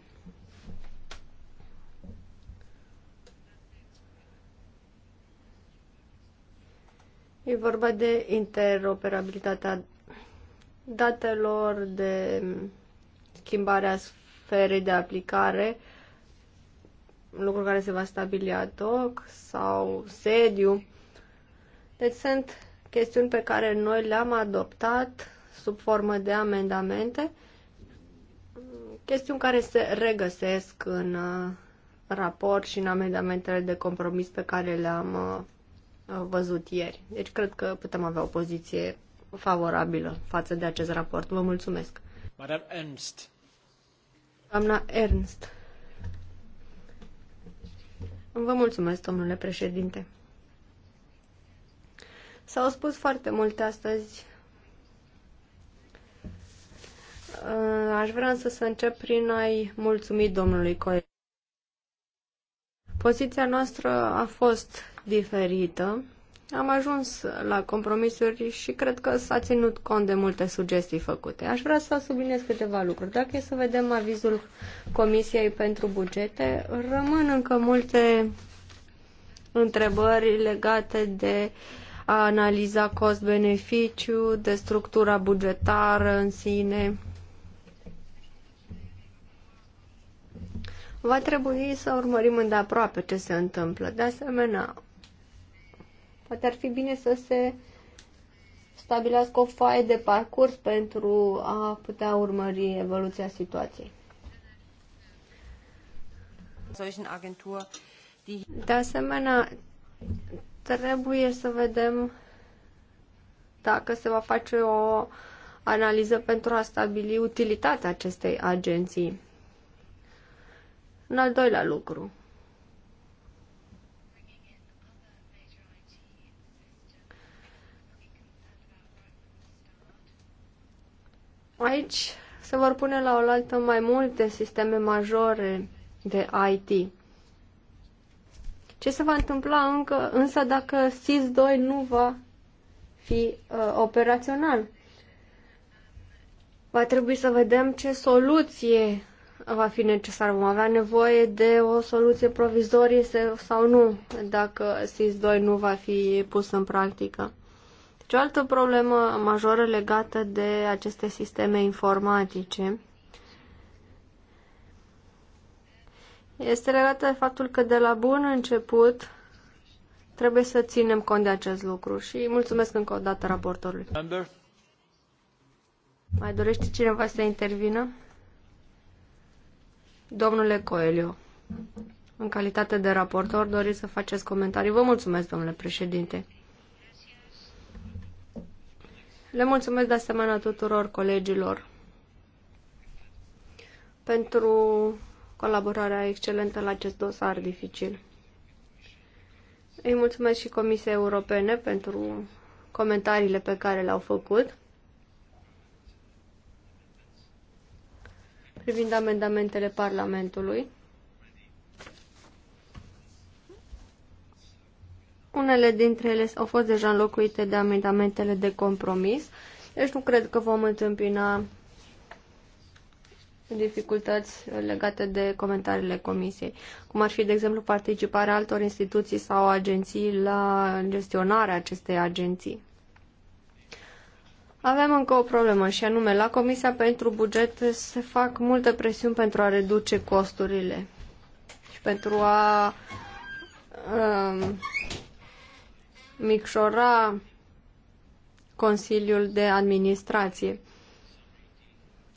E vorba de interoperabilitatea datelor, de schimbarea sferei de aplicare, lucru care se va stabili ad hoc sau sediu. Deci sunt chestiuni pe care noi le-am adoptat sub formă de amendamente, chestiuni care se regăsesc în uh, raport și în amendamentele de compromis pe care le-am uh, Uh, văzut ieri. Deci cred că putem avea o poziție favorabilă față de acest raport. Vă mulțumesc. Madame Ernst. Doamna Ernst. Vă mulțumesc, domnule președinte. S-au spus foarte multe astăzi. Uh, aș vrea să, să încep prin a-i mulțumi domnului Coelho. Poziția noastră a fost diferită. Am ajuns la compromisuri și cred că s-a ținut cont de multe sugestii făcute. Aș vrea să subliniez câteva lucruri. Dacă e să vedem avizul Comisiei pentru bugete, rămân încă multe întrebări legate de a analiza cost-beneficiu, de structura bugetară în sine. Va trebui să urmărim îndeaproape ce se întâmplă. De asemenea, poate ar fi bine să se stabilească o foaie de parcurs pentru a putea urmări evoluția situației. De asemenea, trebuie să vedem dacă se va face o analiză pentru a stabili utilitatea acestei agenții. Un al doilea lucru. Aici se vor pune la oaltă mai multe sisteme majore de IT. Ce se va întâmpla încă, însă dacă SIS-2 nu va fi uh, operațional? Va trebui să vedem ce soluție va fi necesar. Vom avea nevoie de o soluție provizorie sau nu, dacă SIS-2 nu va fi pus în practică. Deci o altă problemă majoră legată de aceste sisteme informatice este legată de faptul că de la bun început trebuie să ținem cont de acest lucru și mulțumesc încă o dată raportorului. Mai dorește cineva să intervină? Domnule Coelho, în calitate de raportor, doriți să faceți comentarii. Vă mulțumesc, domnule președinte. Le mulțumesc de asemenea tuturor colegilor pentru colaborarea excelentă la acest dosar dificil. Îi mulțumesc și Comisiei Europene pentru comentariile pe care le-au făcut. privind amendamentele Parlamentului. Unele dintre ele au fost deja înlocuite de amendamentele de compromis, deci nu cred că vom întâmpina dificultăți legate de comentariile comisiei, cum ar fi, de exemplu, participarea altor instituții sau agenții la gestionarea acestei agenții. Avem încă o problemă și anume, la Comisia pentru Buget se fac multe presiuni pentru a reduce costurile și pentru a uh, micșora Consiliul de Administrație.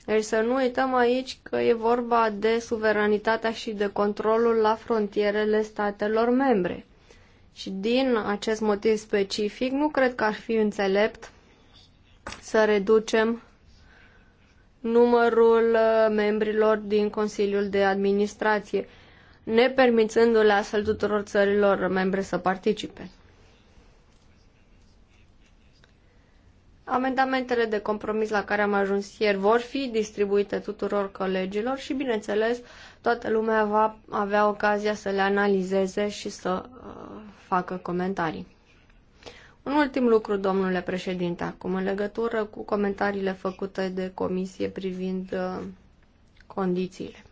Deci să nu uităm aici că e vorba de suveranitatea și de controlul la frontierele statelor membre. Și din acest motiv specific, nu cred că ar fi înțelept să reducem numărul uh, membrilor din Consiliul de Administrație, nepermițându-le astfel tuturor țărilor membre să participe. Amendamentele de compromis la care am ajuns ieri vor fi distribuite tuturor colegilor și, bineînțeles, toată lumea va avea ocazia să le analizeze și să uh, facă comentarii. Un ultim lucru, domnule președinte, acum, în legătură cu comentariile făcute de comisie privind uh, condițiile.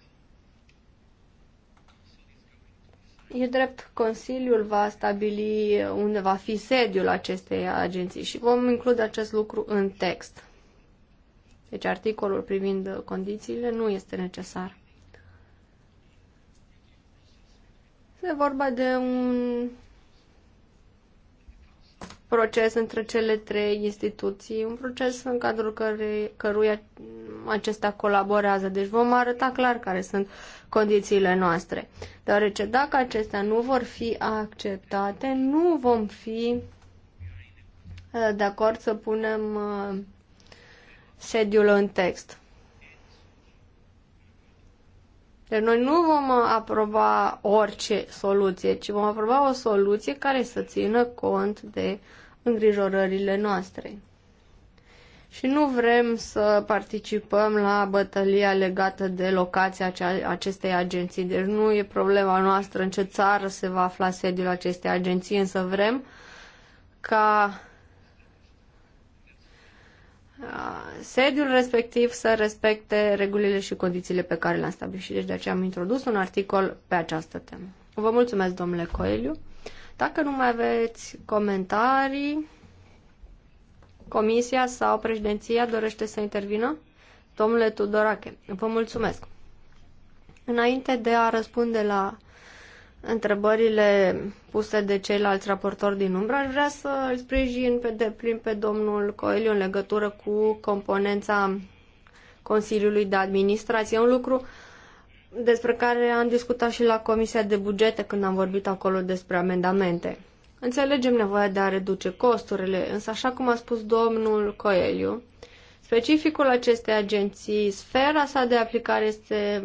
E drept, Consiliul va stabili unde va fi sediul acestei agenții și vom include acest lucru în text. Deci articolul privind condițiile nu este necesar. Este vorba de un proces între cele trei instituții, un proces în cadrul căre, căruia acesta colaborează. Deci vom arăta clar care sunt condițiile noastre. Deoarece dacă acestea nu vor fi acceptate, nu vom fi eh, de acord să punem eh, sediul în text. Deci noi nu vom aproba orice soluție, ci vom aproba o soluție care să țină cont de îngrijorările noastre. Și nu vrem să participăm la bătălia legată de locația acestei agenții. Deci nu e problema noastră în ce țară se va afla sediul acestei agenții, însă vrem ca Uh, sediul respectiv să respecte regulile și condițiile pe care le-am stabilit. Deci de aceea am introdus un articol pe această temă. Vă mulțumesc, domnule Coeliu. Dacă nu mai aveți comentarii, comisia sau președinția dorește să intervină? Domnule Tudorache, vă mulțumesc. Înainte de a răspunde la întrebările puse de ceilalți raportori din umbră, aș vrea să îl sprijin pe deplin pe domnul Coelho în legătură cu componența Consiliului de Administrație. Un lucru despre care am discutat și la Comisia de Bugete când am vorbit acolo despre amendamente. Înțelegem nevoia de a reduce costurile, însă așa cum a spus domnul Coelho, specificul acestei agenții, sfera sa de aplicare este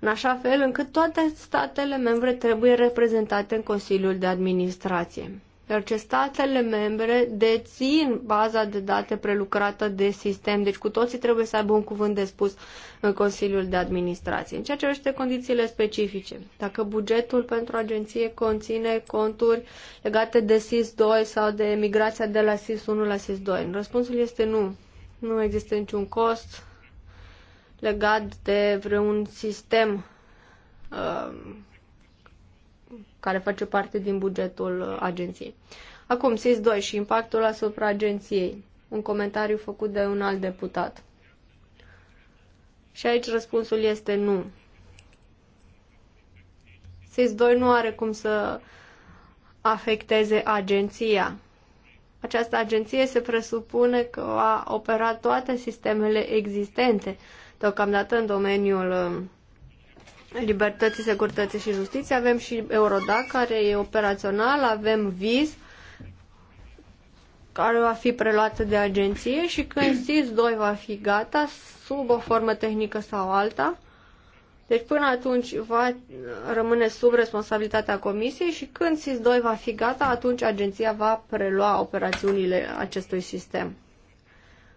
în așa fel încât toate statele membre trebuie reprezentate în Consiliul de Administrație. Iar ce statele membre dețin baza de date prelucrată de sistem, deci cu toții trebuie să aibă un cuvânt de spus în Consiliul de Administrație. În ceea ce privește condițiile specifice, dacă bugetul pentru agenție conține conturi legate de SIS-2 sau de migrația de la SIS-1 la SIS-2, răspunsul este nu. Nu există niciun cost legat de vreun sistem uh, care face parte din bugetul uh, agenției. Acum, SIS-2 și impactul asupra agenției. Un comentariu făcut de un alt deputat. Și aici răspunsul este nu. SIS-2 nu are cum să afecteze agenția. Această agenție se presupune că a operat toate sistemele existente Deocamdată în domeniul um, libertății, securității și justiției avem și Eurodac care e operațional, avem VIS care va fi preluată de agenție și când SIS-2 va fi gata, sub o formă tehnică sau alta, deci până atunci va uh, rămâne sub responsabilitatea comisiei și când SIS-2 va fi gata, atunci agenția va prelua operațiunile acestui sistem.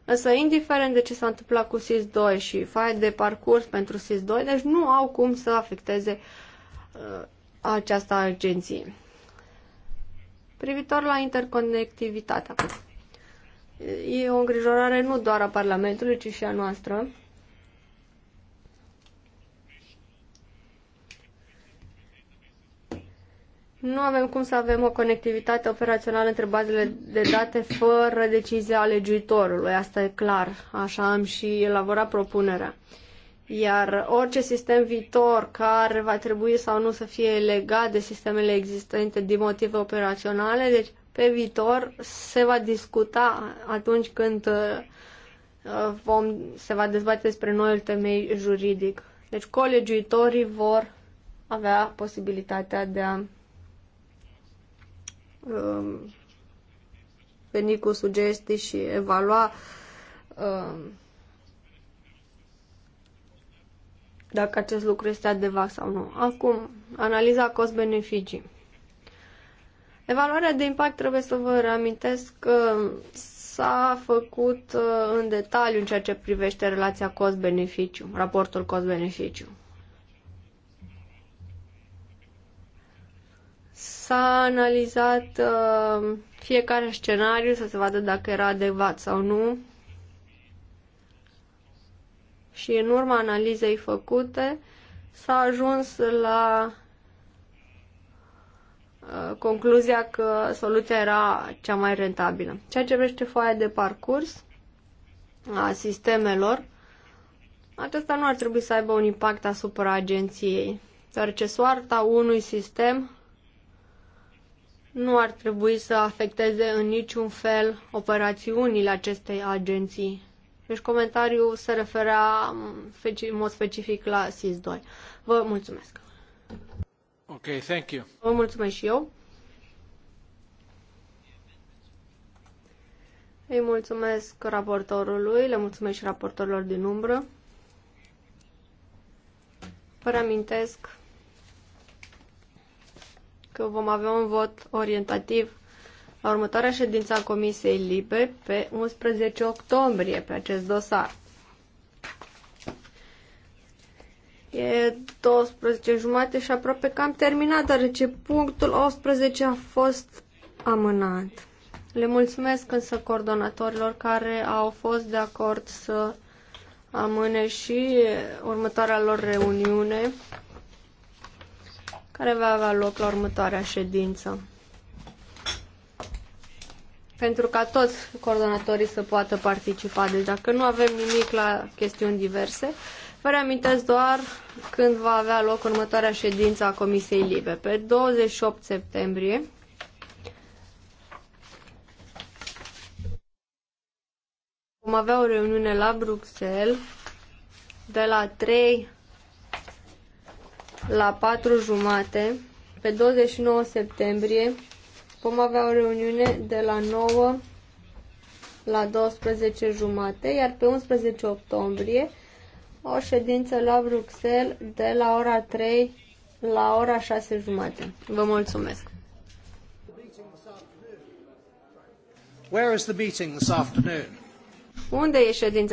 Însă, indiferent de ce s-a întâmplat cu SIS-2 și faia de parcurs pentru SIS-2, deci nu au cum să afecteze uh, această agenție. Privitor la interconectivitatea. E o îngrijorare nu doar a Parlamentului, ci și a noastră. Nu avem cum să avem o conectivitate operațională între bazele de date fără decizia legiuitorului, asta e clar, așa am și elaborat propunerea. Iar orice sistem viitor care va trebui sau nu să fie legat de sistemele existente din motive operaționale, deci pe viitor se va discuta atunci când uh, vom, se va dezbate despre noul temei juridic. Deci colegiuitorii vor avea posibilitatea de a Um, veni cu sugestii și evalua um, dacă acest lucru este adevărat sau nu. Acum, analiza cost-beneficii. Evaluarea de impact trebuie să vă reamintesc că s-a făcut uh, în detaliu în ceea ce privește relația cost-beneficiu, raportul cost-beneficiu. S-a analizat uh, fiecare scenariu să se vadă dacă era adecvat sau nu. Și în urma analizei făcute s-a ajuns la uh, concluzia că soluția era cea mai rentabilă. Ceea ce vrește foaia de parcurs a sistemelor, acesta nu ar trebui să aibă un impact asupra agenției, deoarece soarta unui sistem nu ar trebui să afecteze în niciun fel operațiunile acestei agenții. Deci comentariul se refera în mod specific la SIS-2. Vă mulțumesc. Ok, thank you. Vă mulțumesc și eu. Îi mulțumesc raportorului, le mulțumesc și raportorilor din umbră. Vă reamintesc că vom avea un vot orientativ la următoarea ședință a Comisiei Libe pe 11 octombrie pe acest dosar. E 12 jumate și aproape că am terminat, deoarece punctul 18 a fost amânat. Le mulțumesc însă coordonatorilor care au fost de acord să amâne și următoarea lor reuniune care va avea loc la următoarea ședință. Pentru ca toți coordonatorii să poată participa. Deci dacă nu avem nimic la chestiuni diverse, vă reamintesc doar când va avea loc următoarea ședință a Comisiei Libe. Pe 28 septembrie, Vom avea o reuniune la Bruxelles de la 3 la 4 jumate, pe 29 septembrie, vom avea o reuniune de la 9 la 12 jumate, iar pe 11 octombrie o ședință la Bruxelles de la ora 3 la ora 6 jumate. Vă mulțumesc! Where is the meeting this afternoon? Unde e ședința?